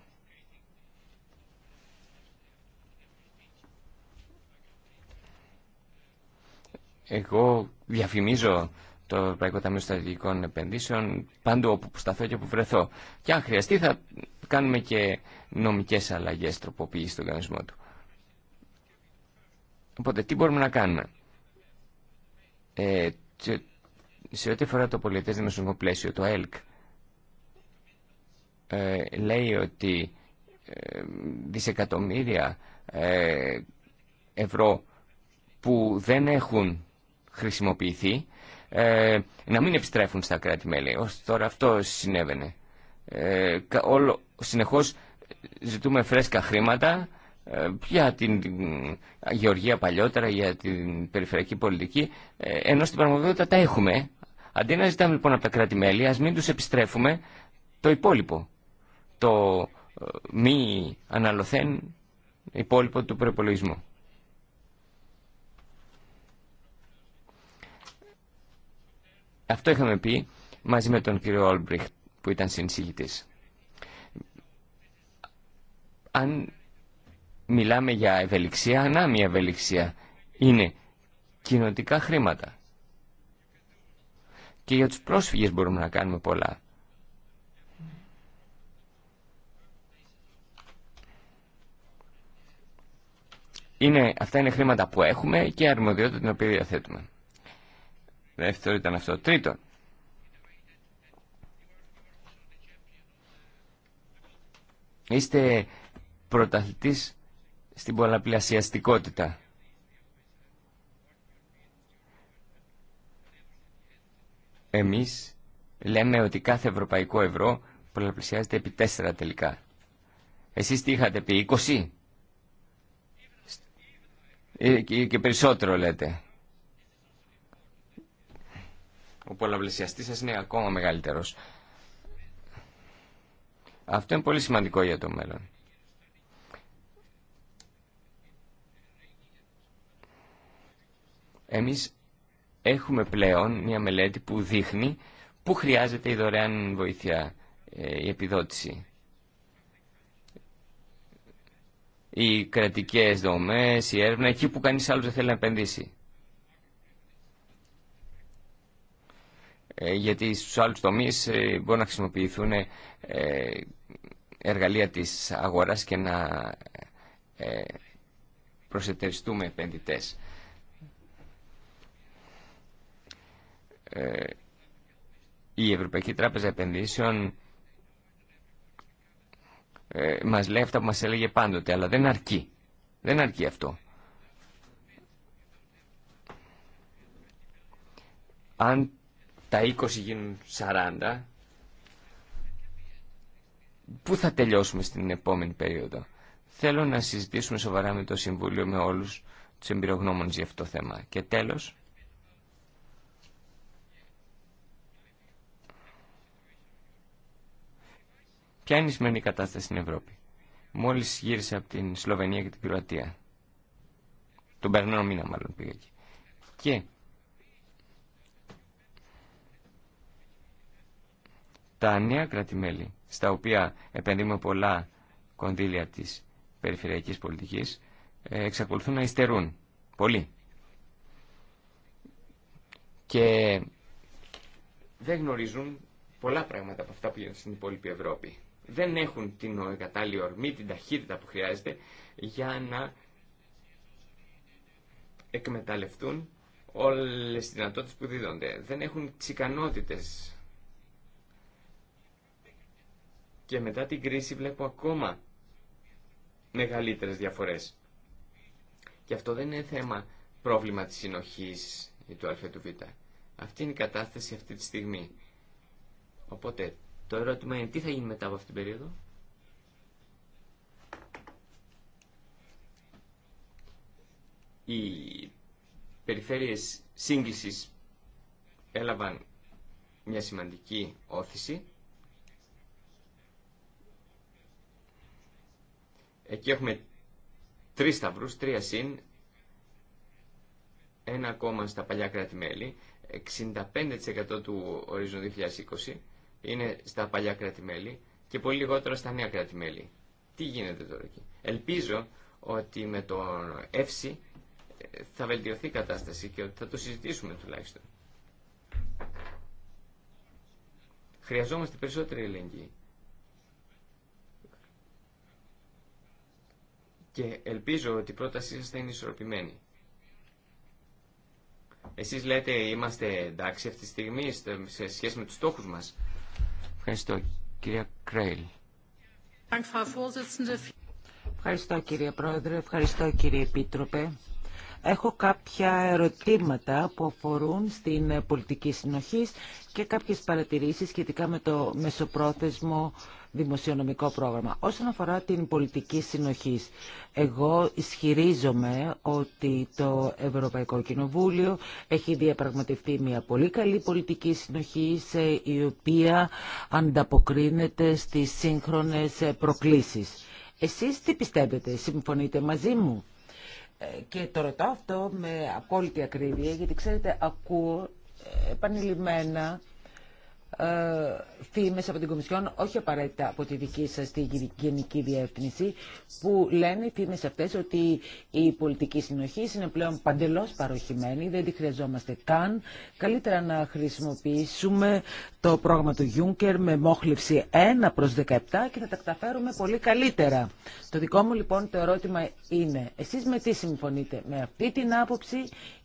Εγώ διαφημίζω το Ευρωπαϊκό Ταμείο Στρατηγικών Επενδύσεων, παντού όπου σταθώ και όπου βρεθώ. Και αν χρειαστεί θα κάνουμε και νομικές αλλαγές τροποποίηση στον κανονισμό του. Οπότε τι μπορούμε να κάνουμε. Ε, σε, ό,τι αφορά το πολιτές δημοσιονομικό πλαίσιο, το ΕΛΚ, ε, λέει ότι ε, δισεκατομμύρια ε, ευρώ που δεν έχουν χρησιμοποιηθεί ε, να μην επιστρέφουν στα κράτη-μέλη. τώρα αυτό συνέβαινε. Ε, όλο, συνεχώς ζητούμε φρέσκα χρήματα ε, για την γεωργία παλιότερα, για την περιφερειακή πολιτική, ε, ενώ στην πραγματικότητα τα έχουμε. Αντί να ζητάμε λοιπόν από τα κράτη-μέλη, ας μην τους επιστρέφουμε το υπόλοιπο. Το μη αναλωθέν υπόλοιπο του προπολογισμού. Αυτό είχαμε πει μαζί με τον κύριο Όλμπριχτ που ήταν συνσύγητης. Αν μιλάμε για ευελιξία, ανάμια ευελιξία είναι κοινωτικά χρήματα. Και για τους πρόσφυγες μπορούμε να κάνουμε πολλά. Είναι, αυτά είναι χρήματα που έχουμε και αρμοδιότητα την οποία διαθέτουμε. Δεύτερο ήταν αυτό. Τρίτο. Είστε πρωταθλητής στην πολλαπλασιαστικότητα. Εμείς λέμε ότι κάθε ευρωπαϊκό ευρώ πολλαπλασιάζεται επί τέσσερα τελικά. Εσείς τι είχατε πει, 20? Ε, και περισσότερο λέτε ο πολλαπλασιαστής σας είναι ακόμα μεγαλύτερος. Αυτό είναι πολύ σημαντικό για το μέλλον. Εμείς έχουμε πλέον μια μελέτη που δείχνει πού χρειάζεται η δωρεάν βοήθεια, ε, η επιδότηση. Οι κρατικές δομές, η έρευνα, εκεί που κανείς άλλος δεν θέλει να επενδύσει. Ε, γιατί στους άλλους τομείς ε, μπορούν να χρησιμοποιηθούν ε, εργαλεία της αγοράς και να προσετεριστούμε επενδυτές. Η Ευρωπαϊκή Τράπεζα Επενδύσεων μας λέει αυτά που μας έλεγε πάντοτε, αλλά δεν αρκεί. Δεν αρκεί αυτό. Αν τα 20 γίνουν 40, πού θα τελειώσουμε στην επόμενη περίοδο. Θέλω να συζητήσουμε σοβαρά με το Συμβούλιο, με όλους τους εμπειρογνώμονες για αυτό το θέμα. Και τέλος, ποια είναι η σημερινή κατάσταση στην Ευρώπη. Μόλις γύρισα από την Σλοβενία και την Κροατία. Τον Περνό μήνα μάλλον πήγα εκεί. Και Τα νέα κρατημέλη, στα οποία επενδύουμε πολλά κονδύλια της περιφερειακής πολιτικής, εξακολουθούν να υστερούν. Πολύ. Και δεν γνωρίζουν πολλά πράγματα από αυτά που γίνονται στην υπόλοιπη Ευρώπη. Δεν έχουν την κατάλληλη ορμή, την ταχύτητα που χρειάζεται για να εκμεταλλευτούν όλες τις δυνατότητες που δίδονται. Δεν έχουν τις ικανότητες και μετά την κρίση βλέπω ακόμα μεγαλύτερες διαφορές. Και αυτό δεν είναι θέμα πρόβλημα της συνοχής του α ή του β. Αυτή είναι η κατάσταση αυτή τη στιγμή. Οπότε το ερώτημα είναι τι θα γίνει μετά από αυτήν την περίοδο. Οι περιφέρειες σύγκλησης έλαβαν μια σημαντική όθηση Εκεί έχουμε τρεις σταυρούς, τρία συν, ένα ακόμα στα παλιά κράτη-μέλη, 65% του ορίζοντο 2020 είναι στα παλιά κράτη-μέλη και πολύ λιγότερο στα νέα κράτη-μέλη. Τι γίνεται τώρα εκεί. Ελπίζω ότι με τον ΕΦΣΥ ε, θα βελτιωθεί η κατάσταση και ότι θα το συζητήσουμε τουλάχιστον. Χρειαζόμαστε περισσότερη ελεγγύη. και ελπίζω ότι η πρότασή σας θα είναι ισορροπημένη. Εσείς λέτε είμαστε εντάξει αυτή τη στιγμή σε σχέση με τους στόχους μας. Ευχαριστώ κυρία Κρέιλ. Ευχαριστώ κύριε Πρόεδρε, ευχαριστώ κύριε Επίτροπε. Έχω κάποια ερωτήματα που αφορούν στην πολιτική συνοχή και κάποιες παρατηρήσεις σχετικά με το μεσοπρόθεσμο δημοσιονομικό πρόγραμμα. Όσον αφορά την πολιτική συνοχή, εγώ ισχυρίζομαι ότι το Ευρωπαϊκό Κοινοβούλιο έχει διαπραγματευτεί μια πολύ καλή πολιτική συνοχή η οποία ανταποκρίνεται στις σύγχρονες προκλήσεις. Εσείς τι πιστεύετε, συμφωνείτε μαζί μου. Ε, και το ρωτάω αυτό με απόλυτη ακρίβεια, γιατί ξέρετε, ακούω ε, επανειλημμένα ε, φήμες από την Κομισιόν, όχι απαραίτητα από τη δική σας τη Γενική Διεύθυνση, που λένε οι φήμες αυτές ότι η πολιτική συνοχή είναι πλέον παντελώς παροχημένη, δεν τη χρειαζόμαστε καν. Καλύτερα να χρησιμοποιήσουμε το πρόγραμμα του Juncker με μόχλευση 1 προς 17 και θα τα καταφέρουμε πολύ καλύτερα. Το δικό μου λοιπόν το ερώτημα είναι, εσείς με τι συμφωνείτε, με αυτή την άποψη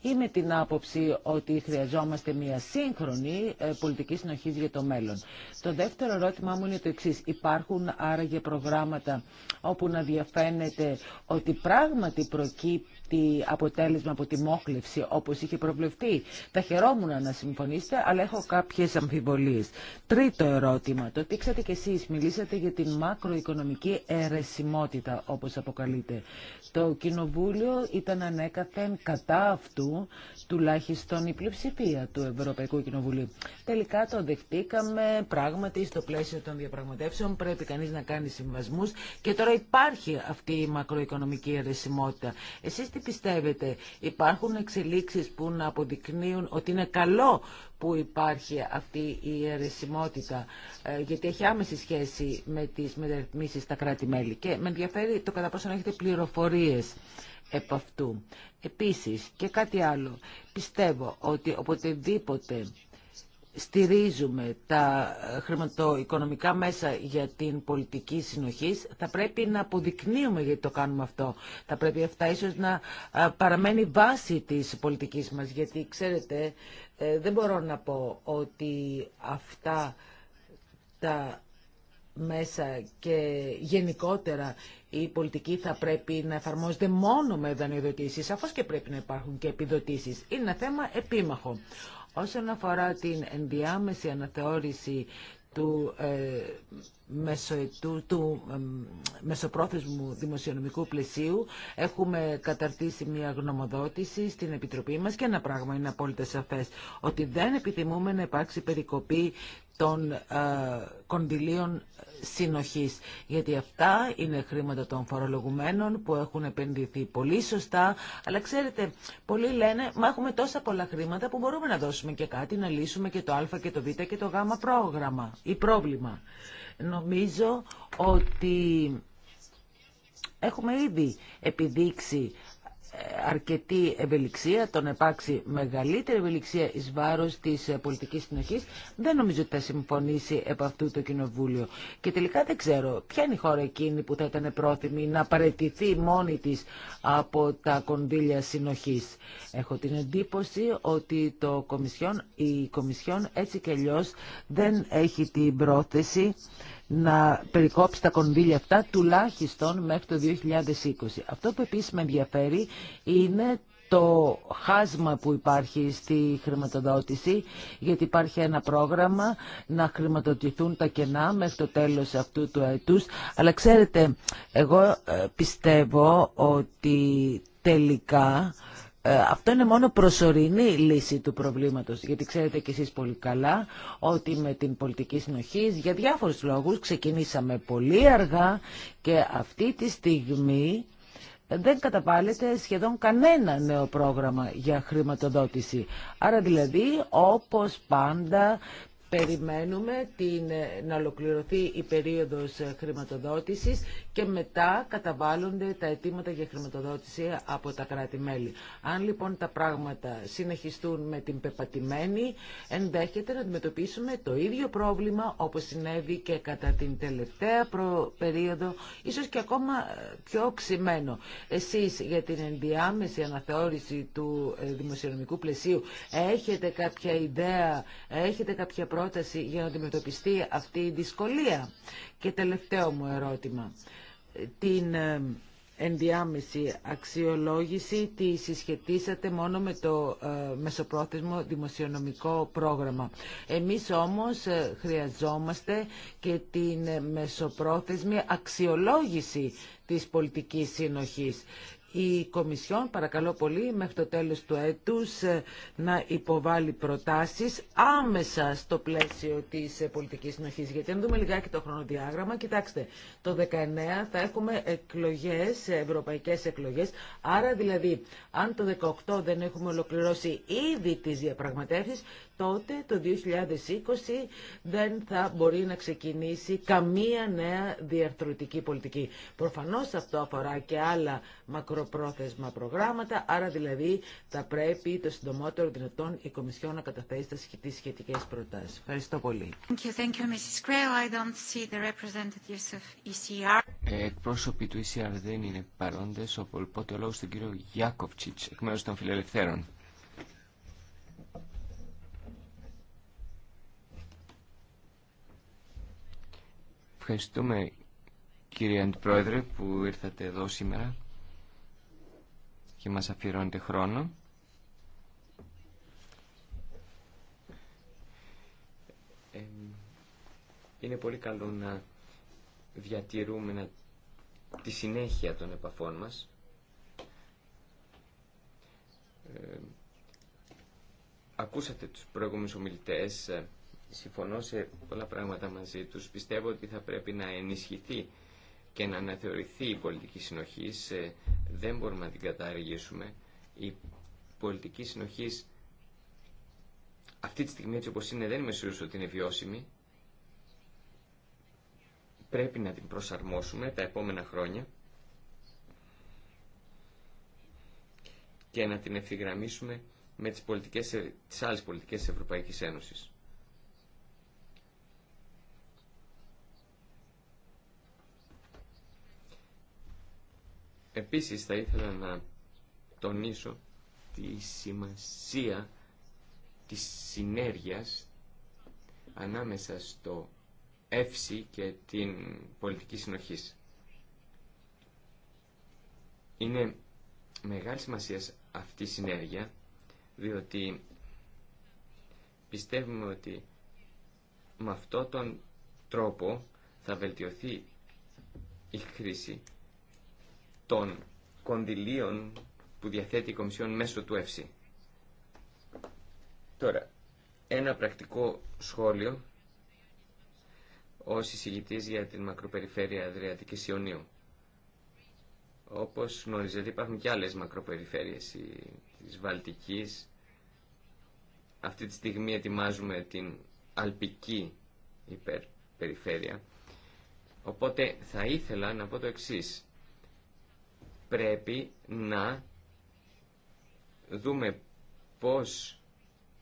ή με την άποψη ότι χρειαζόμαστε μια σύγχρονη ε, πολιτική συνοχή για το μέλλον. Το δεύτερο ερώτημά μου είναι το εξή. Υπάρχουν άραγε προγράμματα όπου να διαφαίνεται ότι πράγματι προκύπτει αποτέλεσμα από τη μόχλευση όπως είχε προβλεφτεί. Θα χαιρόμουν να συμφωνήσετε, αλλά έχω κάποιες αμφιβολίες. Τρίτο ερώτημα. Το τίξατε κι εσείς. Μιλήσατε για την μακροοικονομική αιρεσιμότητα, όπως αποκαλείται. Το Κοινοβούλιο ήταν ανέκαθεν κατά αυτού, τουλάχιστον η πλειοψηφία του Ευρωπαϊκού Κοινοβουλίου. Τελικά το δεχτήκαμε πράγματι στο πλαίσιο των διαπραγματεύσεων. Πρέπει κανείς να κάνει συμβασμού και τώρα υπάρχει αυτή η μακροοικονομική αιρεσιμότητα. Εσείς τι πιστεύετε, υπάρχουν εξελίξεις που να αποδεικνύουν ότι είναι καλό που υπάρχει αυτή η αιρεσιμότητα, ε, γιατί έχει άμεση σχέση με τις μεταρρυθμίσεις στα κράτη-μέλη. Και με ενδιαφέρει το κατά πόσο να έχετε πληροφορίες επ' αυτού. Επίσης, και κάτι άλλο, πιστεύω ότι οποτεδήποτε στηρίζουμε τα χρηματοοικονομικά μέσα για την πολιτική συνοχής. θα πρέπει να αποδεικνύουμε γιατί το κάνουμε αυτό. Θα πρέπει αυτά ίσως να παραμένει βάση της πολιτικής μας, γιατί ξέρετε, ε, δεν μπορώ να πω ότι αυτά τα μέσα και γενικότερα η πολιτική θα πρέπει να εφαρμόζεται μόνο με δανειοδοτήσεις, αφού και πρέπει να υπάρχουν και επιδοτήσεις. Είναι ένα θέμα επίμαχο. Όσον αφορά την ενδιάμεση αναθεώρηση του, ε, του ε, μεσοπρόθεσμου δημοσιονομικού πλαισίου έχουμε καταρτήσει μια γνωμοδότηση στην Επιτροπή μας και ένα πράγμα είναι απόλυτα σαφές ότι δεν επιθυμούμε να υπάρξει περικοπή των ε, κονδυλίων συνοχής. Γιατί αυτά είναι χρήματα των φορολογουμένων που έχουν επενδυθεί πολύ σωστά. Αλλά ξέρετε, πολλοί λένε, μα έχουμε τόσα πολλά χρήματα που μπορούμε να δώσουμε και κάτι, να λύσουμε και το α και το β και το γ πρόγραμμα ή πρόβλημα. Νομίζω ότι έχουμε ήδη επιδείξει αρκετή ευελιξία, τον επάξει μεγαλύτερη ευελιξία εις βάρος της ε, πολιτικής συνοχής, δεν νομίζω ότι θα συμφωνήσει από αυτού το Κοινοβούλιο. Και τελικά δεν ξέρω ποια είναι η χώρα εκείνη που θα ήταν πρόθυμη να παραιτηθεί μόνη της από τα κονδύλια συνοχής. Έχω την εντύπωση ότι το Κομισιόν, η Κομισιόν έτσι και αλλιώ δεν έχει την πρόθεση να περικόψει τα κονδύλια αυτά τουλάχιστον μέχρι το 2020. Αυτό που επίση με ενδιαφέρει είναι το χάσμα που υπάρχει στη χρηματοδότηση, γιατί υπάρχει ένα πρόγραμμα να χρηματοδοτηθούν τα κενά μέχρι το τέλος αυτού του έτους. Αλλά ξέρετε, εγώ ε, πιστεύω ότι τελικά ε, αυτό είναι μόνο προσωρινή λύση του προβλήματος, γιατί ξέρετε κι εσείς πολύ καλά ότι με την πολιτική συνοχή για διάφορους λόγους ξεκινήσαμε πολύ αργά και αυτή τη στιγμή δεν καταβάλλεται σχεδόν κανένα νέο πρόγραμμα για χρηματοδότηση. Άρα δηλαδή, όπως πάντα, περιμένουμε την, να ολοκληρωθεί η περίοδος χρηματοδότησης και μετά καταβάλλονται τα αιτήματα για χρηματοδότηση από τα κράτη-μέλη. Αν λοιπόν τα πράγματα συνεχιστούν με την πεπατημένη, ενδέχεται να αντιμετωπίσουμε το ίδιο πρόβλημα όπως συνέβη και κατά την τελευταία περίοδο, ίσως και ακόμα ε, πιο ξημένο. Εσείς για την ενδιάμεση αναθεώρηση του ε, δημοσιονομικού πλαισίου έχετε κάποια ιδέα, έχετε κάποια πρόταση για να αντιμετωπιστεί αυτή η δυσκολία. Και τελευταίο μου ερώτημα την ε, ενδιάμεση αξιολόγηση τη συσχετίσατε μόνο με το ε, μεσοπρόθεσμο δημοσιονομικό πρόγραμμα. Εμείς όμως ε, χρειαζόμαστε και την μεσοπρόθεσμη αξιολόγηση της πολιτικής συνοχής η Κομισιόν παρακαλώ πολύ μέχρι το τέλος του έτους ε, να υποβάλει προτάσεις άμεσα στο πλαίσιο της ε, πολιτικής συνοχής. Γιατί αν δούμε λιγάκι το χρονοδιάγραμμα, κοιτάξτε, το 19 θα έχουμε εκλογές, ε, ευρωπαϊκές εκλογές, άρα δηλαδή αν το 18 δεν έχουμε ολοκληρώσει ήδη τις διαπραγματεύσεις, τότε το 2020 δεν θα μπορεί να ξεκινήσει καμία νέα διαρθρωτική πολιτική. Προφανώς αυτό αφορά και άλλα μακροπρόθεσμα προγράμματα, άρα δηλαδή θα πρέπει το συντομότερο δυνατόν η Κομισιόν να καταθέσει τις σχετικές προτάσεις. Ευχαριστώ πολύ. Ε, εκπρόσωποι του ECR δεν είναι παρόντες, ο λόγος του κύριο Γιάκοφτσιτς, εκ μέρους των φιλελευθέρων. Ευχαριστούμε κύριε Αντιπρόεδρε που ήρθατε εδώ σήμερα και μας αφιερώνετε χρόνο. Είναι πολύ καλό να διατηρούμε τη συνέχεια των επαφών μας. Ακούσατε τους προηγούμενους ομιλητές συμφωνώ σε πολλά πράγματα μαζί τους. Πιστεύω ότι θα πρέπει να ενισχυθεί και να αναθεωρηθεί η πολιτική συνοχή. Δεν μπορούμε να την καταργήσουμε. Η πολιτική συνοχή αυτή τη στιγμή έτσι όπως είναι δεν είμαι σίγουρος ότι είναι βιώσιμη. Πρέπει να την προσαρμόσουμε τα επόμενα χρόνια και να την ευθυγραμμίσουμε με τις, πολιτικές, τις άλλες πολιτικές της Ευρωπαϊκής Ένωσης. Επίσης θα ήθελα να τονίσω τη σημασία της συνέργειας ανάμεσα στο εύση και την πολιτική συνοχής. Είναι μεγάλη σημασία αυτή η συνέργεια, διότι πιστεύουμε ότι με αυτόν τον τρόπο θα βελτιωθεί η χρήση των κονδυλίων που διαθέτει η Κομισιόν μέσω του ΕΦΣΥ. Τώρα, ένα πρακτικό σχόλιο ως εισηγητής για την μακροπεριφέρεια Αδριατικής Ιωνίου. Όπως γνωρίζετε υπάρχουν και άλλες μακροπεριφέρειες της Βαλτικής. Αυτή τη στιγμή ετοιμάζουμε την αλπική υπερπεριφέρεια. Οπότε θα ήθελα να πω το εξής πρέπει να δούμε πώς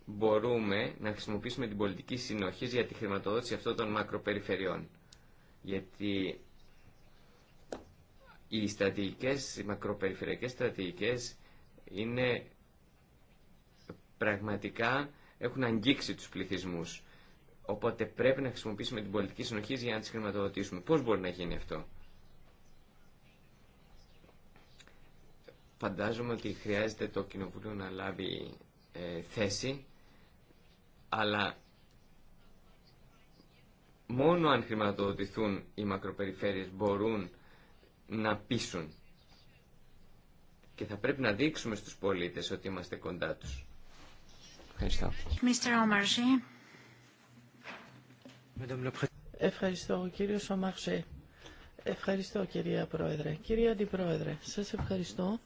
μπορούμε να χρησιμοποιήσουμε την πολιτική συνοχή για τη χρηματοδότηση αυτών των μακροπεριφερειών. Γιατί οι στρατηγικές, οι μακροπεριφερειακές στρατηγικές είναι πραγματικά έχουν αγγίξει τους πληθυσμούς. Οπότε πρέπει να χρησιμοποιήσουμε την πολιτική συνοχή για να τις χρηματοδοτήσουμε. Πώς μπορεί να γίνει αυτό. Φαντάζομαι ότι χρειάζεται το Κοινοβούλιο να λάβει ε, θέση, αλλά μόνο αν χρηματοδοτηθούν οι μακροπεριφέρειες μπορούν να πείσουν. Και θα πρέπει να δείξουμε στους πολίτες ότι είμαστε κοντά τους. Ευχαριστώ. Ευχαριστώ, ο κύριος Ευχαριστώ, κυρία Πρόεδρε. Κυρία Αντιπρόεδρε, σας ευχαριστώ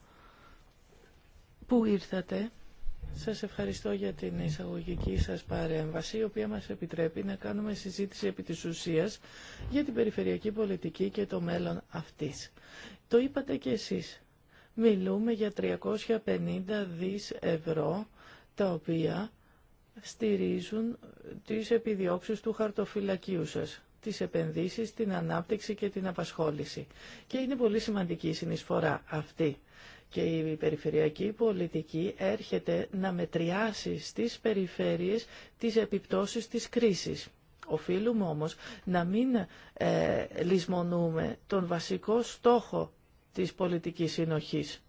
που ήρθατε. Σας ευχαριστώ για την εισαγωγική σας παρέμβαση, η οποία μας επιτρέπει να κάνουμε συζήτηση επί της ουσίας για την περιφερειακή πολιτική και το μέλλον αυτής. Το είπατε και εσείς. Μιλούμε για 350 δις ευρώ, τα οποία στηρίζουν τις επιδιώξεις του χαρτοφυλακίου σας τις επενδύσεις, την ανάπτυξη και την απασχόληση. Και είναι πολύ σημαντική η συνεισφορά αυτή και η περιφερειακή πολιτική έρχεται να μετριάσει στις περιφέρειες τις επιπτώσεις της κρίσης. Οφείλουμε όμως να μην ε, λησμονούμε τον βασικό στόχο της πολιτικής συνοχής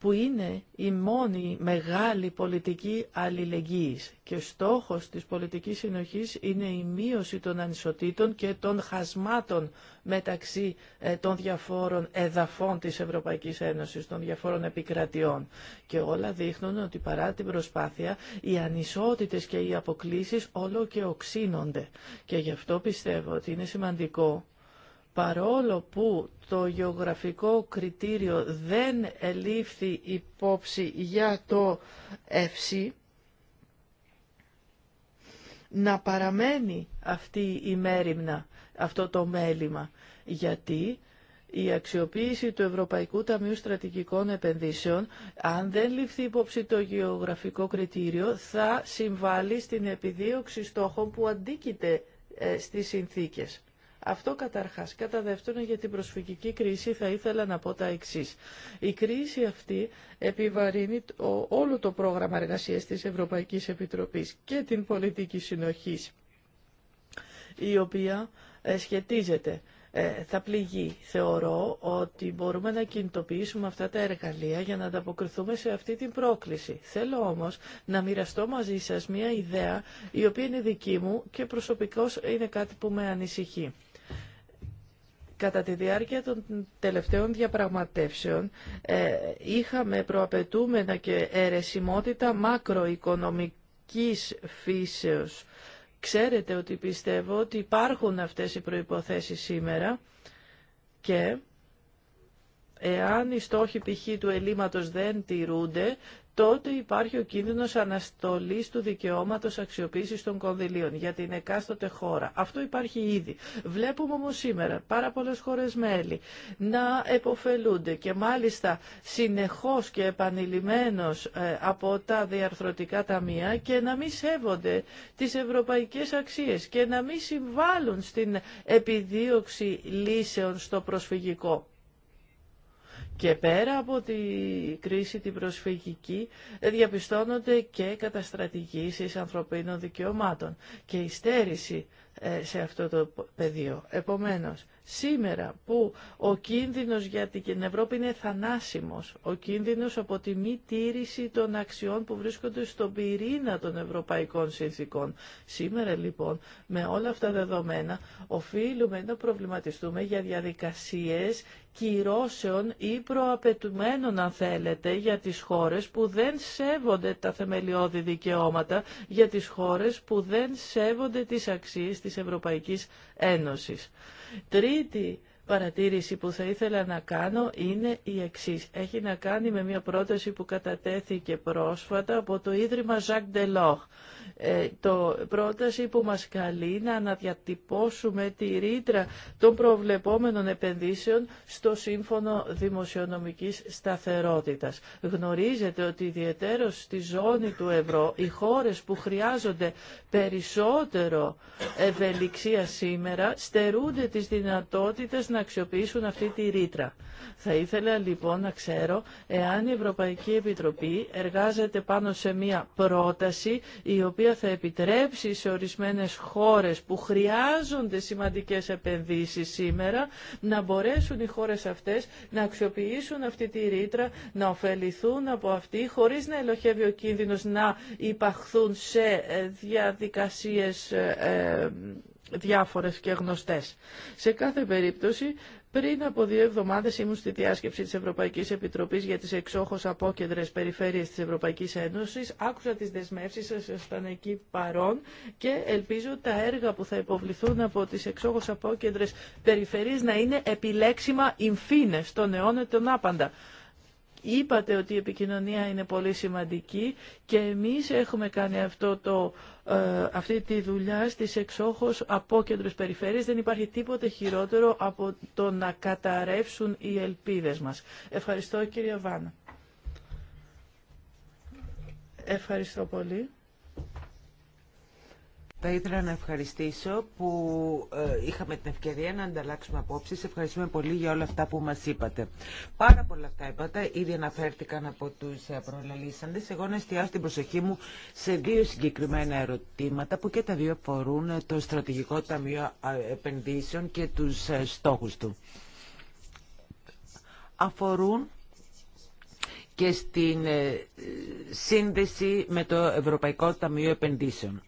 που είναι η μόνη μεγάλη πολιτική αλληλεγγύης και ο στόχος της πολιτικής συνοχής είναι η μείωση των ανισοτήτων και των χασμάτων μεταξύ ε, των διαφόρων εδαφών της Ευρωπαϊκής Ένωσης, των διαφόρων επικρατιών. Και όλα δείχνουν ότι παρά την προσπάθεια οι ανισότητες και οι αποκλήσεις όλο και οξύνονται. Και γι' αυτό πιστεύω ότι είναι σημαντικό παρόλο που το γεωγραφικό κριτήριο δεν ελήφθη υπόψη για το ΕΦΣΥ, να παραμένει αυτή η μέρημνα, αυτό το μέλημα, γιατί η αξιοποίηση του Ευρωπαϊκού Ταμείου Στρατηγικών Επενδύσεων, αν δεν ληφθεί υπόψη το γεωγραφικό κριτήριο, θα συμβάλλει στην επιδίωξη στόχων που αντίκειται ε, στις συνθήκες. Αυτό καταρχάς. Κατά δεύτερον, για την προσφυγική κρίση θα ήθελα να πω τα εξή. Η κρίση αυτή επιβαρύνει όλο το πρόγραμμα εργασία της Ευρωπαϊκής Επιτροπής και την πολιτική συνοχή, η οποία ε, σχετίζεται ε, θα πληγεί. Θεωρώ ότι μπορούμε να κινητοποιήσουμε αυτά τα εργαλεία για να ανταποκριθούμε σε αυτή την πρόκληση. Θέλω όμως να μοιραστώ μαζί σας μια ιδέα η οποία είναι δική μου και προσωπικώς είναι κάτι που με ανησυχεί. Κατά τη διάρκεια των τελευταίων διαπραγματεύσεων ε, είχαμε προαπαιτούμενα και αιρεσιμότητα μακροοικονομικής φύσεως. Ξέρετε ότι πιστεύω ότι υπάρχουν αυτές οι προϋποθέσεις σήμερα και εάν οι στόχοι π.χ. του ελλείμματος δεν τηρούνται, τότε υπάρχει ο κίνδυνος αναστολής του δικαιώματος αξιοποίηση των κονδυλίων για την εκάστοτε χώρα. Αυτό υπάρχει ήδη. Βλέπουμε όμως σήμερα πάρα πολλές χώρες μέλη να εποφελούνται και μάλιστα συνεχώς και επανειλημμένως ε, από τα διαρθρωτικά ταμεία και να μην σέβονται τις ευρωπαϊκές αξίες και να μην συμβάλλουν στην επιδίωξη λύσεων στο προσφυγικό. Και πέρα από τη κρίση την προσφυγική διαπιστώνονται και καταστρατηγήσεις ανθρωπίνων δικαιωμάτων και η ε, σε αυτό το πεδίο. Επομένως, Σήμερα που ο κίνδυνος για την Ευρώπη είναι θανάσιμος, ο κίνδυνος από τη μη τήρηση των αξιών που βρίσκονται στον πυρήνα των ευρωπαϊκών συνθήκων. Σήμερα λοιπόν με όλα αυτά τα δεδομένα οφείλουμε να προβληματιστούμε για διαδικασίες κυρώσεων ή προαπαιτουμένων αν θέλετε για τις χώρες που δεν σέβονται τα θεμελιώδη δικαιώματα, για τις χώρες που δεν σέβονται τις αξίες της Ευρωπαϊκής Ένωσης. Τρίτη παρατήρηση που θα ήθελα να κάνω είναι η εξής. Έχει να κάνει με μια πρόταση που κατατέθηκε πρόσφατα από το Ίδρυμα Jacques Delors. Ε, το πρόταση που μας καλεί να αναδιατυπώσουμε τη ρήτρα των προβλεπόμενων επενδύσεων στο Σύμφωνο Δημοσιονομικής Σταθερότητας. Γνωρίζετε ότι ιδιαίτερος στη ζώνη του ευρώ οι χώρες που χρειάζονται περισσότερο ευελιξία σήμερα στερούνται τις δυνατότητες να να αξιοποιήσουν αυτή τη ρήτρα. Θα ήθελα λοιπόν να ξέρω εάν η Ευρωπαϊκή Επιτροπή εργάζεται πάνω σε μία πρόταση η οποία θα επιτρέψει σε ορισμένες χώρες που χρειάζονται σημαντικές επενδύσεις σήμερα να μπορέσουν οι χώρες αυτές να αξιοποιήσουν αυτή τη ρήτρα, να ωφεληθούν από αυτή χωρίς να ελοχεύει ο κίνδυνος να υπαχθούν σε ε, διαδικασίες ε, ε, διάφορες και γνωστές. Σε κάθε περίπτωση, πριν από δύο εβδομάδες ήμουν στη διάσκεψη της Ευρωπαϊκής Επιτροπής για τις εξόχως απόκεντρες περιφέρειες της Ευρωπαϊκής Ένωσης. Άκουσα τις δεσμεύσεις σας, ήταν εκεί παρόν και ελπίζω τα έργα που θα υποβληθούν από τις εξόχως απόκεντρες περιφέρειες να είναι επιλέξιμα υμφίνε των αιώνα τον άπαντα. Είπατε ότι η επικοινωνία είναι πολύ σημαντική και εμείς έχουμε κάνει αυτό το ε, αυτή τη δουλειά στις από κέντρους περιφέρειες. Δεν υπάρχει τίποτε χειρότερο από το να καταρρεύσουν οι ελπίδες μας. Ευχαριστώ κύριε Βάνα. Ευχαριστώ πολύ. Θα ήθελα να ευχαριστήσω που ε, είχαμε την ευκαιρία να ανταλλάξουμε απόψεις. Ευχαριστούμε πολύ για όλα αυτά που μας είπατε. Πάρα πολλά αυτά είπατε, ήδη αναφέρθηκαν από τους ε, προλαλήσαντες. Εγώ να εστιάσω την προσοχή μου σε δύο συγκεκριμένα ερωτήματα που και τα δύο αφορούν το Στρατηγικό Ταμείο Επενδύσεων και τους ε, στόχους του. Αφορούν και στην σύνδεση με το Ευρωπαϊκό Ταμείο Επενδύσεων.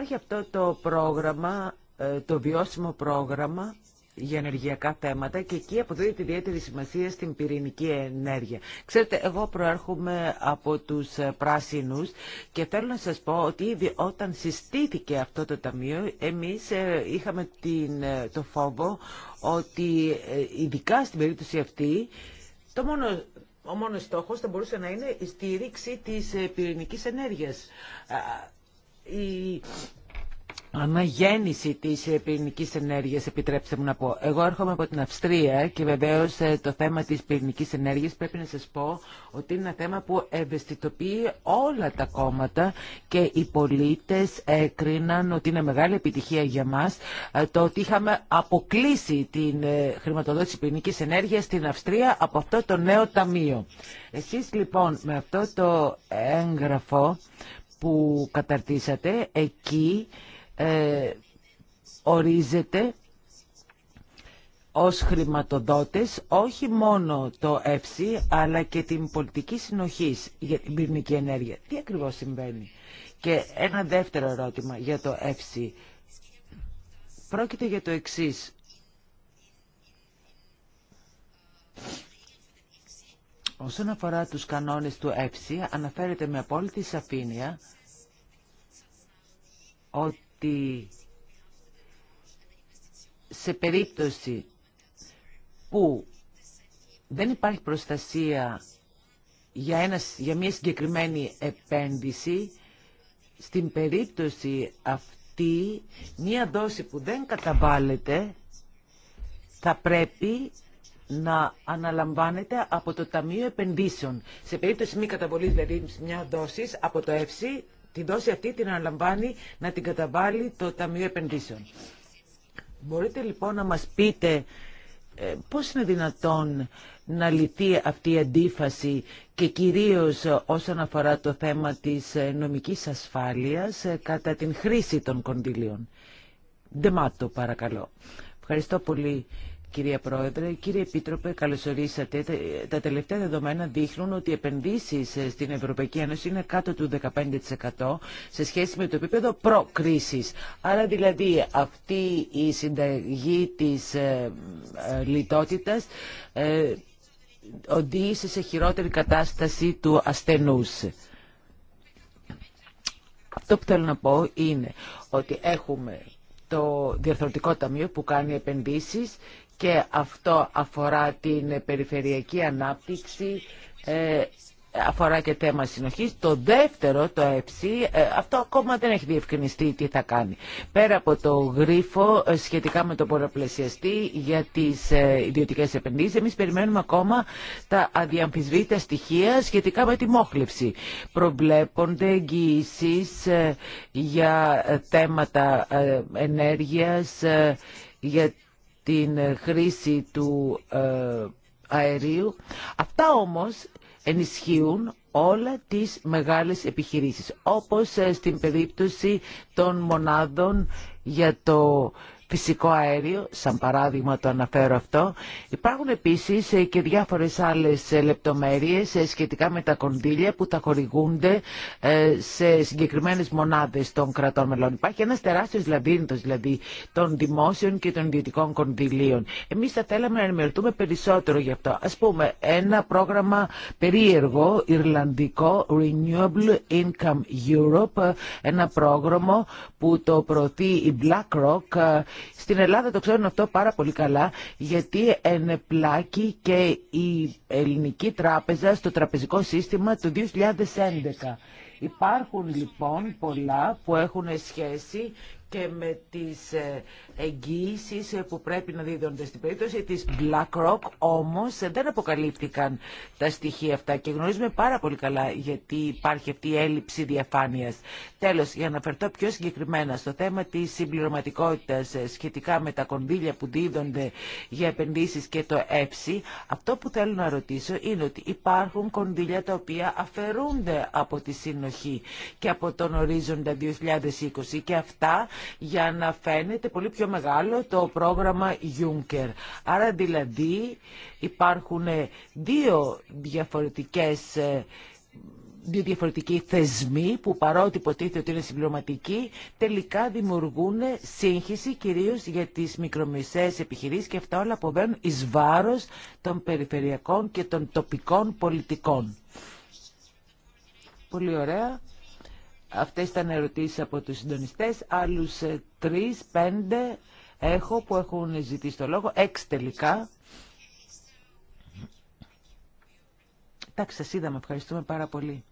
Υπάρχει αυτό το πρόγραμμα, ε, το βιώσιμο πρόγραμμα για ενεργειακά θέματα και εκεί αποδίδεται ιδιαίτερη σημασία στην πυρηνική ενέργεια. Ξέρετε, εγώ προέρχομαι από τους ε, πράσινους και θέλω να σας πω ότι ήδη όταν συστήθηκε αυτό το ταμείο εμείς ε, είχαμε την, το φόβο ότι ειδικά στην περίπτωση αυτή το μόνο ο μόνος στόχος θα μπορούσε να είναι η στήριξη της πυρηνικής ενέργειας η αναγέννηση της πυρηνικής ενέργειας, επιτρέψτε μου να πω. Εγώ έρχομαι από την Αυστρία και βεβαίως ε, το θέμα της πυρηνικής ενέργειας πρέπει να σας πω ότι είναι ένα θέμα που ευαισθητοποιεί όλα τα κόμματα και οι πολίτες κρίναν ότι είναι μεγάλη επιτυχία για μας ε, το ότι είχαμε αποκλείσει την ε, χρηματοδότηση πυρηνικής ενέργειας στην Αυστρία από αυτό το νέο ταμείο. Εσείς λοιπόν με αυτό το έγγραφο που καταρτήσατε, εκεί ε, ορίζεται ως χρηματοδότες όχι μόνο το ΕΦΣΥ αλλά και την πολιτική συνοχής για την πυρηνική ενέργεια. Τι ακριβώς συμβαίνει. Και ένα δεύτερο ερώτημα για το ΕΦΣΥ. Πρόκειται για το εξής. Όσον αφορά τους κανόνες του ΕΦΣΙ, αναφέρεται με απόλυτη σαφήνεια ότι σε περίπτωση που δεν υπάρχει προστασία για, για μια συγκεκριμένη επένδυση, στην περίπτωση αυτή, μια δόση που δεν καταβάλλεται θα πρέπει να αναλαμβάνεται από το Ταμείο Επενδύσεων. Σε περίπτωση μη καταβολής δηλαδή μια δόση από το ΕΦΣΥ, τη δόση αυτή την αναλαμβάνει να την καταβάλει το Ταμείο Επενδύσεων. Μπορείτε λοιπόν να μας πείτε ε, πώς είναι δυνατόν να λυθεί αυτή η αντίφαση και κυρίως όσον αφορά το θέμα της ε, νομικής ασφάλειας ε, κατά την χρήση των κονδυλίων. Ντεμάτο παρακαλώ. Ευχαριστώ πολύ κυρία Πρόεδρε. Κύριε Επίτροπε, καλωσορίσατε. Τα τελευταία δεδομένα δείχνουν ότι οι επενδύσεις ε, στην Ευρωπαϊκή Ένωση είναι κάτω του 15% σε σχέση με το επίπεδο προ-κρίσης. Άρα δηλαδή αυτή η συνταγή της ε, ε, λιτότητας οδήγησε σε χειρότερη κατάσταση του ασθενού. Αυτό που θέλω να πω είναι ότι έχουμε το Διαρθρωτικό Ταμείο που κάνει επενδύσεις και αυτό αφορά την περιφερειακή ανάπτυξη, ε, αφορά και θέμα συνοχής. Το δεύτερο, το εψ ε, αυτό ακόμα δεν έχει διευκρινιστεί τι θα κάνει. Πέρα από το γρίφο ε, σχετικά με το πολλαπλασιαστή για τις ιδιωτικές επενδύσεις, εμείς περιμένουμε ακόμα τα αδιαμφισβήτητα στοιχεία σχετικά με τη μόχλευση. Προβλέπονται εγγυήσει για θέματα ενέργειας, για την ε, χρήση του ε, αερίου. Αυτά όμως ενισχύουν όλα τις μεγάλες επιχειρήσεις, όπως ε, στην περίπτωση των μονάδων για το φυσικό αέριο, σαν παράδειγμα το αναφέρω αυτό. Υπάρχουν επίσης ε, και διάφορες άλλες ε, λεπτομέρειες ε, σχετικά με τα κονδύλια που τα χορηγούνται σε συγκεκριμένες μονάδες των κρατών μελών. Υπάρχει ένας τεράστιος λαβύρινθος δηλαδή των δημόσιων και των ιδιωτικών κονδυλίων. Εμείς θα θέλαμε να ενημερωθούμε περισσότερο γι' αυτό. Ας πούμε ένα πρόγραμμα περίεργο, Ιρλανδικό, Renewable Income Europe, ένα πρόγραμμα που το προωθεί η BlackRock στην Ελλάδα το ξέρουν αυτό πάρα πολύ καλά, γιατί ενεπλάκη και η Ελληνική Τράπεζα στο τραπεζικό σύστημα του 2011. Υπάρχουν λοιπόν πολλά που έχουν σχέση και με τις ε, εγγύησει ε, που πρέπει να δίδονται στην περίπτωση της BlackRock όμως ε, δεν αποκαλύφθηκαν τα στοιχεία αυτά και γνωρίζουμε πάρα πολύ καλά γιατί υπάρχει αυτή η έλλειψη διαφάνειας. Τέλος, για να αναφερθώ πιο συγκεκριμένα στο θέμα της συμπληρωματικότητας σχετικά με τα κονδύλια που δίδονται για επενδύσεις και το ΕΦΣΥ αυτό που θέλω να ρωτήσω είναι ότι υπάρχουν κονδύλια τα οποία αφαιρούνται από τη συνοχή και από τον ορίζοντα 2020 και αυτά για να φαίνεται πολύ πιο μεγάλο το πρόγραμμα Juncker. Άρα δηλαδή υπάρχουν δύο διαφορετικές ε, δύο διαφορετικοί θεσμοί που παρότι υποτίθεται ότι είναι συμπληρωματικοί τελικά δημιουργούν σύγχυση κυρίως για τις μικρομεσαίες επιχειρήσεις και αυτά όλα αποβαίνουν εις βάρος των περιφερειακών και των τοπικών πολιτικών. Πολύ ωραία. Αυτές ήταν ερωτήσεις από τους συντονιστές. Άλλους ε, τρεις, πέντε έχω που έχουν ζητήσει το λόγο. Έξι τελικά. Εντάξει, σας είδαμε. Ευχαριστούμε πάρα πολύ.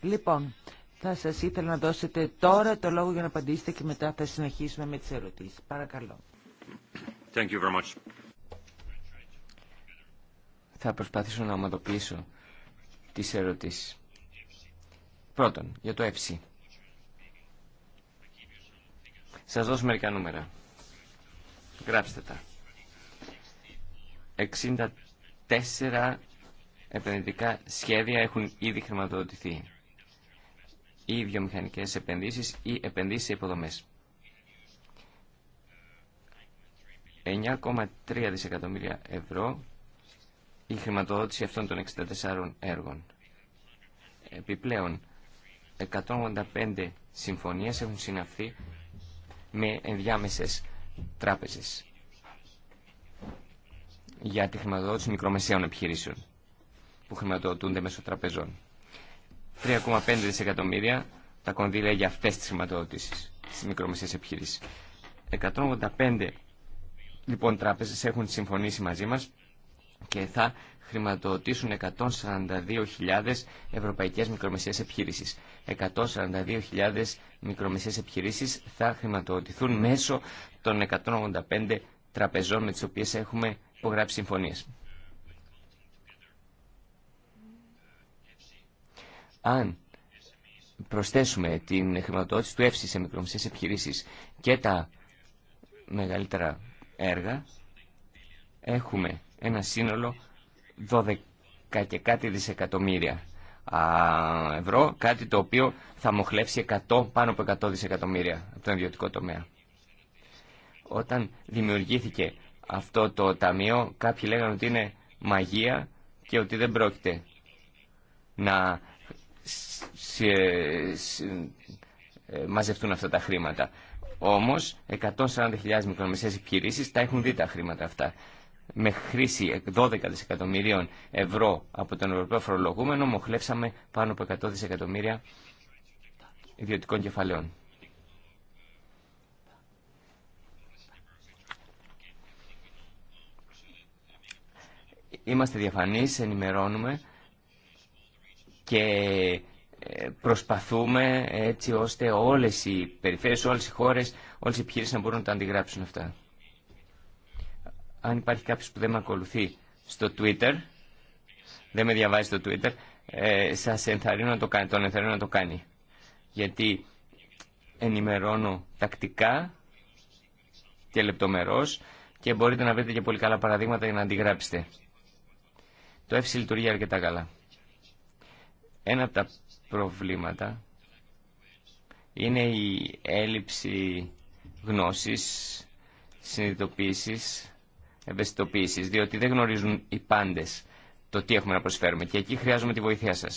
Λοιπόν, θα σας ήθελα να δώσετε τώρα το λόγο για να απαντήσετε και μετά θα συνεχίσουμε με τις ερωτήσεις. Παρακαλώ. Thank you very much. Θα προσπαθήσω να ομαδοποιήσω τις ερωτήσεις. Πρώτον, για το FC. Σας δώσω μερικά νούμερα. Γράψτε τα. 64 επενδυτικά σχέδια έχουν ήδη χρηματοδοτηθεί. Ή μηχανικές επενδύσεις ή επενδύσεις σε υποδομές. 9,3 δισεκατομμύρια ευρώ η χρηματοδότηση αυτών των 64 έργων. Επιπλέον, 185 συμφωνίες έχουν συναφθεί με ενδιάμεσες τράπεζες για τη χρηματοδότηση μικρομεσαίων επιχειρήσεων που χρηματοδοτούνται μέσω τραπεζών. 3,5 δισεκατομμύρια τα κονδύλια για αυτές τις χρηματοδοτήσεις στις μικρομεσαίες επιχειρήσεις. 185 λοιπόν τράπεζες έχουν συμφωνήσει μαζί μας και θα χρηματοδοτήσουν 142.000 ευρωπαϊκές μικρομεσαίες επιχειρήσεις. 142.000 μικρομεσαίες επιχειρήσεις θα χρηματοδοτηθούν μέσω των 185 τραπεζών με τις οποίες έχουμε υπογράψει συμφωνίες. Αν προσθέσουμε την χρηματοδότηση του ΕΦΣΙ σε μικρομεσαίες επιχειρήσεις και τα μεγαλύτερα έργα, έχουμε ένα σύνολο 12 και κάτι δισεκατομμύρια ευρώ, κάτι το οποίο θα μοχλεύσει 100, πάνω από 100 δισεκατομμύρια από τον ιδιωτικό τομέα. Όταν δημιουργήθηκε αυτό το ταμείο, κάποιοι λέγανε ότι είναι μαγεία και ότι δεν πρόκειται να ε, μαζευτούν αυτά τα χρήματα. Όμως, 140.000 μικρομεσαίες επιχειρήσεις τα έχουν δει τα χρήματα αυτά με χρήση 12 δισεκατομμυρίων ευρώ από τον Ευρωπαίο Φορολογούμενο μοχλεύσαμε πάνω από 100 δισεκατομμύρια ιδιωτικών κεφαλαίων. Είμαστε διαφανείς, ενημερώνουμε και ε, προσπαθούμε έτσι ώστε όλες οι περιφέρειες, όλες οι χώρες, όλες οι επιχείρησεις να μπορούν να τα αντιγράψουν αυτά αν υπάρχει κάποιος που δεν με ακολουθεί στο Twitter, δεν με διαβάζει στο Twitter, ε, σας ενθαρρύνω να το κάνει, τον να το κάνει. Γιατί ενημερώνω τακτικά και λεπτομερώς και μπορείτε να βρείτε και πολύ καλά παραδείγματα για να αντιγράψετε. Το ΕΦΣΙ λειτουργεί αρκετά καλά. Ένα από τα προβλήματα είναι η έλλειψη γνώσης, συνειδητοποίησης ευαισθητοποίηση, διότι δεν γνωρίζουν οι πάντε το τι έχουμε να προσφέρουμε και εκεί χρειάζομαι τη βοήθειά σα.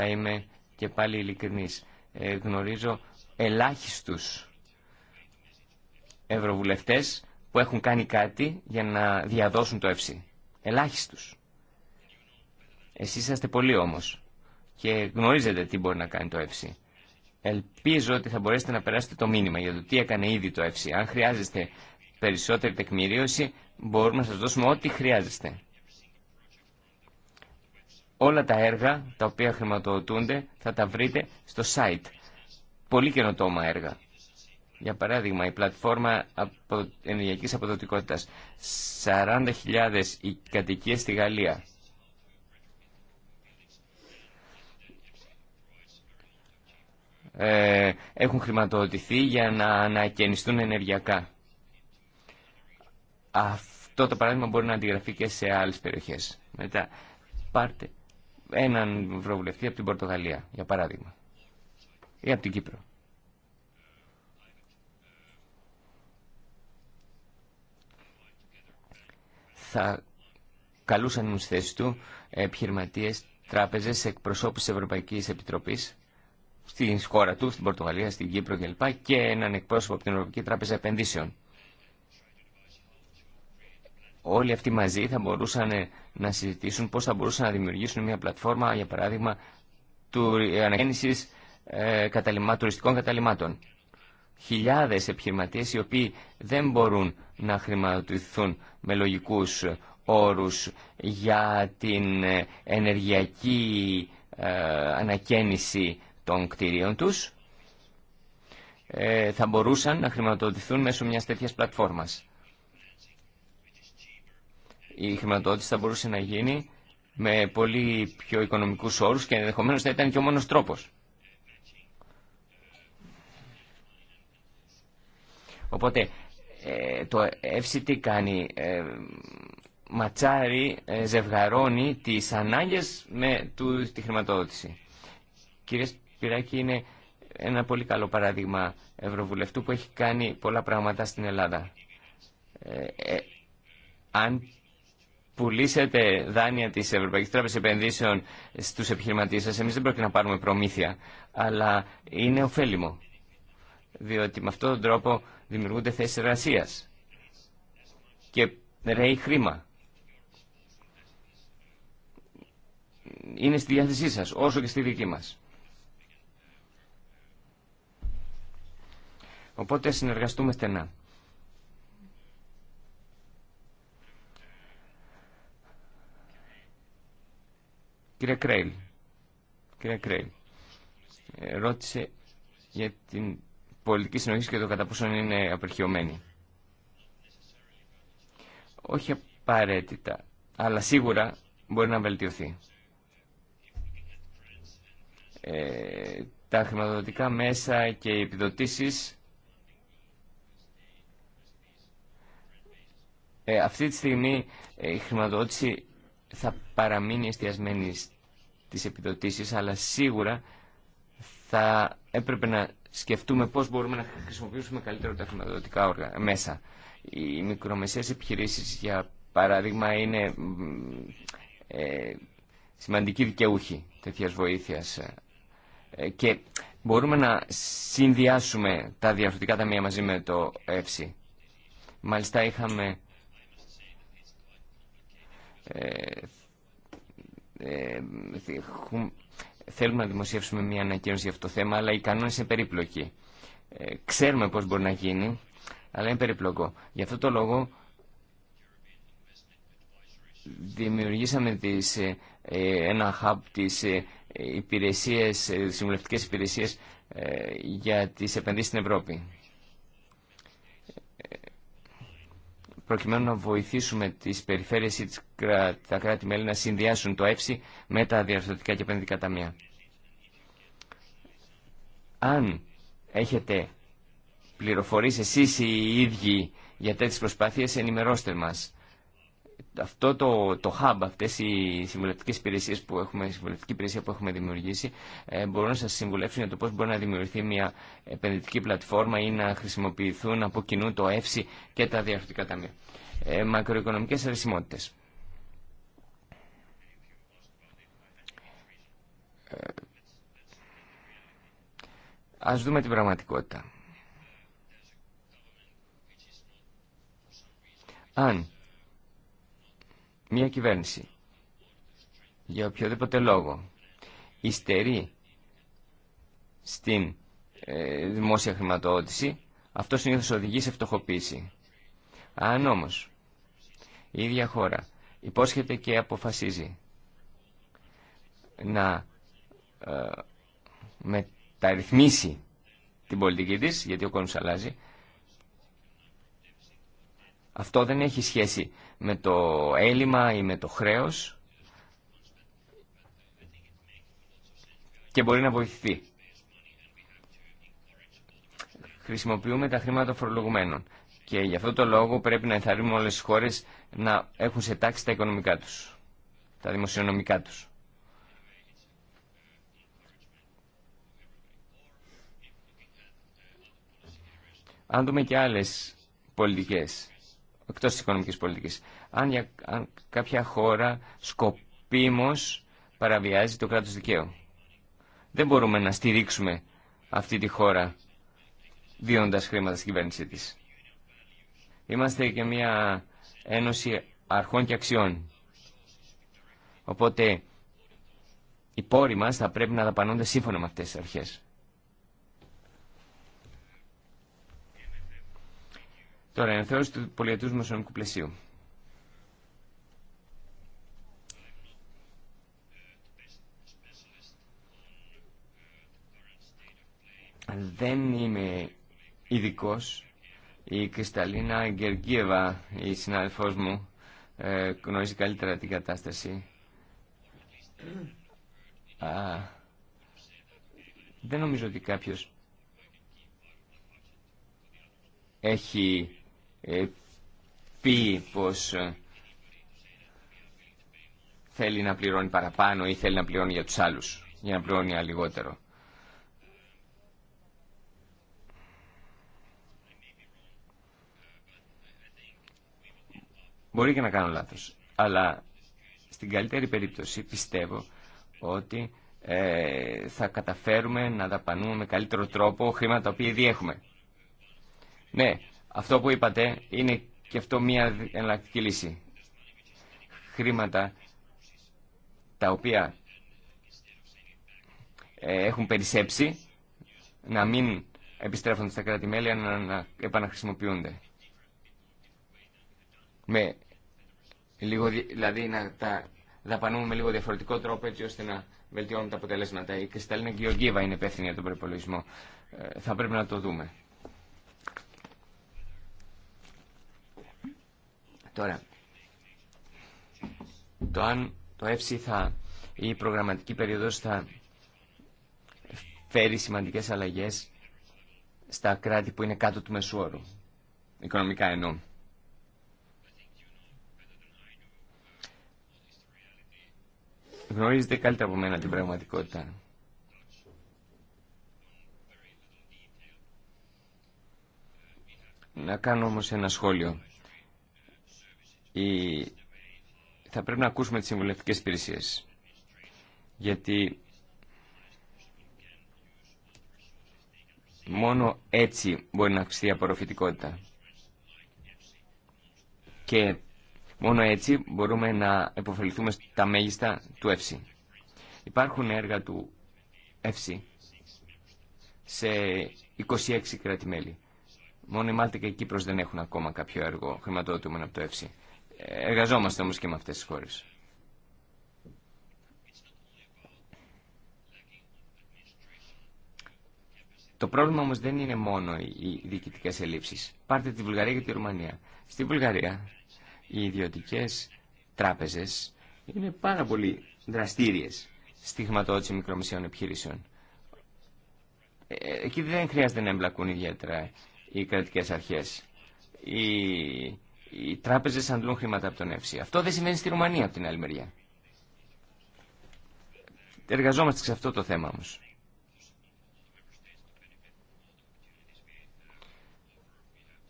Θα είμαι και πάλι ειλικρινή. Ε, γνωρίζω ελάχιστου ευρωβουλευτέ που έχουν κάνει κάτι για να διαδώσουν το ΕΦΣΥ. Ελάχιστου. Εσεί είσαστε πολύ όμω και γνωρίζετε τι μπορεί να κάνει το ΕΦΣΥ. Ελπίζω ότι θα μπορέσετε να περάσετε το μήνυμα για το τι έκανε ήδη το ΕΦΣΥ. Αν χρειάζεστε περισσότερη τεκμηρίωση, μπορούμε να σας δώσουμε ό,τι χρειάζεστε. Όλα τα έργα τα οποία χρηματοδοτούνται θα τα βρείτε στο site. Πολύ καινοτόμα έργα. Για παράδειγμα, η πλατφόρμα απο... ενεργειακής αποδοτικότητας. 40.000 οι κατοικίες στη Γαλλία. Ε, έχουν χρηματοδοτηθεί για να ανακαινιστούν ενεργειακά. Αυτό το παράδειγμα μπορεί να αντιγραφεί και σε άλλες περιοχές. Μετά, πάρτε έναν ευρωβουλευτή από την Πορτογαλία, για παράδειγμα, ή από την Κύπρο. Θα καλούσαν στι στη του επιχειρηματίε, τράπεζε, εκπροσώπου τη Ευρωπαϊκή Επιτροπή στην χώρα του, στην Πορτογαλία, στην Κύπρο κλπ. και έναν εκπρόσωπο από την Ευρωπαϊκή Τράπεζα Επενδύσεων όλοι αυτοί μαζί θα μπορούσαν ε, να συζητήσουν πώς θα μπορούσαν να δημιουργήσουν μια πλατφόρμα, για παράδειγμα, του ε, αναγέννησης ε, καταλημά, τουριστικών καταλημάτων. Χιλιάδες επιχειρηματίες οι οποίοι δεν μπορούν να χρηματοδοτηθούν με λογικούς ε, όρους για την ενεργειακή ε, ανακαίνιση των κτηρίων τους, θα μπορούσαν να χρηματοδοτηθούν μέσω μιας τέτοιας πλατφόρμας η χρηματοδότηση θα μπορούσε να γίνει με πολύ πιο οικονομικούς όρους και ενδεχομένως θα ήταν και ο μόνος τρόπος. Οπότε ε, το ΕΦΣΙ τι κάνει, ε, ματσάρει, ε, ζευγαρώνει τις ανάγκες με του, τη χρηματοδότηση. Κύριε Σπυράκη είναι ένα πολύ καλό παράδειγμα ευρωβουλευτού που έχει κάνει πολλά πράγματα στην Ελλάδα. Ε, αν πουλήσετε δάνεια της Ευρωπαϊκής Τράπεζας Επενδύσεων στους επιχειρηματίες σας, εμείς δεν πρέπει να πάρουμε προμήθεια, αλλά είναι ωφέλιμο, διότι με αυτόν τον τρόπο δημιουργούνται θέσεις εργασία και ρέει χρήμα. Είναι στη διάθεσή σας, όσο και στη δική μας. Οπότε συνεργαστούμε στενά. Κύριε Κρέιλ, κύριε Κρέιλ, ε, ρώτησε για την πολιτική συνοχή και το κατά πόσο είναι απερχιωμένη. Όχι απαραίτητα, αλλά σίγουρα μπορεί να βελτιωθεί. Ε, τα χρηματοδοτικά μέσα και οι επιδοτήσεις ε, αυτή τη στιγμή η χρηματοδότηση θα παραμείνει εστιασμένη στις επιδοτήσεις, αλλά σίγουρα θα έπρεπε να σκεφτούμε πώς μπορούμε να χρησιμοποιήσουμε καλύτερα τα χρηματοδοτικά μέσα. Οι μικρομεσαίες επιχειρήσεις, για παράδειγμα, είναι ε, σημαντικοί δικαιούχοι τέτοιας βοήθειας ε, και μπορούμε να συνδυάσουμε τα διαφορετικά ταμεία μαζί με το ΕΦΣΥ. Μάλιστα είχαμε ε, ε, ε, θέλουμε να δημοσιεύσουμε μια ανακοίνωση για αυτό το θέμα, αλλά οι κανόνε είναι περίπλοκοι. Ξέρουμε πώς μπορεί να γίνει, αλλά είναι περίπλοκο. Γι' αυτό το λόγο δημιουργήσαμε τις, ένα hub της υπηρεσίες, συμβουλευτικές υπηρεσίες για τις επενδύσεις στην Ευρώπη. προκειμένου να βοηθήσουμε τις περιφέρειες ή τα κράτη-μέλη να συνδυάσουν το ΕΦΣΥ με τα διαρθρωτικά και επενδυτικά ταμεία. Αν έχετε πληροφορίες εσεί οι ίδιοι για τέτοιε προσπάθειες, ενημερώστε μας αυτό το, το hub, αυτέ οι συμβουλευτικές υπηρεσίε που έχουμε, η συμβουλευτική υπηρεσία που έχουμε δημιουργήσει, ε, μπορούν να σας συμβουλεύσουν για το πώ μπορεί να δημιουργηθεί μια επενδυτική πλατφόρμα ή να χρησιμοποιηθούν από κοινού το ΕΦΣΙ και τα διαρθρωτικά ταμεία. Ε, μακροοικονομικές αρισιμότητε. Ε, ας δούμε την πραγματικότητα. Αν μια κυβέρνηση για οποιοδήποτε λόγο ιστερεί στην ε, δημόσια χρηματοδότηση, αυτό συνήθως οδηγεί σε φτωχοποίηση. Αν όμως η ίδια χώρα υπόσχεται και αποφασίζει να ε, μεταρρυθμίσει την πολιτική της, γιατί ο κόσμος αλλάζει, αυτό δεν έχει σχέση με το έλλειμμα ή με το χρέος και μπορεί να βοηθηθεί. Χρησιμοποιούμε τα χρήματα των φορολογουμένων και γι' αυτό το λόγο πρέπει να ενθαρρύνουμε όλες τις χώρες να έχουν σε τάξη τα οικονομικά τους, τα δημοσιονομικά τους. Αν δούμε και άλλες πολιτικές εκτός της οικονομικής πολιτικής. Αν, κάποια χώρα σκοπίμως παραβιάζει το κράτος δικαίου. Δεν μπορούμε να στηρίξουμε αυτή τη χώρα δίνοντας χρήματα στην κυβέρνησή της. Είμαστε και μια ένωση αρχών και αξιών. Οπότε οι πόροι μας θα πρέπει να δαπανώνται σύμφωνα με αυτές τις αρχές. Τώρα, ενθεώρηση του πολιετούς δημοσιονομικού πλαισίου. Δεν είμαι ειδικό. Η Κρυσταλίνα Γκεργίεβα, η συνάδελφός μου, ε, γνωρίζει καλύτερα την κατάσταση. δεν νομίζω ότι κάποιος έχει πει πως ε, θέλει να πληρώνει παραπάνω ή θέλει να πληρώνει για τους άλλους, για να πληρώνει λιγότερο. Μπορεί και να κάνω λάθος, αλλά στην καλύτερη περίπτωση πιστεύω ότι ε, θα καταφέρουμε να δαπανούμε με καλύτερο τρόπο χρήματα τα οποία ήδη έχουμε. Ναι, αυτό που είπατε είναι και αυτό μια εναλλακτική λύση. Χρήματα τα οποία ε, έχουν περισσέψει να μην επιστρέφονται στα κράτη-μέλη αλλά να επαναχρησιμοποιούνται. Με λίγο, δηλαδή να τα δαπανούμε με λίγο διαφορετικό τρόπο έτσι ώστε να βελτιώνουν τα αποτελέσματα. Η Κρυσταλίνα Γεωργίβα είναι υπεύθυνη για τον προπολογισμό. Ε, θα πρέπει να το δούμε. Τώρα, το αν το ΕΦΣΥ θα, η προγραμματική περίοδος θα φέρει σημαντικές αλλαγές στα κράτη που είναι κάτω του μεσουόρου. Οικονομικά εννοώ. Γνωρίζετε καλύτερα από μένα την πραγματικότητα. Να κάνω όμως ένα σχόλιο η... θα πρέπει να ακούσουμε τις συμβουλευτικές υπηρεσίε. Γιατί μόνο έτσι μπορεί να αυξηθεί η απορροφητικότητα. Και μόνο έτσι μπορούμε να επωφεληθούμε στα μέγιστα του ΕΦΣΥ. Υπάρχουν έργα του ΕΦΣΥ σε 26 κράτη-μέλη. Μόνο η Μάλτα και η Κύπρος δεν έχουν ακόμα κάποιο έργο χρηματοδοτούμενο από το ΕΦΣΥ. Εργαζόμαστε όμως και με αυτές τις χώρες. Το πρόβλημα όμως δεν είναι μόνο οι διοικητικές ελλείψεις. Πάρτε τη Βουλγαρία και τη Ρουμανία. Στη Βουλγαρία οι ιδιωτικές τράπεζες είναι πάρα πολύ δραστήριες στη χρηματοδότηση μικρομεσαίων επιχειρήσεων. Ε, εκεί δεν χρειάζεται να εμπλακούν ιδιαίτερα οι κρατικές αρχές. Οι οι τράπεζε αντλούν χρήματα από τον ΕΦΣΥ. Αυτό δεν σημαίνει στη Ρουμανία από την άλλη μεριά. Εργαζόμαστε σε αυτό το θέμα όμω.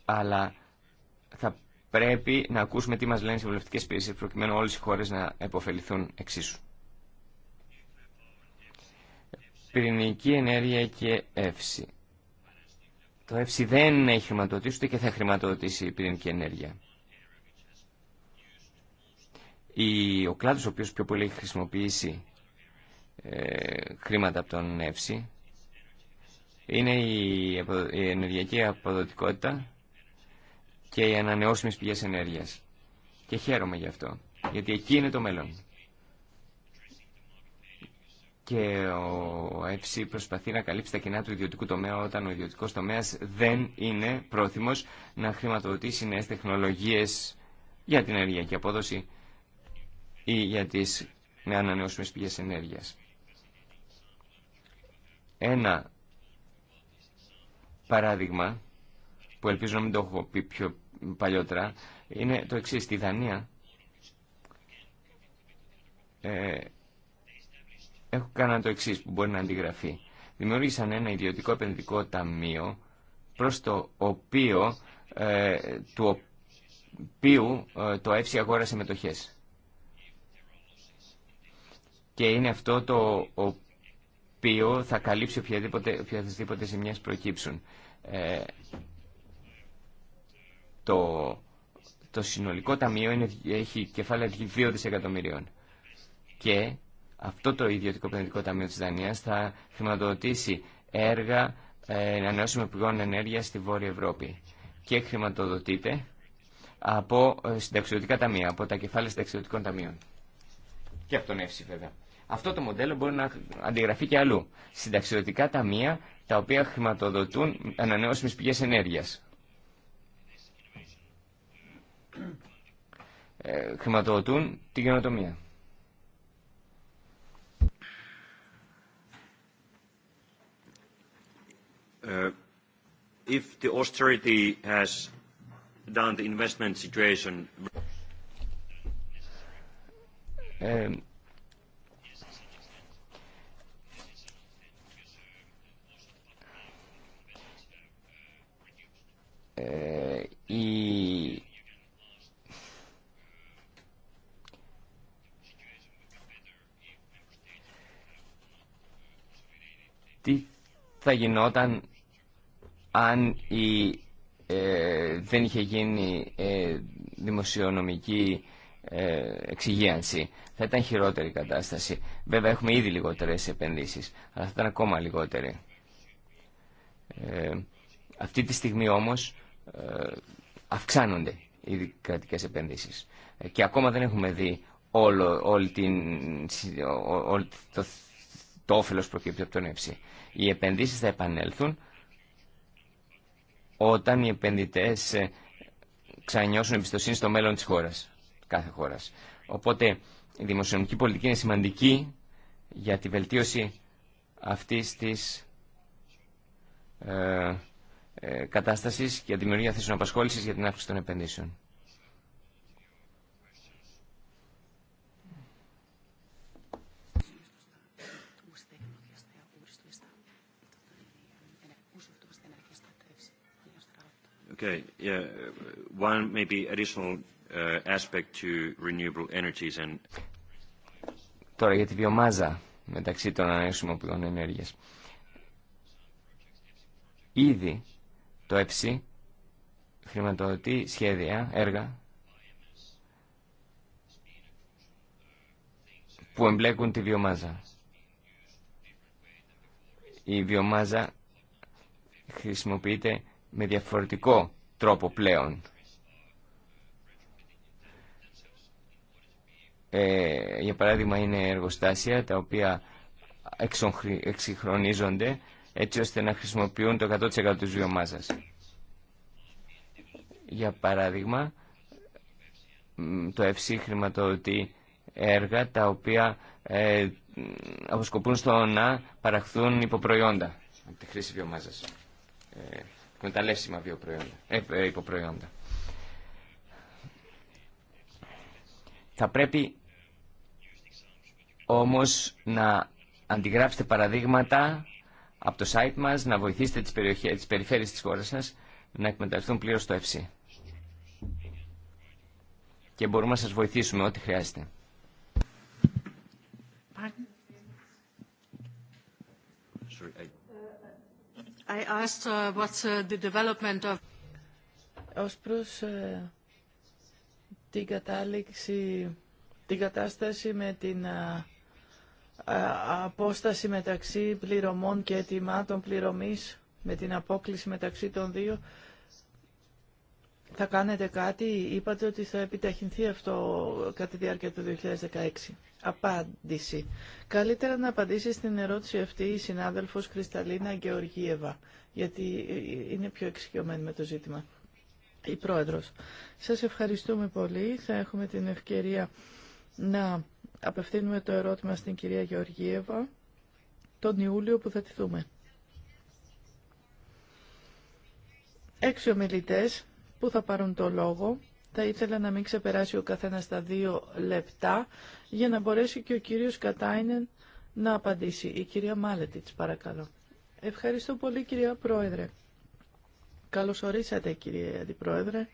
Αλλά θα πρέπει να ακούσουμε τι μας λένε οι βουλευτικέ υπηρεσίε προκειμένου όλες οι χώρες να επωφεληθούν εξίσου. Πυρηνική ενέργεια και εύση. Το εύση δεν έχει χρηματοδοτήσει ούτε και θα χρηματοδοτήσει η πυρηνική ενέργεια ο κλάδος ο οποίος πιο πολύ έχει χρησιμοποιήσει ε, χρήματα από τον ΕΦΣΥ είναι η, ενεργειακή αποδοτικότητα και οι ανανεώσιμες πηγές ενέργειας. Και χαίρομαι γι' αυτό, γιατί εκεί είναι το μέλλον. Και ο ΕΦΣΥ προσπαθεί να καλύψει τα κοινά του ιδιωτικού τομέα όταν ο ιδιωτικός τομέας δεν είναι πρόθυμος να χρηματοδοτήσει νέες τεχνολογίες για την ενεργειακή απόδοση ή για τις με ανανεώσιμες πηγές ενέργειας. Ένα παράδειγμα που ελπίζω να μην το έχω πει πιο παλιότερα είναι το εξής. Στη Δανία ε, έχω κάνει το εξής που μπορεί να αντιγραφεί. Δημιούργησαν ένα ιδιωτικό επενδυτικό ταμείο προς το οποίο, ε, του οποίου ε, το ΕΦΣΙ αγόρασε μετοχές και είναι αυτό το οποίο θα καλύψει οποιαδήποτε, οποιαδήποτε προκύψουν. Ε, το, το συνολικό ταμείο είναι, έχει κεφάλαια 2 δισεκατομμυρίων και αυτό το ιδιωτικό πνευματικό ταμείο της Δανίας θα χρηματοδοτήσει έργα ε, ανανεώσιμων πηγών ενέργειας στη Βόρεια Ευρώπη και χρηματοδοτείται από ε, ταμεία, από τα κεφάλαια συνταξιωτικών ταμείων. Και από τον ΕΦΣΙ βέβαια. Αυτό το μοντέλο μπορεί να αντιγραφεί και αλλού. Συνταξιδοτικά ταμεία τα οποία χρηματοδοτούν ανανεώσιμες πηγές ενέργειας. Ε, χρηματοδοτούν την καινοτομία. Uh, Ε, η τι θα γινόταν αν η, ε, δεν είχε γίνει ε, δημοσιονομική ε, εξυγίανση. Θα ήταν χειρότερη η κατάσταση. Βέβαια έχουμε ήδη λιγότερες επενδύσεις, αλλά θα ήταν ακόμα λιγότερη. αυτή τη στιγμή όμως ε, αυξάνονται οι κρατικές επενδύσεις. Ε, και ακόμα δεν έχουμε δει όλο, όλη την, το, το όφελος προκύπτει από τον ΕΦΣΥ. Οι επενδύσεις θα επανέλθουν όταν οι επενδυτές ε, ξανιώσουν εμπιστοσύνη στο μέλλον της χώρας, κάθε χώρας. Οπότε η δημοσιονομική πολιτική είναι σημαντική για τη βελτίωση αυτής της ε, κατάστασης για τη δημιουργία θέσεων απασχόλησης για την αύξηση των επενδύσεων. Okay. Yeah. One maybe additional uh, aspect to renewable energies and... Τώρα για τη βιομάζα μεταξύ των ανανεώσιμων πηγών ενέργειας. Ήδη το ΕΦΣΥ χρηματοδοτεί σχέδια, έργα που εμπλέκουν τη βιομάζα. Η βιομάζα χρησιμοποιείται με διαφορετικό τρόπο πλέον. Ε, για παράδειγμα είναι εργοστάσια τα οποία εξυγχρονίζονται έτσι ώστε να χρησιμοποιούν το 100% της βιομάζας. Για παράδειγμα, το ευσύ χρηματοδοτεί έργα τα οποία ε, αποσκοπούν στο να παραχθούν υποπροϊόντα από τη χρήση βιομάζας. Ε, βιοπροϊόντα, ε, ε, υποπροϊόντα. Θα πρέπει όμως να αντιγράψετε παραδείγματα από το site μας να βοηθήσετε τις, περιοχές, τις περιφέρειες της χώρας σας να εκμεταλλευτούν πλήρως το ΕΦΣΥ. Και μπορούμε να σας βοηθήσουμε ό,τι χρειάζεται. I asked, uh, uh, the development of... Ως προς ε, την κατάληξη, την κατάσταση με την ε, ε, απόσταση μεταξύ πληρωμών και ετοιμάτων πληρωμής με την απόκληση μεταξύ των δύο. Θα κάνετε κάτι, είπατε ότι θα επιταχυνθεί αυτό κατά τη διάρκεια του 2016. Απάντηση. Καλύτερα να απαντήσει στην ερώτηση αυτή η συνάδελφος Κρυσταλίνα Γεωργίεβα, γιατί είναι πιο εξοικειωμένη με το ζήτημα. Η Πρόεδρος. Σας ευχαριστούμε πολύ. Θα έχουμε την ευκαιρία να απευθύνουμε το ερώτημα στην κυρία Γεωργίευα τον Ιούλιο που θα τη δούμε. Έξι ομιλητέ που θα πάρουν το λόγο. Θα ήθελα να μην ξεπεράσει ο καθένας τα δύο λεπτά για να μπορέσει και ο κύριος Κατάινεν να απαντήσει. Η κυρία Μάλετιτς παρακαλώ. Ευχαριστώ πολύ κυρία Πρόεδρε. Καλώς ορίσατε κύριε Αντιπρόεδρε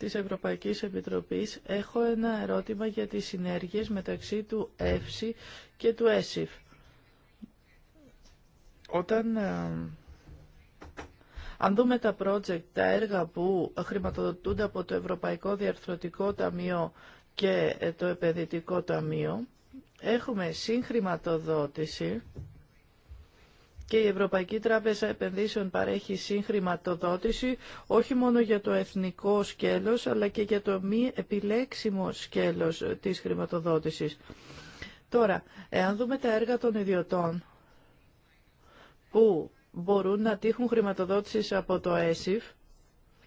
της Ευρωπαϊκής Επιτροπής έχω ένα ερώτημα για τις συνέργειες μεταξύ του ΕΦΣΙ και του ΕΣΥΦ. Όταν ε, αν δούμε τα project, τα έργα που χρηματοδοτούνται από το Ευρωπαϊκό Διαρθρωτικό Ταμείο και το Επενδυτικό Ταμείο, έχουμε συγχρηματοδότηση και η Ευρωπαϊκή Τράπεζα Επενδύσεων παρέχει συγχρηματοδότηση όχι μόνο για το εθνικό σκέλος αλλά και για το μη επιλέξιμο σκέλος της χρηματοδότησης. Τώρα, εάν δούμε τα έργα των ιδιωτών που μπορούν να τύχουν χρηματοδότησης από το ΕΣΥΦ,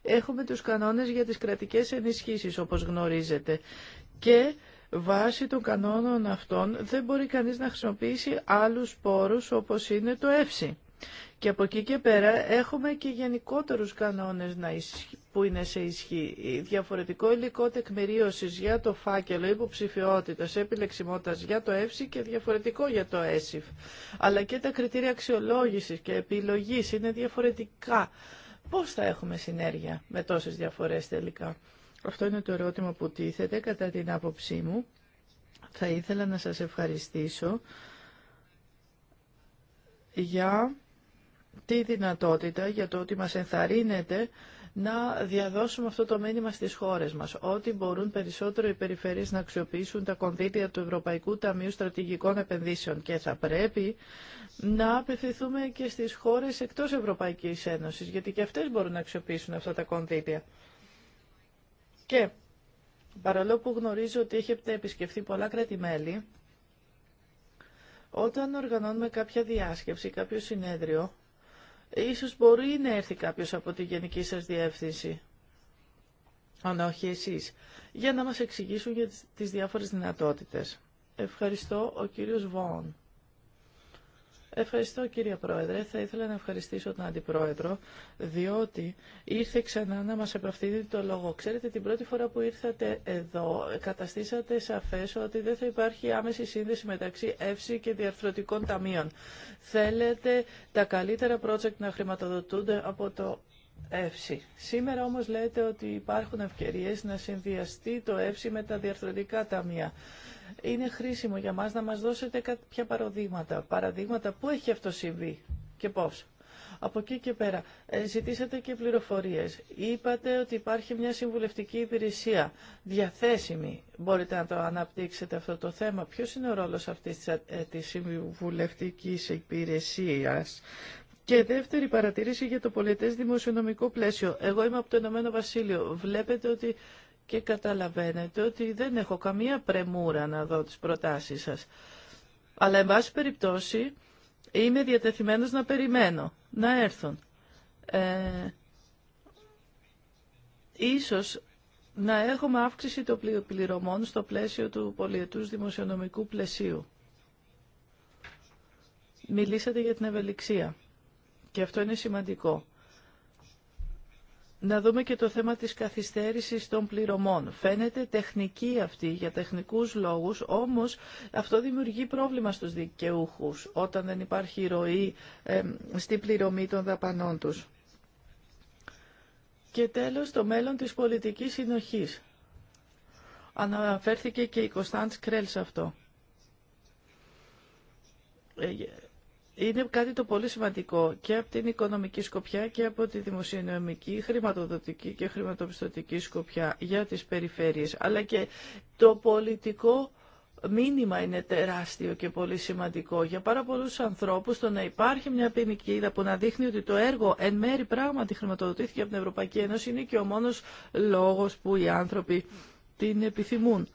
έχουμε τους κανόνες για τις κρατικές ενισχύσεις όπως γνωρίζετε και Βάσει των κανόνων αυτών δεν μπορεί κανείς να χρησιμοποιήσει άλλους πόρους όπως είναι το ΕΦΣΥ. Και από εκεί και πέρα έχουμε και γενικότερους κανόνες που είναι σε ισχύ. Διαφορετικό υλικό τεκμηρίωσης για το φάκελο υποψηφιότητας επιλεξιμότητας για το ΕΦΣΙ και διαφορετικό για το ΕΣΥΦ. Αλλά και τα κριτήρια αξιολόγησης και επιλογής είναι διαφορετικά. Πώς θα έχουμε συνέργεια με τόσες διαφορές τελικά. Αυτό είναι το ερώτημα που τίθεται κατά την άποψή μου. Θα ήθελα να σας ευχαριστήσω για τη δυνατότητα, για το ότι μας ενθαρρύνεται να διαδώσουμε αυτό το μήνυμα στις χώρες μας, ότι μπορούν περισσότερο οι περιφερείς να αξιοποιήσουν τα κονδύλια του Ευρωπαϊκού Ταμείου Στρατηγικών Επενδύσεων και θα πρέπει να απευθυνθούμε και στις χώρες εκτός Ευρωπαϊκής Ένωσης, γιατί και αυτές μπορούν να αξιοποιήσουν αυτά τα κονδύλια. Και παρόλο που γνωρίζω ότι έχετε επισκεφθεί πολλά κράτη-μέλη, όταν οργανώνουμε κάποια διάσκεψη, κάποιο συνέδριο, ίσως μπορεί να έρθει κάποιος από τη γενική σας διεύθυνση, αν ναι, όχι εσείς, για να μας εξηγήσουν για τις διάφορες δυνατότητες. Ευχαριστώ ο κύριος Βόν. Ευχαριστώ κύριε Πρόεδρε. Θα ήθελα να ευχαριστήσω τον Αντιπρόεδρο, διότι ήρθε ξανά να μας επευθύνει το λόγο. Ξέρετε, την πρώτη φορά που ήρθατε εδώ, καταστήσατε σαφές ότι δεν θα υπάρχει άμεση σύνδεση μεταξύ ΕΦΣΥ και διαρθρωτικών ταμείων. Θέλετε τα καλύτερα project να χρηματοδοτούνται από το Σήμερα όμως λέτε ότι υπάρχουν ευκαιρίες να συνδυαστεί το ΕΦΣΙ με τα διαρθρωτικά ταμεία. Είναι χρήσιμο για μας να μας δώσετε κάποια παραδείγματα. Παραδείγματα που έχει αυτό συμβεί και πώς. Από εκεί και πέρα, ε, ζητήσατε και πληροφορίες. Είπατε ότι υπάρχει μια συμβουλευτική υπηρεσία διαθέσιμη. Μπορείτε να το αναπτύξετε αυτό το θέμα. Ποιος είναι ο ρόλος αυτής της ε, συμβουλευτικής υπηρεσίας. Και δεύτερη παρατήρηση για το πολιτές δημοσιονομικό πλαίσιο. Εγώ είμαι από το Ηνωμένο Βασίλειο. Βλέπετε ότι και καταλαβαίνετε ότι δεν έχω καμία πρεμούρα να δω τις προτάσεις σας. Αλλά, εν πάση περιπτώσει, είμαι διατεθειμένος να περιμένω, να έρθουν. Ε, ίσως να έχουμε αύξηση των πληρωμών στο πλαίσιο του πολιετούς δημοσιονομικού πλαισίου. Μιλήσατε για την ευελιξία. Και αυτό είναι σημαντικό. Να δούμε και το θέμα της καθυστέρησης των πληρωμών. Φαίνεται τεχνική αυτή για τεχνικούς λόγους, όμως αυτό δημιουργεί πρόβλημα στους δικαιούχους όταν δεν υπάρχει ροή στην πληρωμή των δαπανών τους. Και τέλος, το μέλλον της πολιτικής συνοχής. Αναφέρθηκε και η Κωνσταντς Κρέλ σε αυτό. Ε, είναι κάτι το πολύ σημαντικό και από την οικονομική σκοπιά και από τη δημοσιονομική, χρηματοδοτική και χρηματοπιστωτική σκοπιά για τις περιφέρειες. Αλλά και το πολιτικό μήνυμα είναι τεράστιο και πολύ σημαντικό για πάρα πολλούς ανθρώπους το να υπάρχει μια ποινική που να δείχνει ότι το έργο εν μέρη πράγματι χρηματοδοτήθηκε από την Ευρωπαϊκή Ένωση είναι και ο μόνος λόγος που οι άνθρωποι την επιθυμούν.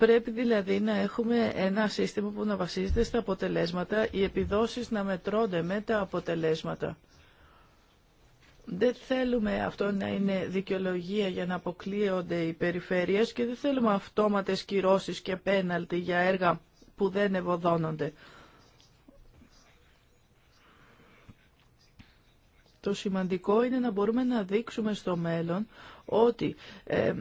Πρέπει δηλαδή να έχουμε ένα σύστημα που να βασίζεται στα αποτελέσματα, οι επιδόσεις να μετρώνται με τα αποτελέσματα. Δεν θέλουμε αυτό να είναι δικαιολογία για να αποκλείονται οι περιφέρειες και δεν θέλουμε αυτόματες κυρώσεις και πέναλτι για έργα που δεν ευωδώνονται. Το σημαντικό είναι να μπορούμε να δείξουμε στο μέλλον ότι ε,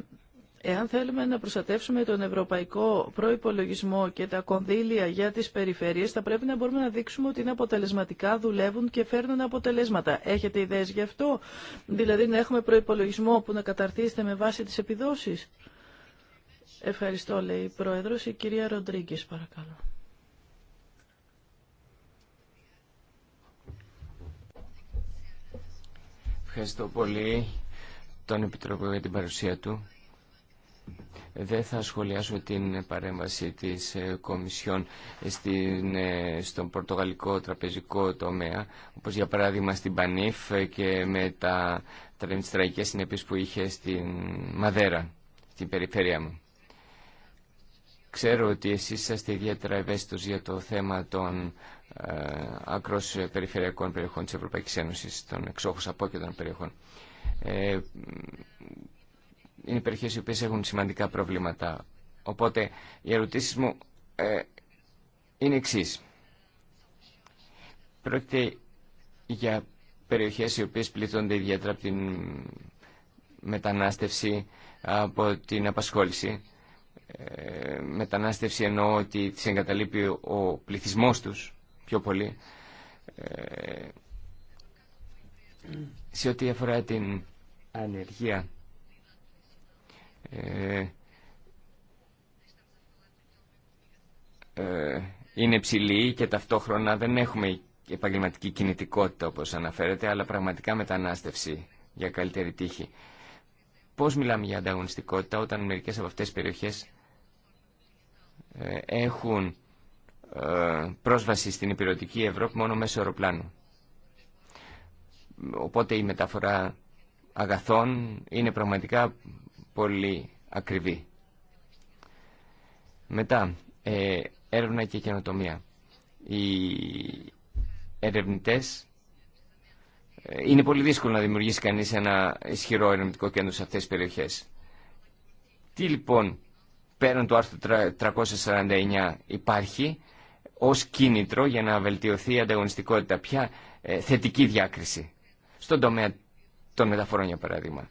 Εάν θέλουμε να προστατεύσουμε τον ευρωπαϊκό προϋπολογισμό και τα κονδύλια για τις περιφέρειες, θα πρέπει να μπορούμε να δείξουμε ότι είναι αποτελεσματικά, δουλεύουν και φέρνουν αποτελέσματα. Έχετε ιδέες γι' αυτό, δηλαδή να έχουμε προϋπολογισμό που να καταρτίζεται με βάση τις επιδόσεις. Ευχαριστώ, λέει η Πρόεδρος. Η κυρία Ροντρίγκης, παρακαλώ. Ευχαριστώ πολύ τον Επιτρόπο για την παρουσία του. Δεν θα σχολιάσω την παρέμβαση της ε, Κομισιόν στην, ε, στον πορτογαλικό τραπεζικό τομέα, όπως για παράδειγμα στην Πανίφ ε, και με τα τραγικές συνέπειες που είχε στην Μαδέρα, στην περιφέρεια μου. Ξέρω ότι εσείς είσαστε ιδιαίτερα ευαίσθητος για το θέμα των ε, ακρός περιφερειακών περιοχών της Ευρωπαϊκής Ένωσης, των εξόχως των περιοχών είναι περιοχές οι οποίες έχουν σημαντικά προβλήματα. Οπότε οι ερωτήσεις μου ε, είναι εξή. Πρόκειται για περιοχές οι οποίες πληθώνται ιδιαίτερα από την μετανάστευση, από την απασχόληση. Ε, μετανάστευση εννοώ ότι τις εγκαταλείπει ο πληθυσμός τους πιο πολύ. Ε, σε ό,τι αφορά την ανεργία ε, ε, είναι ψηλή και ταυτόχρονα δεν έχουμε επαγγελματική κινητικότητα όπως αναφέρεται, αλλά πραγματικά μετανάστευση για καλύτερη τύχη. Πώς μιλάμε για ανταγωνιστικότητα όταν μερικές από αυτές τις περιοχές ε, έχουν πρόσβαση στην υπηρετική Ευρώπη μόνο μέσω αεροπλάνου. Οπότε η μεταφορά αγαθών είναι πραγματικά πολύ ακριβή. Μετά, ε, έρευνα και καινοτομία. Οι ερευνητές ε, είναι πολύ δύσκολο να δημιουργήσει κανείς ένα ισχυρό ερευνητικό κέντρο σε αυτές τις περιοχές. Τι λοιπόν πέραν του άρθρου 349 υπάρχει ως κίνητρο για να βελτιωθεί η ανταγωνιστικότητα. Ποια ε, θετική διάκριση στον τομέα των μεταφορών για παράδειγμα.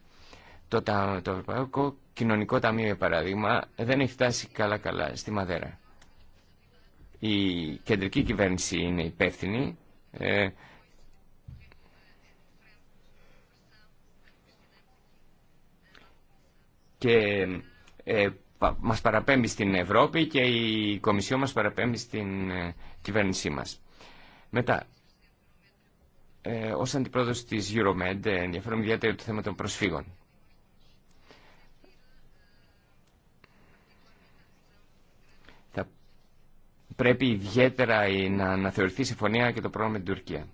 Το, το, το Ευρωπαϊκό Κοινωνικό Ταμείο, για παράδειγμα, δεν έχει φτάσει καλά-καλά στη Μαδέρα. Η κεντρική κυβέρνηση είναι υπεύθυνη. Ε, και ε, μας παραπέμπει στην Ευρώπη και η Κομισιό μας παραπέμπει στην ε, κυβέρνησή μας. Μετά, ε, ως αντιπρόεδρος της Euromed ε, ενδιαφέρομαι ιδιαίτερα το θέμα των προσφύγων. πρέπει ιδιαίτερα να αναθεωρηθεί η συμφωνία και το πρόγραμμα με την Τουρκία.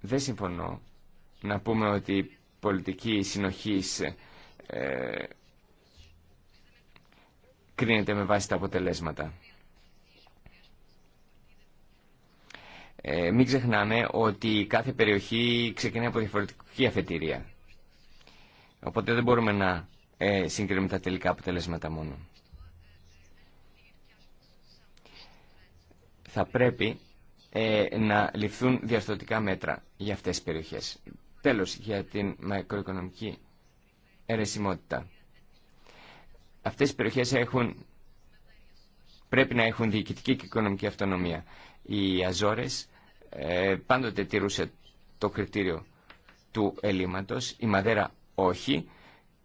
Δεν συμφωνώ να πούμε ότι η πολιτική συνοχής ε, κρίνεται με βάση τα αποτελέσματα. Ε, μην ξεχνάμε ότι κάθε περιοχή ξεκινάει από διαφορετική αφετηρία. Οπότε δεν μπορούμε να ε, συγκρίνουμε τα τελικά αποτελέσματα μόνο. θα πρέπει ε, να ληφθούν διαστοτικά μέτρα για αυτές τις περιοχές. Τέλος, για την μακροοικονομική αιρεσιμότητα. Αυτές οι περιοχές έχουν, πρέπει να έχουν διοικητική και οικονομική αυτονομία. Οι Αζόρες ε, πάντοτε τηρούσε το κριτήριο του ελλείμματος, η Μαδέρα όχι.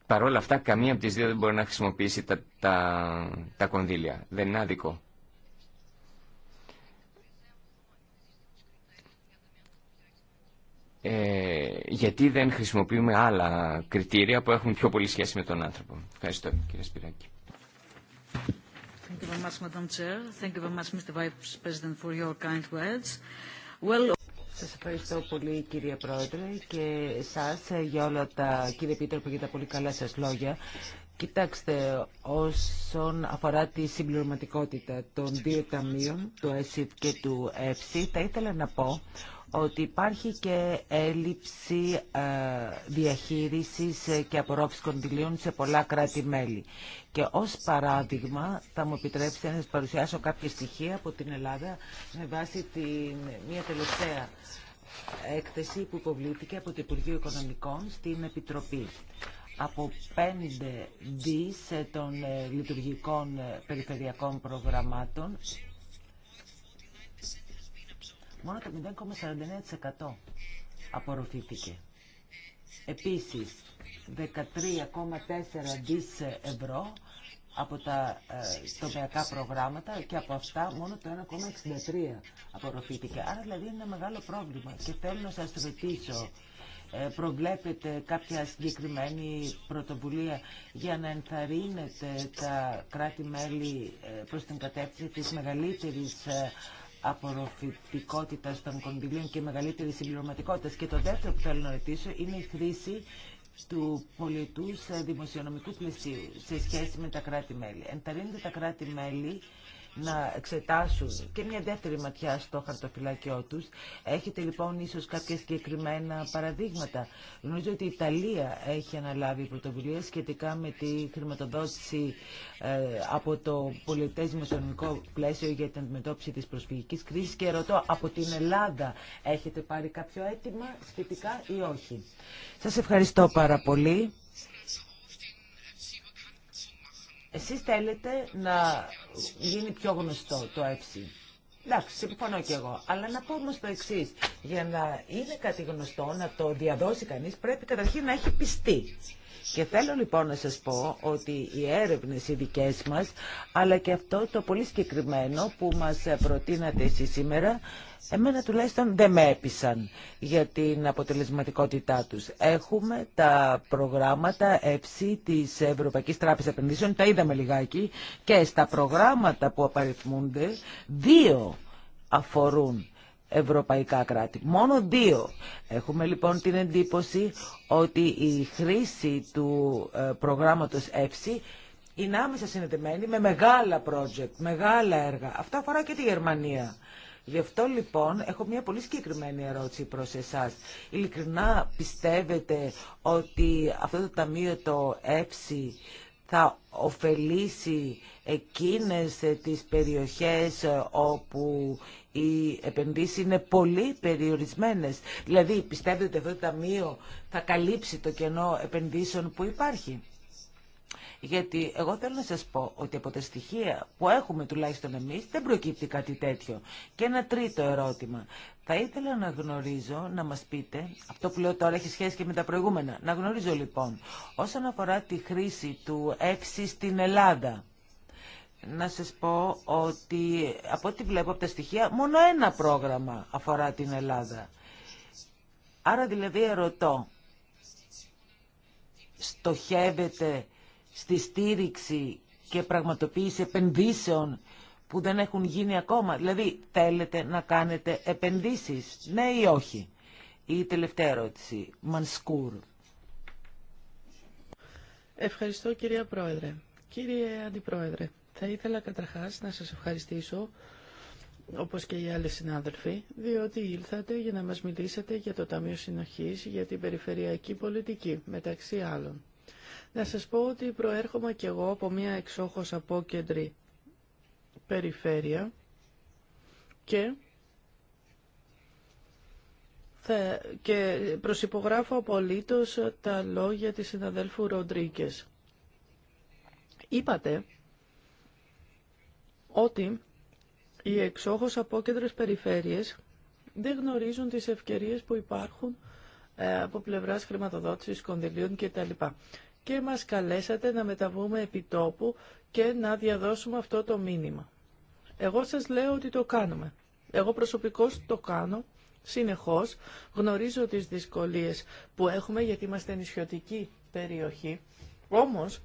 Παρ' όλα αυτά, καμία από τις δύο δεν μπορεί να χρησιμοποιήσει τα κονδύλια. Δεν είναι άδικο. Ε, γιατί δεν χρησιμοποιούμε άλλα κριτήρια που έχουν πιο πολύ σχέση με τον άνθρωπο. Ευχαριστώ κύριε Σπυράκη. Σα Σας ευχαριστώ πολύ κύριε Πρόεδρε και σας ε, για όλα τα κύριε Επίτροπε για τα πολύ καλά σας λόγια. Κοιτάξτε, όσον αφορά τη συμπληρωματικότητα των δύο ταμείων, του ΕΣΥΤ και του ΕΦΣΥ, θα ήθελα να πω ότι υπάρχει και έλλειψη ε, διαχείρισης και απορρόφησης κοντιλίων σε πολλά κράτη-μέλη. Και ως παράδειγμα θα μου επιτρέψετε να σας παρουσιάσω κάποια στοιχεία από την Ελλάδα με βάση την, μια τελευταία έκθεση που υποβλήθηκε από το Υπουργείο Οικονομικών στην Επιτροπή από πέντε δις των ε, λειτουργικών ε, περιφερειακών προγραμμάτων μόνο το 0,49% απορροφήθηκε. Επίσης, 13,4 δις ευρώ από τα ε, προγράμματα και από αυτά μόνο το 1,63 απορροφήθηκε. Άρα δηλαδή είναι ένα μεγάλο πρόβλημα και θέλω να σας ρωτήσω ε, προβλέπετε κάποια συγκεκριμένη πρωτοβουλία για να ενθαρρύνετε τα κράτη-μέλη ε, προς την κατεύθυνση της μεγαλύτερης ε, απορροφητικότητας των κονδυλίων και μεγαλύτερη συμπληρωματικότητα. Και το δεύτερο που θέλω να ρωτήσω είναι η χρήση του πολιτού δημοσιονομικού πλαισίου σε σχέση με τα κράτη-μέλη. Ενταρρύνεται τα κράτη-μέλη να εξετάσουν και μια δεύτερη ματιά στο χαρτοφυλάκιό τους. Έχετε λοιπόν ίσω κάποια συγκεκριμένα παραδείγματα. Γνωρίζω ότι η Ιταλία έχει αναλάβει πρωτοβουλία σχετικά με τη χρηματοδότηση ε, από το πολιτέ δημοσιονομικό πλαίσιο για την αντιμετώπιση της προσφυγικής κρίσης και ρωτώ από την Ελλάδα έχετε πάρει κάποιο αίτημα σχετικά ή όχι. Σα ευχαριστώ πάρα πολύ. Εσείς θέλετε να γίνει πιο γνωστό το ΕΦΣΥ. Εντάξει, συμφωνώ κι εγώ. Αλλά να πω όμως το εξή. Για να είναι κάτι γνωστό, να το διαδώσει κανεί, πρέπει καταρχήν να έχει πιστεί. Και θέλω λοιπόν να σας πω ότι οι έρευνες οι δικές μας, αλλά και αυτό το πολύ συγκεκριμένο που μας προτείνατε εσείς σήμερα, Εμένα τουλάχιστον δεν με έπεισαν για την αποτελεσματικότητά τους. Έχουμε τα προγράμματα ΕΦΣΙ της Ευρωπαϊκής Τράπεζας Επενδύσεων, τα είδαμε λιγάκι, και στα προγράμματα που απαριθμούνται, δύο αφορούν ευρωπαϊκά κράτη. Μόνο δύο. Έχουμε λοιπόν την εντύπωση ότι η χρήση του ε, προγράμματος ΕΦΣΙ είναι άμεσα συνδεδεμένη με μεγάλα project, μεγάλα έργα. Αυτά αφορά και τη Γερμανία. Γι' αυτό λοιπόν έχω μια πολύ συγκεκριμένη ερώτηση προς εσάς. Ειλικρινά πιστεύετε ότι αυτό το ταμείο το ΕΦΣΙ θα ωφελήσει εκείνες τις περιοχές όπου οι επενδύσεις είναι πολύ περιορισμένες. Δηλαδή πιστεύετε ότι αυτό το ταμείο θα καλύψει το κενό επενδύσεων που υπάρχει. Γιατί εγώ θέλω να σας πω ότι από τα στοιχεία που έχουμε τουλάχιστον εμείς δεν προκύπτει κάτι τέτοιο. Και ένα τρίτο ερώτημα. Θα ήθελα να γνωρίζω, να μας πείτε, αυτό που λέω τώρα έχει σχέση και με τα προηγούμενα, να γνωρίζω λοιπόν, όσον αφορά τη χρήση του ΕΦΣΙ στην Ελλάδα, να σας πω ότι από ό,τι βλέπω από τα στοιχεία, μόνο ένα πρόγραμμα αφορά την Ελλάδα. Άρα δηλαδή ερωτώ, στοχεύεται στη στήριξη και πραγματοποίηση επενδύσεων που δεν έχουν γίνει ακόμα. Δηλαδή, θέλετε να κάνετε επενδύσεις, ναι ή όχι. Η τελευταία ερώτηση, Μανσκούρ. Ευχαριστώ κυρία Πρόεδρε. Κύριε Αντιπρόεδρε, θα ήθελα καταρχάς να σας ευχαριστήσω όπως και οι άλλοι συνάδελφοι, διότι ήλθατε για να μας μιλήσετε για το Ταμείο Συνοχής για την Περιφερειακή Πολιτική, μεταξύ άλλων. Να σας πω ότι προέρχομαι κι εγώ από μια εξόχως απόκεντρη περιφέρεια και, και προσυπογράφω απολύτως τα λόγια της συναδέλφου Ροντρίκες. Είπατε ότι οι εξόχως απόκεντρες περιφέρειες δεν γνωρίζουν τις ευκαιρίες που υπάρχουν ε, από πλευράς χρηματοδότησης, κονδυλίων κτλ και μας καλέσατε να μεταβούμε επί τόπου και να διαδώσουμε αυτό το μήνυμα. Εγώ σας λέω ότι το κάνουμε. Εγώ προσωπικώς το κάνω συνεχώς. Γνωρίζω τις δυσκολίες που έχουμε γιατί είμαστε νησιωτική περιοχή. Όμως,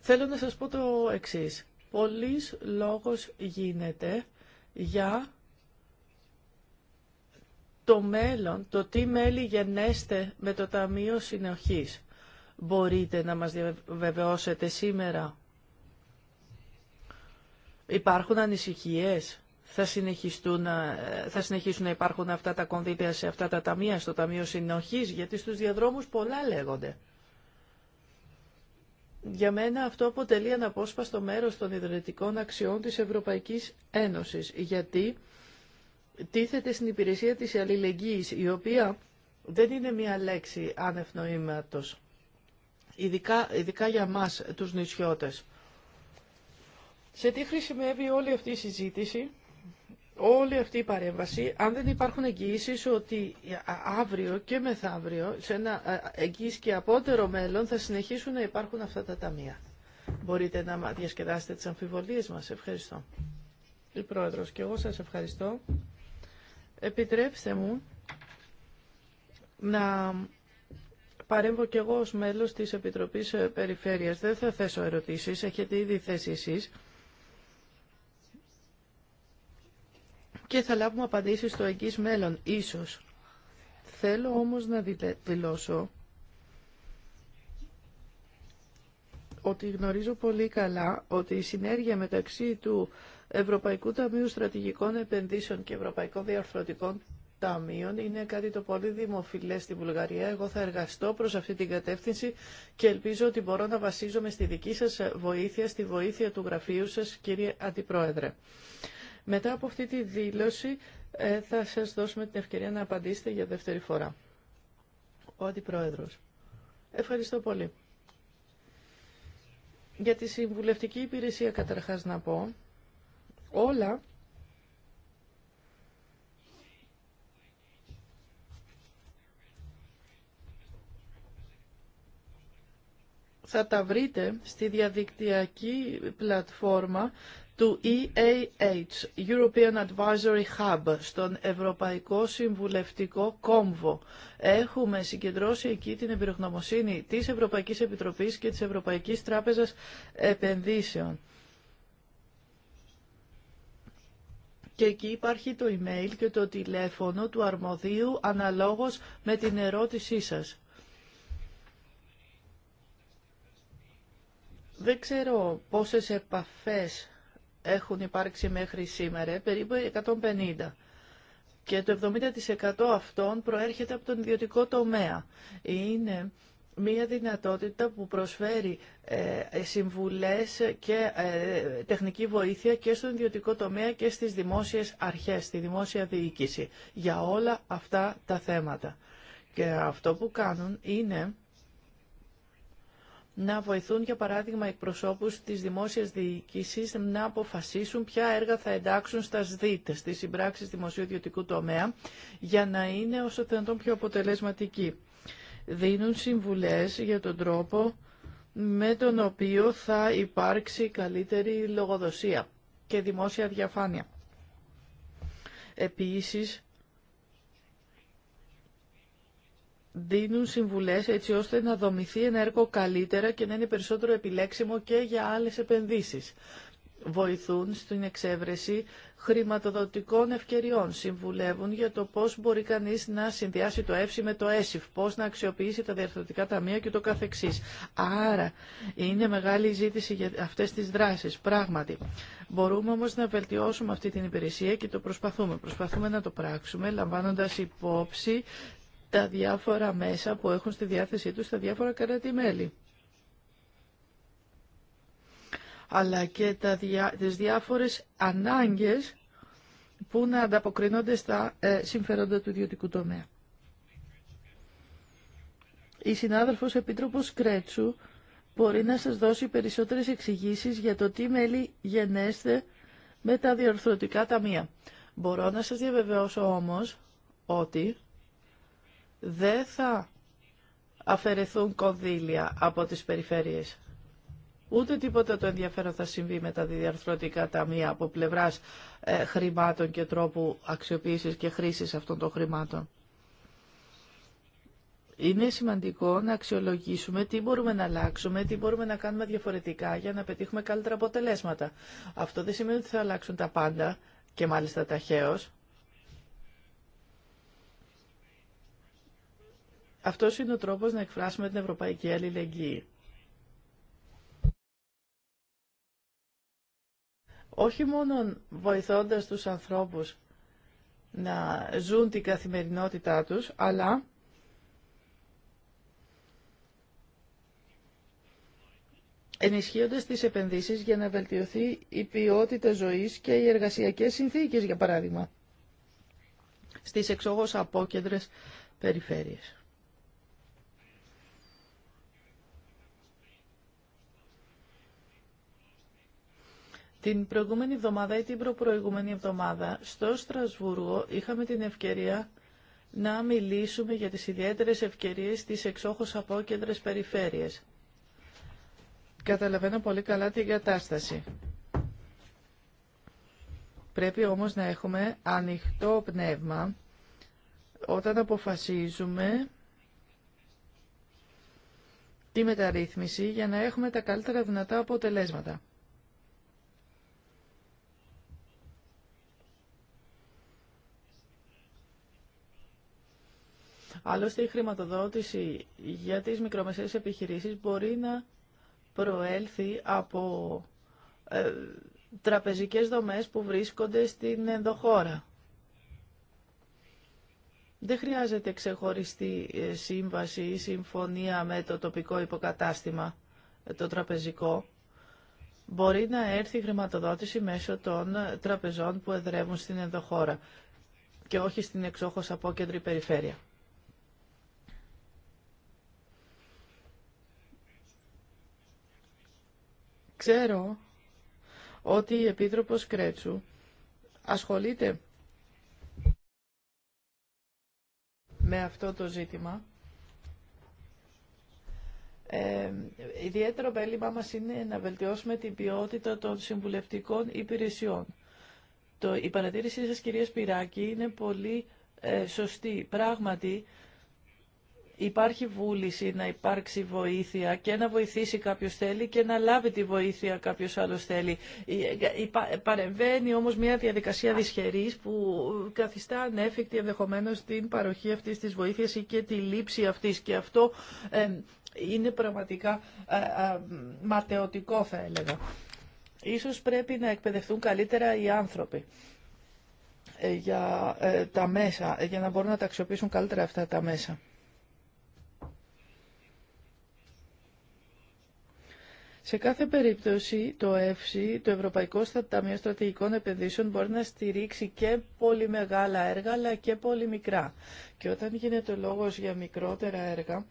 θέλω να σας πω το εξής. Πολλής λόγος γίνεται για το μέλλον, το τι μέλη γενέστε με το Ταμείο Συνοχής μπορείτε να μας διαβεβαιώσετε σήμερα. Υπάρχουν ανησυχίες. Θα, συνεχιστούν, θα συνεχίσουν να υπάρχουν αυτά τα κονδύλια σε αυτά τα ταμεία, στο Ταμείο Συνοχής, γιατί στους διαδρόμους πολλά λέγονται. Για μένα αυτό αποτελεί αναπόσπαστο μέρος των ιδρυτικών αξιών της Ευρωπαϊκής Ένωσης, γιατί τίθεται στην υπηρεσία της αλληλεγγύης, η οποία δεν είναι μία λέξη άνευ νοήματος ειδικά, ειδικά για μας τους νησιώτες. Σε τι χρησιμεύει όλη αυτή η συζήτηση, όλη αυτή η παρέμβαση, αν δεν υπάρχουν εγγυήσει ότι αύριο και μεθαύριο, σε ένα ε, εγγύης και απότερο μέλλον, θα συνεχίσουν να υπάρχουν αυτά τα ταμεία. Μπορείτε να διασκεδάσετε τις αμφιβολίες μας. Ευχαριστώ. Η Πρόεδρος και εγώ σας ευχαριστώ. Επιτρέψτε μου να παρέμβω κι εγώ ως μέλος της Επιτροπής ε, Περιφέρειας. Δεν θα θέσω ερωτήσεις, έχετε ήδη θέσει εσείς. Και θα λάβουμε απαντήσεις στο εγγύς μέλλον, ίσως. Θέλω όμως να δηλώσω ότι γνωρίζω πολύ καλά ότι η συνέργεια μεταξύ του Ευρωπαϊκού Ταμείου Στρατηγικών Επενδύσεων και Ευρωπαϊκών Διαρθρωτικών ταμείων είναι κάτι το πολύ δημοφιλές στη Βουλγαρία. Εγώ θα εργαστώ προς αυτή την κατεύθυνση και ελπίζω ότι μπορώ να βασίζομαι στη δική σας βοήθεια, στη βοήθεια του γραφείου σας, κύριε Αντιπρόεδρε. Μετά από αυτή τη δήλωση ε, θα σας δώσουμε την ευκαιρία να απαντήσετε για δεύτερη φορά. Ο Αντιπρόεδρος. Ευχαριστώ πολύ. Για τη συμβουλευτική υπηρεσία καταρχάς να πω, όλα θα τα βρείτε στη διαδικτυακή πλατφόρμα του EAH, European Advisory Hub, στον Ευρωπαϊκό Συμβουλευτικό Κόμβο. Έχουμε συγκεντρώσει εκεί την εμπειρογνωμοσύνη της Ευρωπαϊκής Επιτροπής και της Ευρωπαϊκής Τράπεζας Επενδύσεων. Και εκεί υπάρχει το email και το τηλέφωνο του αρμοδίου αναλόγως με την ερώτησή σας. Δεν ξέρω πόσες επαφές έχουν υπάρξει μέχρι σήμερα, ε, περίπου 150. Και το 70% αυτών προέρχεται από τον ιδιωτικό τομέα. Είναι μία δυνατότητα που προσφέρει ε, ε συμβουλές και ε, τεχνική βοήθεια και στον ιδιωτικό τομέα και στις δημόσιες αρχές, στη δημόσια διοίκηση, για όλα αυτά τα θέματα. Και αυτό που κάνουν είναι να βοηθούν, για παράδειγμα, εκπροσώπους της δημόσιας διοίκησης να αποφασίσουν ποια έργα θα εντάξουν στα ΣΔΙΤ, στις συμπράξεις τομέα, για να είναι όσο δυνατόν πιο αποτελεσματικοί. Δίνουν συμβουλές για τον τρόπο με τον οποίο θα υπάρξει καλύτερη λογοδοσία και δημόσια διαφάνεια. Επίσης, δίνουν συμβουλές έτσι ώστε να δομηθεί ένα έργο καλύτερα και να είναι περισσότερο επιλέξιμο και για άλλες επενδύσεις. Βοηθούν στην εξέβρεση χρηματοδοτικών ευκαιριών. Συμβουλεύουν για το πώς μπορεί κανείς να συνδυάσει το ΕΦΣΙ με το ΕΣΥΦ, πώς να αξιοποιήσει τα διαρθρωτικά ταμεία και το καθεξής. Άρα είναι μεγάλη ζήτηση για αυτές τις δράσεις, πράγματι. Μπορούμε όμως να βελτιώσουμε αυτή την υπηρεσία και το προσπαθούμε. Προσπαθούμε να το πράξουμε λαμβάνοντας υπόψη τα διάφορα μέσα που έχουν στη διάθεσή τους τα διάφορα κράτη-μέλη. Αλλά και τα διά, τις διάφορες ανάγκες που να ανταποκρίνονται στα ε, συμφέροντα του ιδιωτικού τομέα. Η συνάδελφος Επίτροπος Κρέτσου μπορεί να σας δώσει περισσότερες εξηγήσεις για το τι μέλη γενέστε με τα διορθωτικά ταμεία. Μπορώ να σας διαβεβαιώσω όμως ότι δεν θα αφαιρεθούν κονδύλια από τις περιφέρειες. Ούτε τίποτα το ενδιαφέρον θα συμβεί με τα διαρθρωτικά ταμεία από πλευράς ε, χρημάτων και τρόπου αξιοποίησης και χρήσης αυτών των χρημάτων. Είναι σημαντικό να αξιολογήσουμε τι μπορούμε να αλλάξουμε, τι μπορούμε να κάνουμε διαφορετικά για να πετύχουμε καλύτερα αποτελέσματα. Αυτό δεν σημαίνει ότι θα αλλάξουν τα πάντα και μάλιστα ταχαίως. Αυτός είναι ο τρόπος να εκφράσουμε την ευρωπαϊκή αλληλεγγύη. όχι μόνο βοηθώντας τους ανθρώπους να ζουν την καθημερινότητά τους, αλλά ενισχύοντας τις επενδύσεις για να βελτιωθεί η ποιότητα ζωής και οι εργασιακές συνθήκες, για παράδειγμα, στις εξόγως απόκεντρες περιφέρειες. Την προηγούμενη εβδομάδα ή την προπροηγούμενη εβδομάδα στο Στρασβούργο είχαμε την ευκαιρία να μιλήσουμε για τις ιδιαίτερες ευκαιρίες της εξόχως απόκεντρες περιφέρειες. Καταλαβαίνω πολύ καλά την κατάσταση. Πρέπει όμως να έχουμε ανοιχτό πνεύμα όταν αποφασίζουμε τη μεταρρύθμιση για να έχουμε τα καλύτερα δυνατά αποτελέσματα. Άλλωστε η χρηματοδότηση για τις μικρομεσαίες επιχειρήσεις μπορεί να προέλθει από ε, τραπεζικές δομές που βρίσκονται στην ενδοχώρα. Δεν χρειάζεται ξεχωριστή ε, σύμβαση ή συμφωνία με το τοπικό υποκατάστημα, ε, το τραπεζικό. Μπορεί να έρθει χρηματοδότηση μέσω των ε, τραπεζών που εδρεύουν στην ενδοχώρα και όχι στην εξόχως απόκεντρη περιφέρεια. Ξέρω ότι η Επίτροπος Κρέτσου ασχολείται με αυτό το ζήτημα. Ε, ιδιαίτερο μέλημά μας είναι να βελτιώσουμε την ποιότητα των συμβουλευτικών υπηρεσιών. Το, η παρατήρησή σας, κυρία Σπυράκη, είναι πολύ ε, σωστή. Πράγματι, υπάρχει βούληση να υπάρξει βοήθεια και να βοηθήσει κάποιος θέλει και να λάβει τη βοήθεια κάποιος άλλος θέλει. Ε, ε, ε, παρεμβαίνει όμως μια διαδικασία δυσχερής που καθιστά ανέφικτη ενδεχομένως την παροχή αυτής της βοήθειας ή και τη λήψη αυτής και αυτό είναι πραγματικά ματαιωτικό θα έλεγα. Ίσως πρέπει να εκπαιδευτούν καλύτερα οι άνθρωποι για τα μέσα, για να μπορούν να τα αξιοποιήσουν καλύτερα αυτά τα μέσα. Σε κάθε περίπτωση το ΕΦΣΥ, το Ευρωπαϊκό Ταμείο Στρατηγικών Επενδύσεων, μπορεί να στηρίξει και πολύ μεγάλα έργα αλλά και πολύ μικρά. Και όταν γίνεται λόγος για μικρότερα έργα,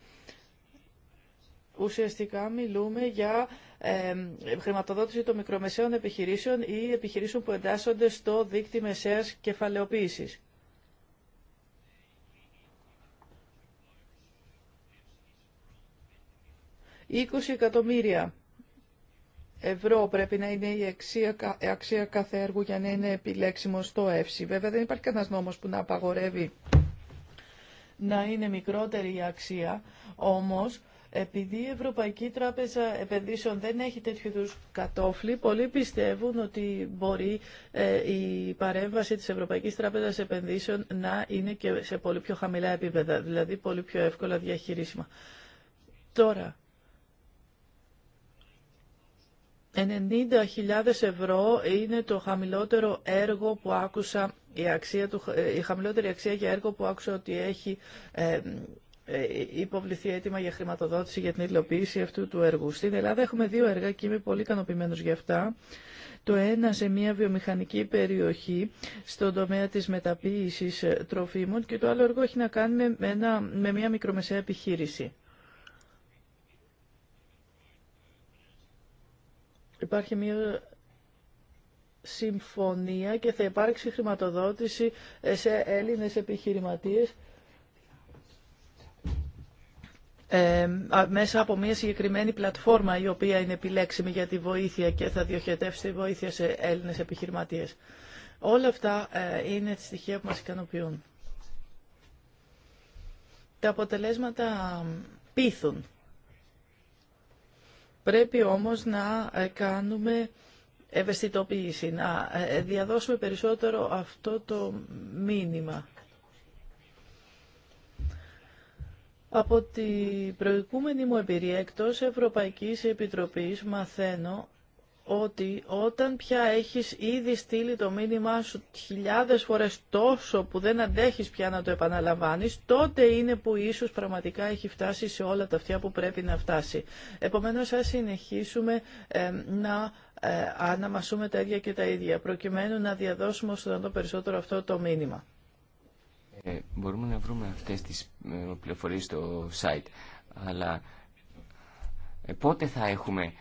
ουσιαστικά μιλούμε για ε, χρηματοδότηση των μικρομεσαίων επιχειρήσεων ή επιχειρήσεων που εντάσσονται στο δίκτυο μεσαίας κεφαλαιοποίησης. «20 εκατομμύρια ευρώ πρέπει να είναι η αξία, η αξία κάθε έργου για να είναι επιλέξιμο στο ΕΦΣΥ. Βέβαια δεν υπάρχει κανένας νόμος που να απαγορεύει να είναι μικρότερη η αξία, όμως επειδή η Ευρωπαϊκή Τράπεζα Επενδύσεων δεν έχει τέτοιου είδου κατόφλι, πολλοί πιστεύουν ότι μπορεί ε, η παρέμβαση της Ευρωπαϊκής Τράπεζας Επενδύσεων να είναι και σε πολύ πιο χαμηλά επίπεδα, δηλαδή πολύ πιο εύκολα διαχειρίσιμα. Τώρα, 90.000 ευρώ είναι το χαμηλότερο έργο που άκουσα, η, αξία του, η χαμηλότερη αξία για έργο που άκουσα ότι έχει ε, ε υποβληθεί έτοιμα για χρηματοδότηση για την υλοποίηση αυτού του έργου. Στην Ελλάδα έχουμε δύο έργα και είμαι πολύ ικανοποιημένο για αυτά. Το ένα σε μια βιομηχανική περιοχή στον τομέα της μεταποίησης τροφίμων και το άλλο έργο έχει να κάνει με, ένα, με μια μικρομεσαία επιχείρηση. Υπάρχει μια συμφωνία και θα υπάρξει χρηματοδότηση ε, σε Έλληνες επιχειρηματίες ε, μέσα από μια συγκεκριμένη πλατφόρμα η οποία είναι επιλέξιμη για τη βοήθεια και θα διοχετεύσει τη βοήθεια σε Έλληνες επιχειρηματίες. Όλα αυτά ε, είναι στοιχεία που μας ικανοποιούν. Τα αποτελέσματα πείθουν. Πρέπει όμως να ε, κάνουμε ευαισθητοποίηση, να ε, ε, διαδώσουμε περισσότερο αυτό το μήνυμα. Από την προηγούμενη μου εμπειρία εκτός Ευρωπαϊκής Επιτροπής μαθαίνω ότι όταν πια έχεις ήδη στείλει το μήνυμά σου χιλιάδες φορές τόσο που δεν αντέχεις πια να το επαναλαμβάνεις, τότε είναι που ίσως πραγματικά έχει φτάσει σε όλα τα αυτιά που πρέπει να φτάσει. Επομένως, ας συνεχίσουμε ε, να ε, αναμασούμε τα ίδια και τα ίδια, προκειμένου να διαδώσουμε όσο το περισσότερο αυτό το μήνυμα. Ε, μπορούμε να βρούμε αυτές τις ε, πληροφορίες στο site, αλλά ε, πότε θα έχουμε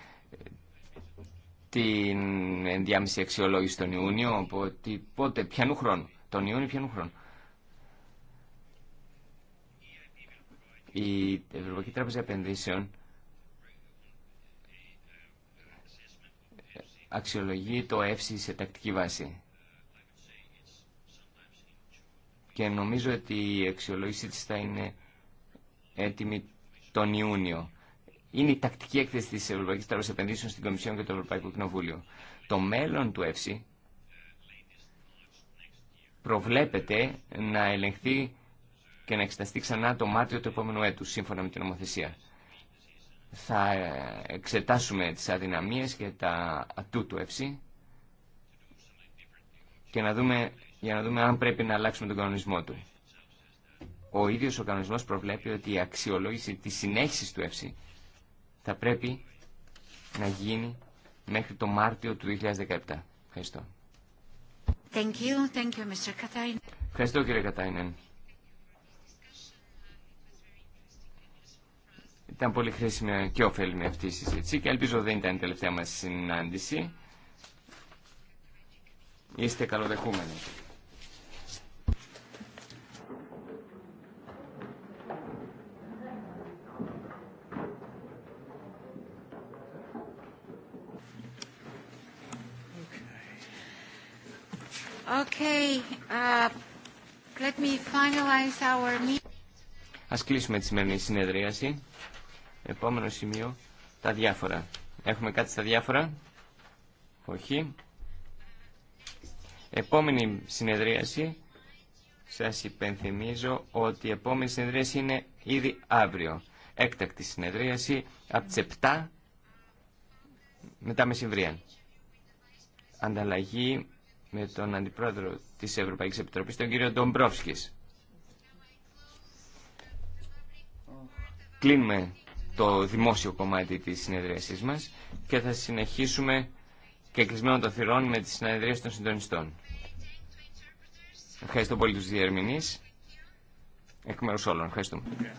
την ενδιάμεση αξιολόγηση τον Ιούνιο, οπότε πότε, πιανού χρόνου, τον Ιούνιο πιανού χρόνου. Η Ευρωπαϊκή Τράπεζα Επενδύσεων αξιολογεί το ΕΦΣΙ σε τακτική βάση. Και νομίζω ότι η αξιολόγησή της θα είναι έτοιμη τον Ιούνιο είναι η τακτική έκθεση τη Ευρωπαϊκή Τράπεζα Επενδύσεων στην Κομισιόν και το Ευρωπαϊκό Κοινοβούλιο. Το μέλλον του ΕΦΣΥ προβλέπεται να ελεγχθεί και να εξεταστεί ξανά το Μάρτιο του επόμενου έτου, σύμφωνα με την νομοθεσία. Θα εξετάσουμε τις αδυναμίες και τα ατού του ΕΦΣΥ και να δούμε, για να δούμε αν πρέπει να αλλάξουμε τον κανονισμό του. Ο ίδιος ο κανονισμός προβλέπει ότι η αξιολόγηση της συνέχισης του ΕΦΣΥ θα πρέπει να γίνει μέχρι το Μάρτιο του 2017. Ευχαριστώ. Thank you. Thank you, Mr. Ευχαριστώ κύριε Κατάινεν. Ήταν πολύ χρήσιμη και ωφέλιμη αυτή η συζήτηση και ελπίζω δεν ήταν η τελευταία μας συνάντηση. Είστε καλοδεχούμενοι. Okay, uh, Ας κλείσουμε τη σημερινή συνεδρίαση. Επόμενο σημείο, τα διάφορα. Έχουμε κάτι στα διάφορα. Όχι. Επόμενη συνεδρίαση, σας υπενθυμίζω ότι η επόμενη συνεδρίαση είναι ήδη αύριο. Έκτακτη συνεδρίαση από τις 7 μετά μεσημβρία. Ανταλλαγή με τον Αντιπρόεδρο της Ευρωπαϊκής Επιτροπής, τον κύριο Ντομπρόφσκης. Κλείνουμε το δημόσιο κομμάτι της συνεδρίασής μας και θα συνεχίσουμε και κλεισμένο το θυρών με τις συνεδρίες των συντονιστών. Ευχαριστώ πολύ τους διερμηνείς. Εκ μέρους όλων. Ευχαριστούμε.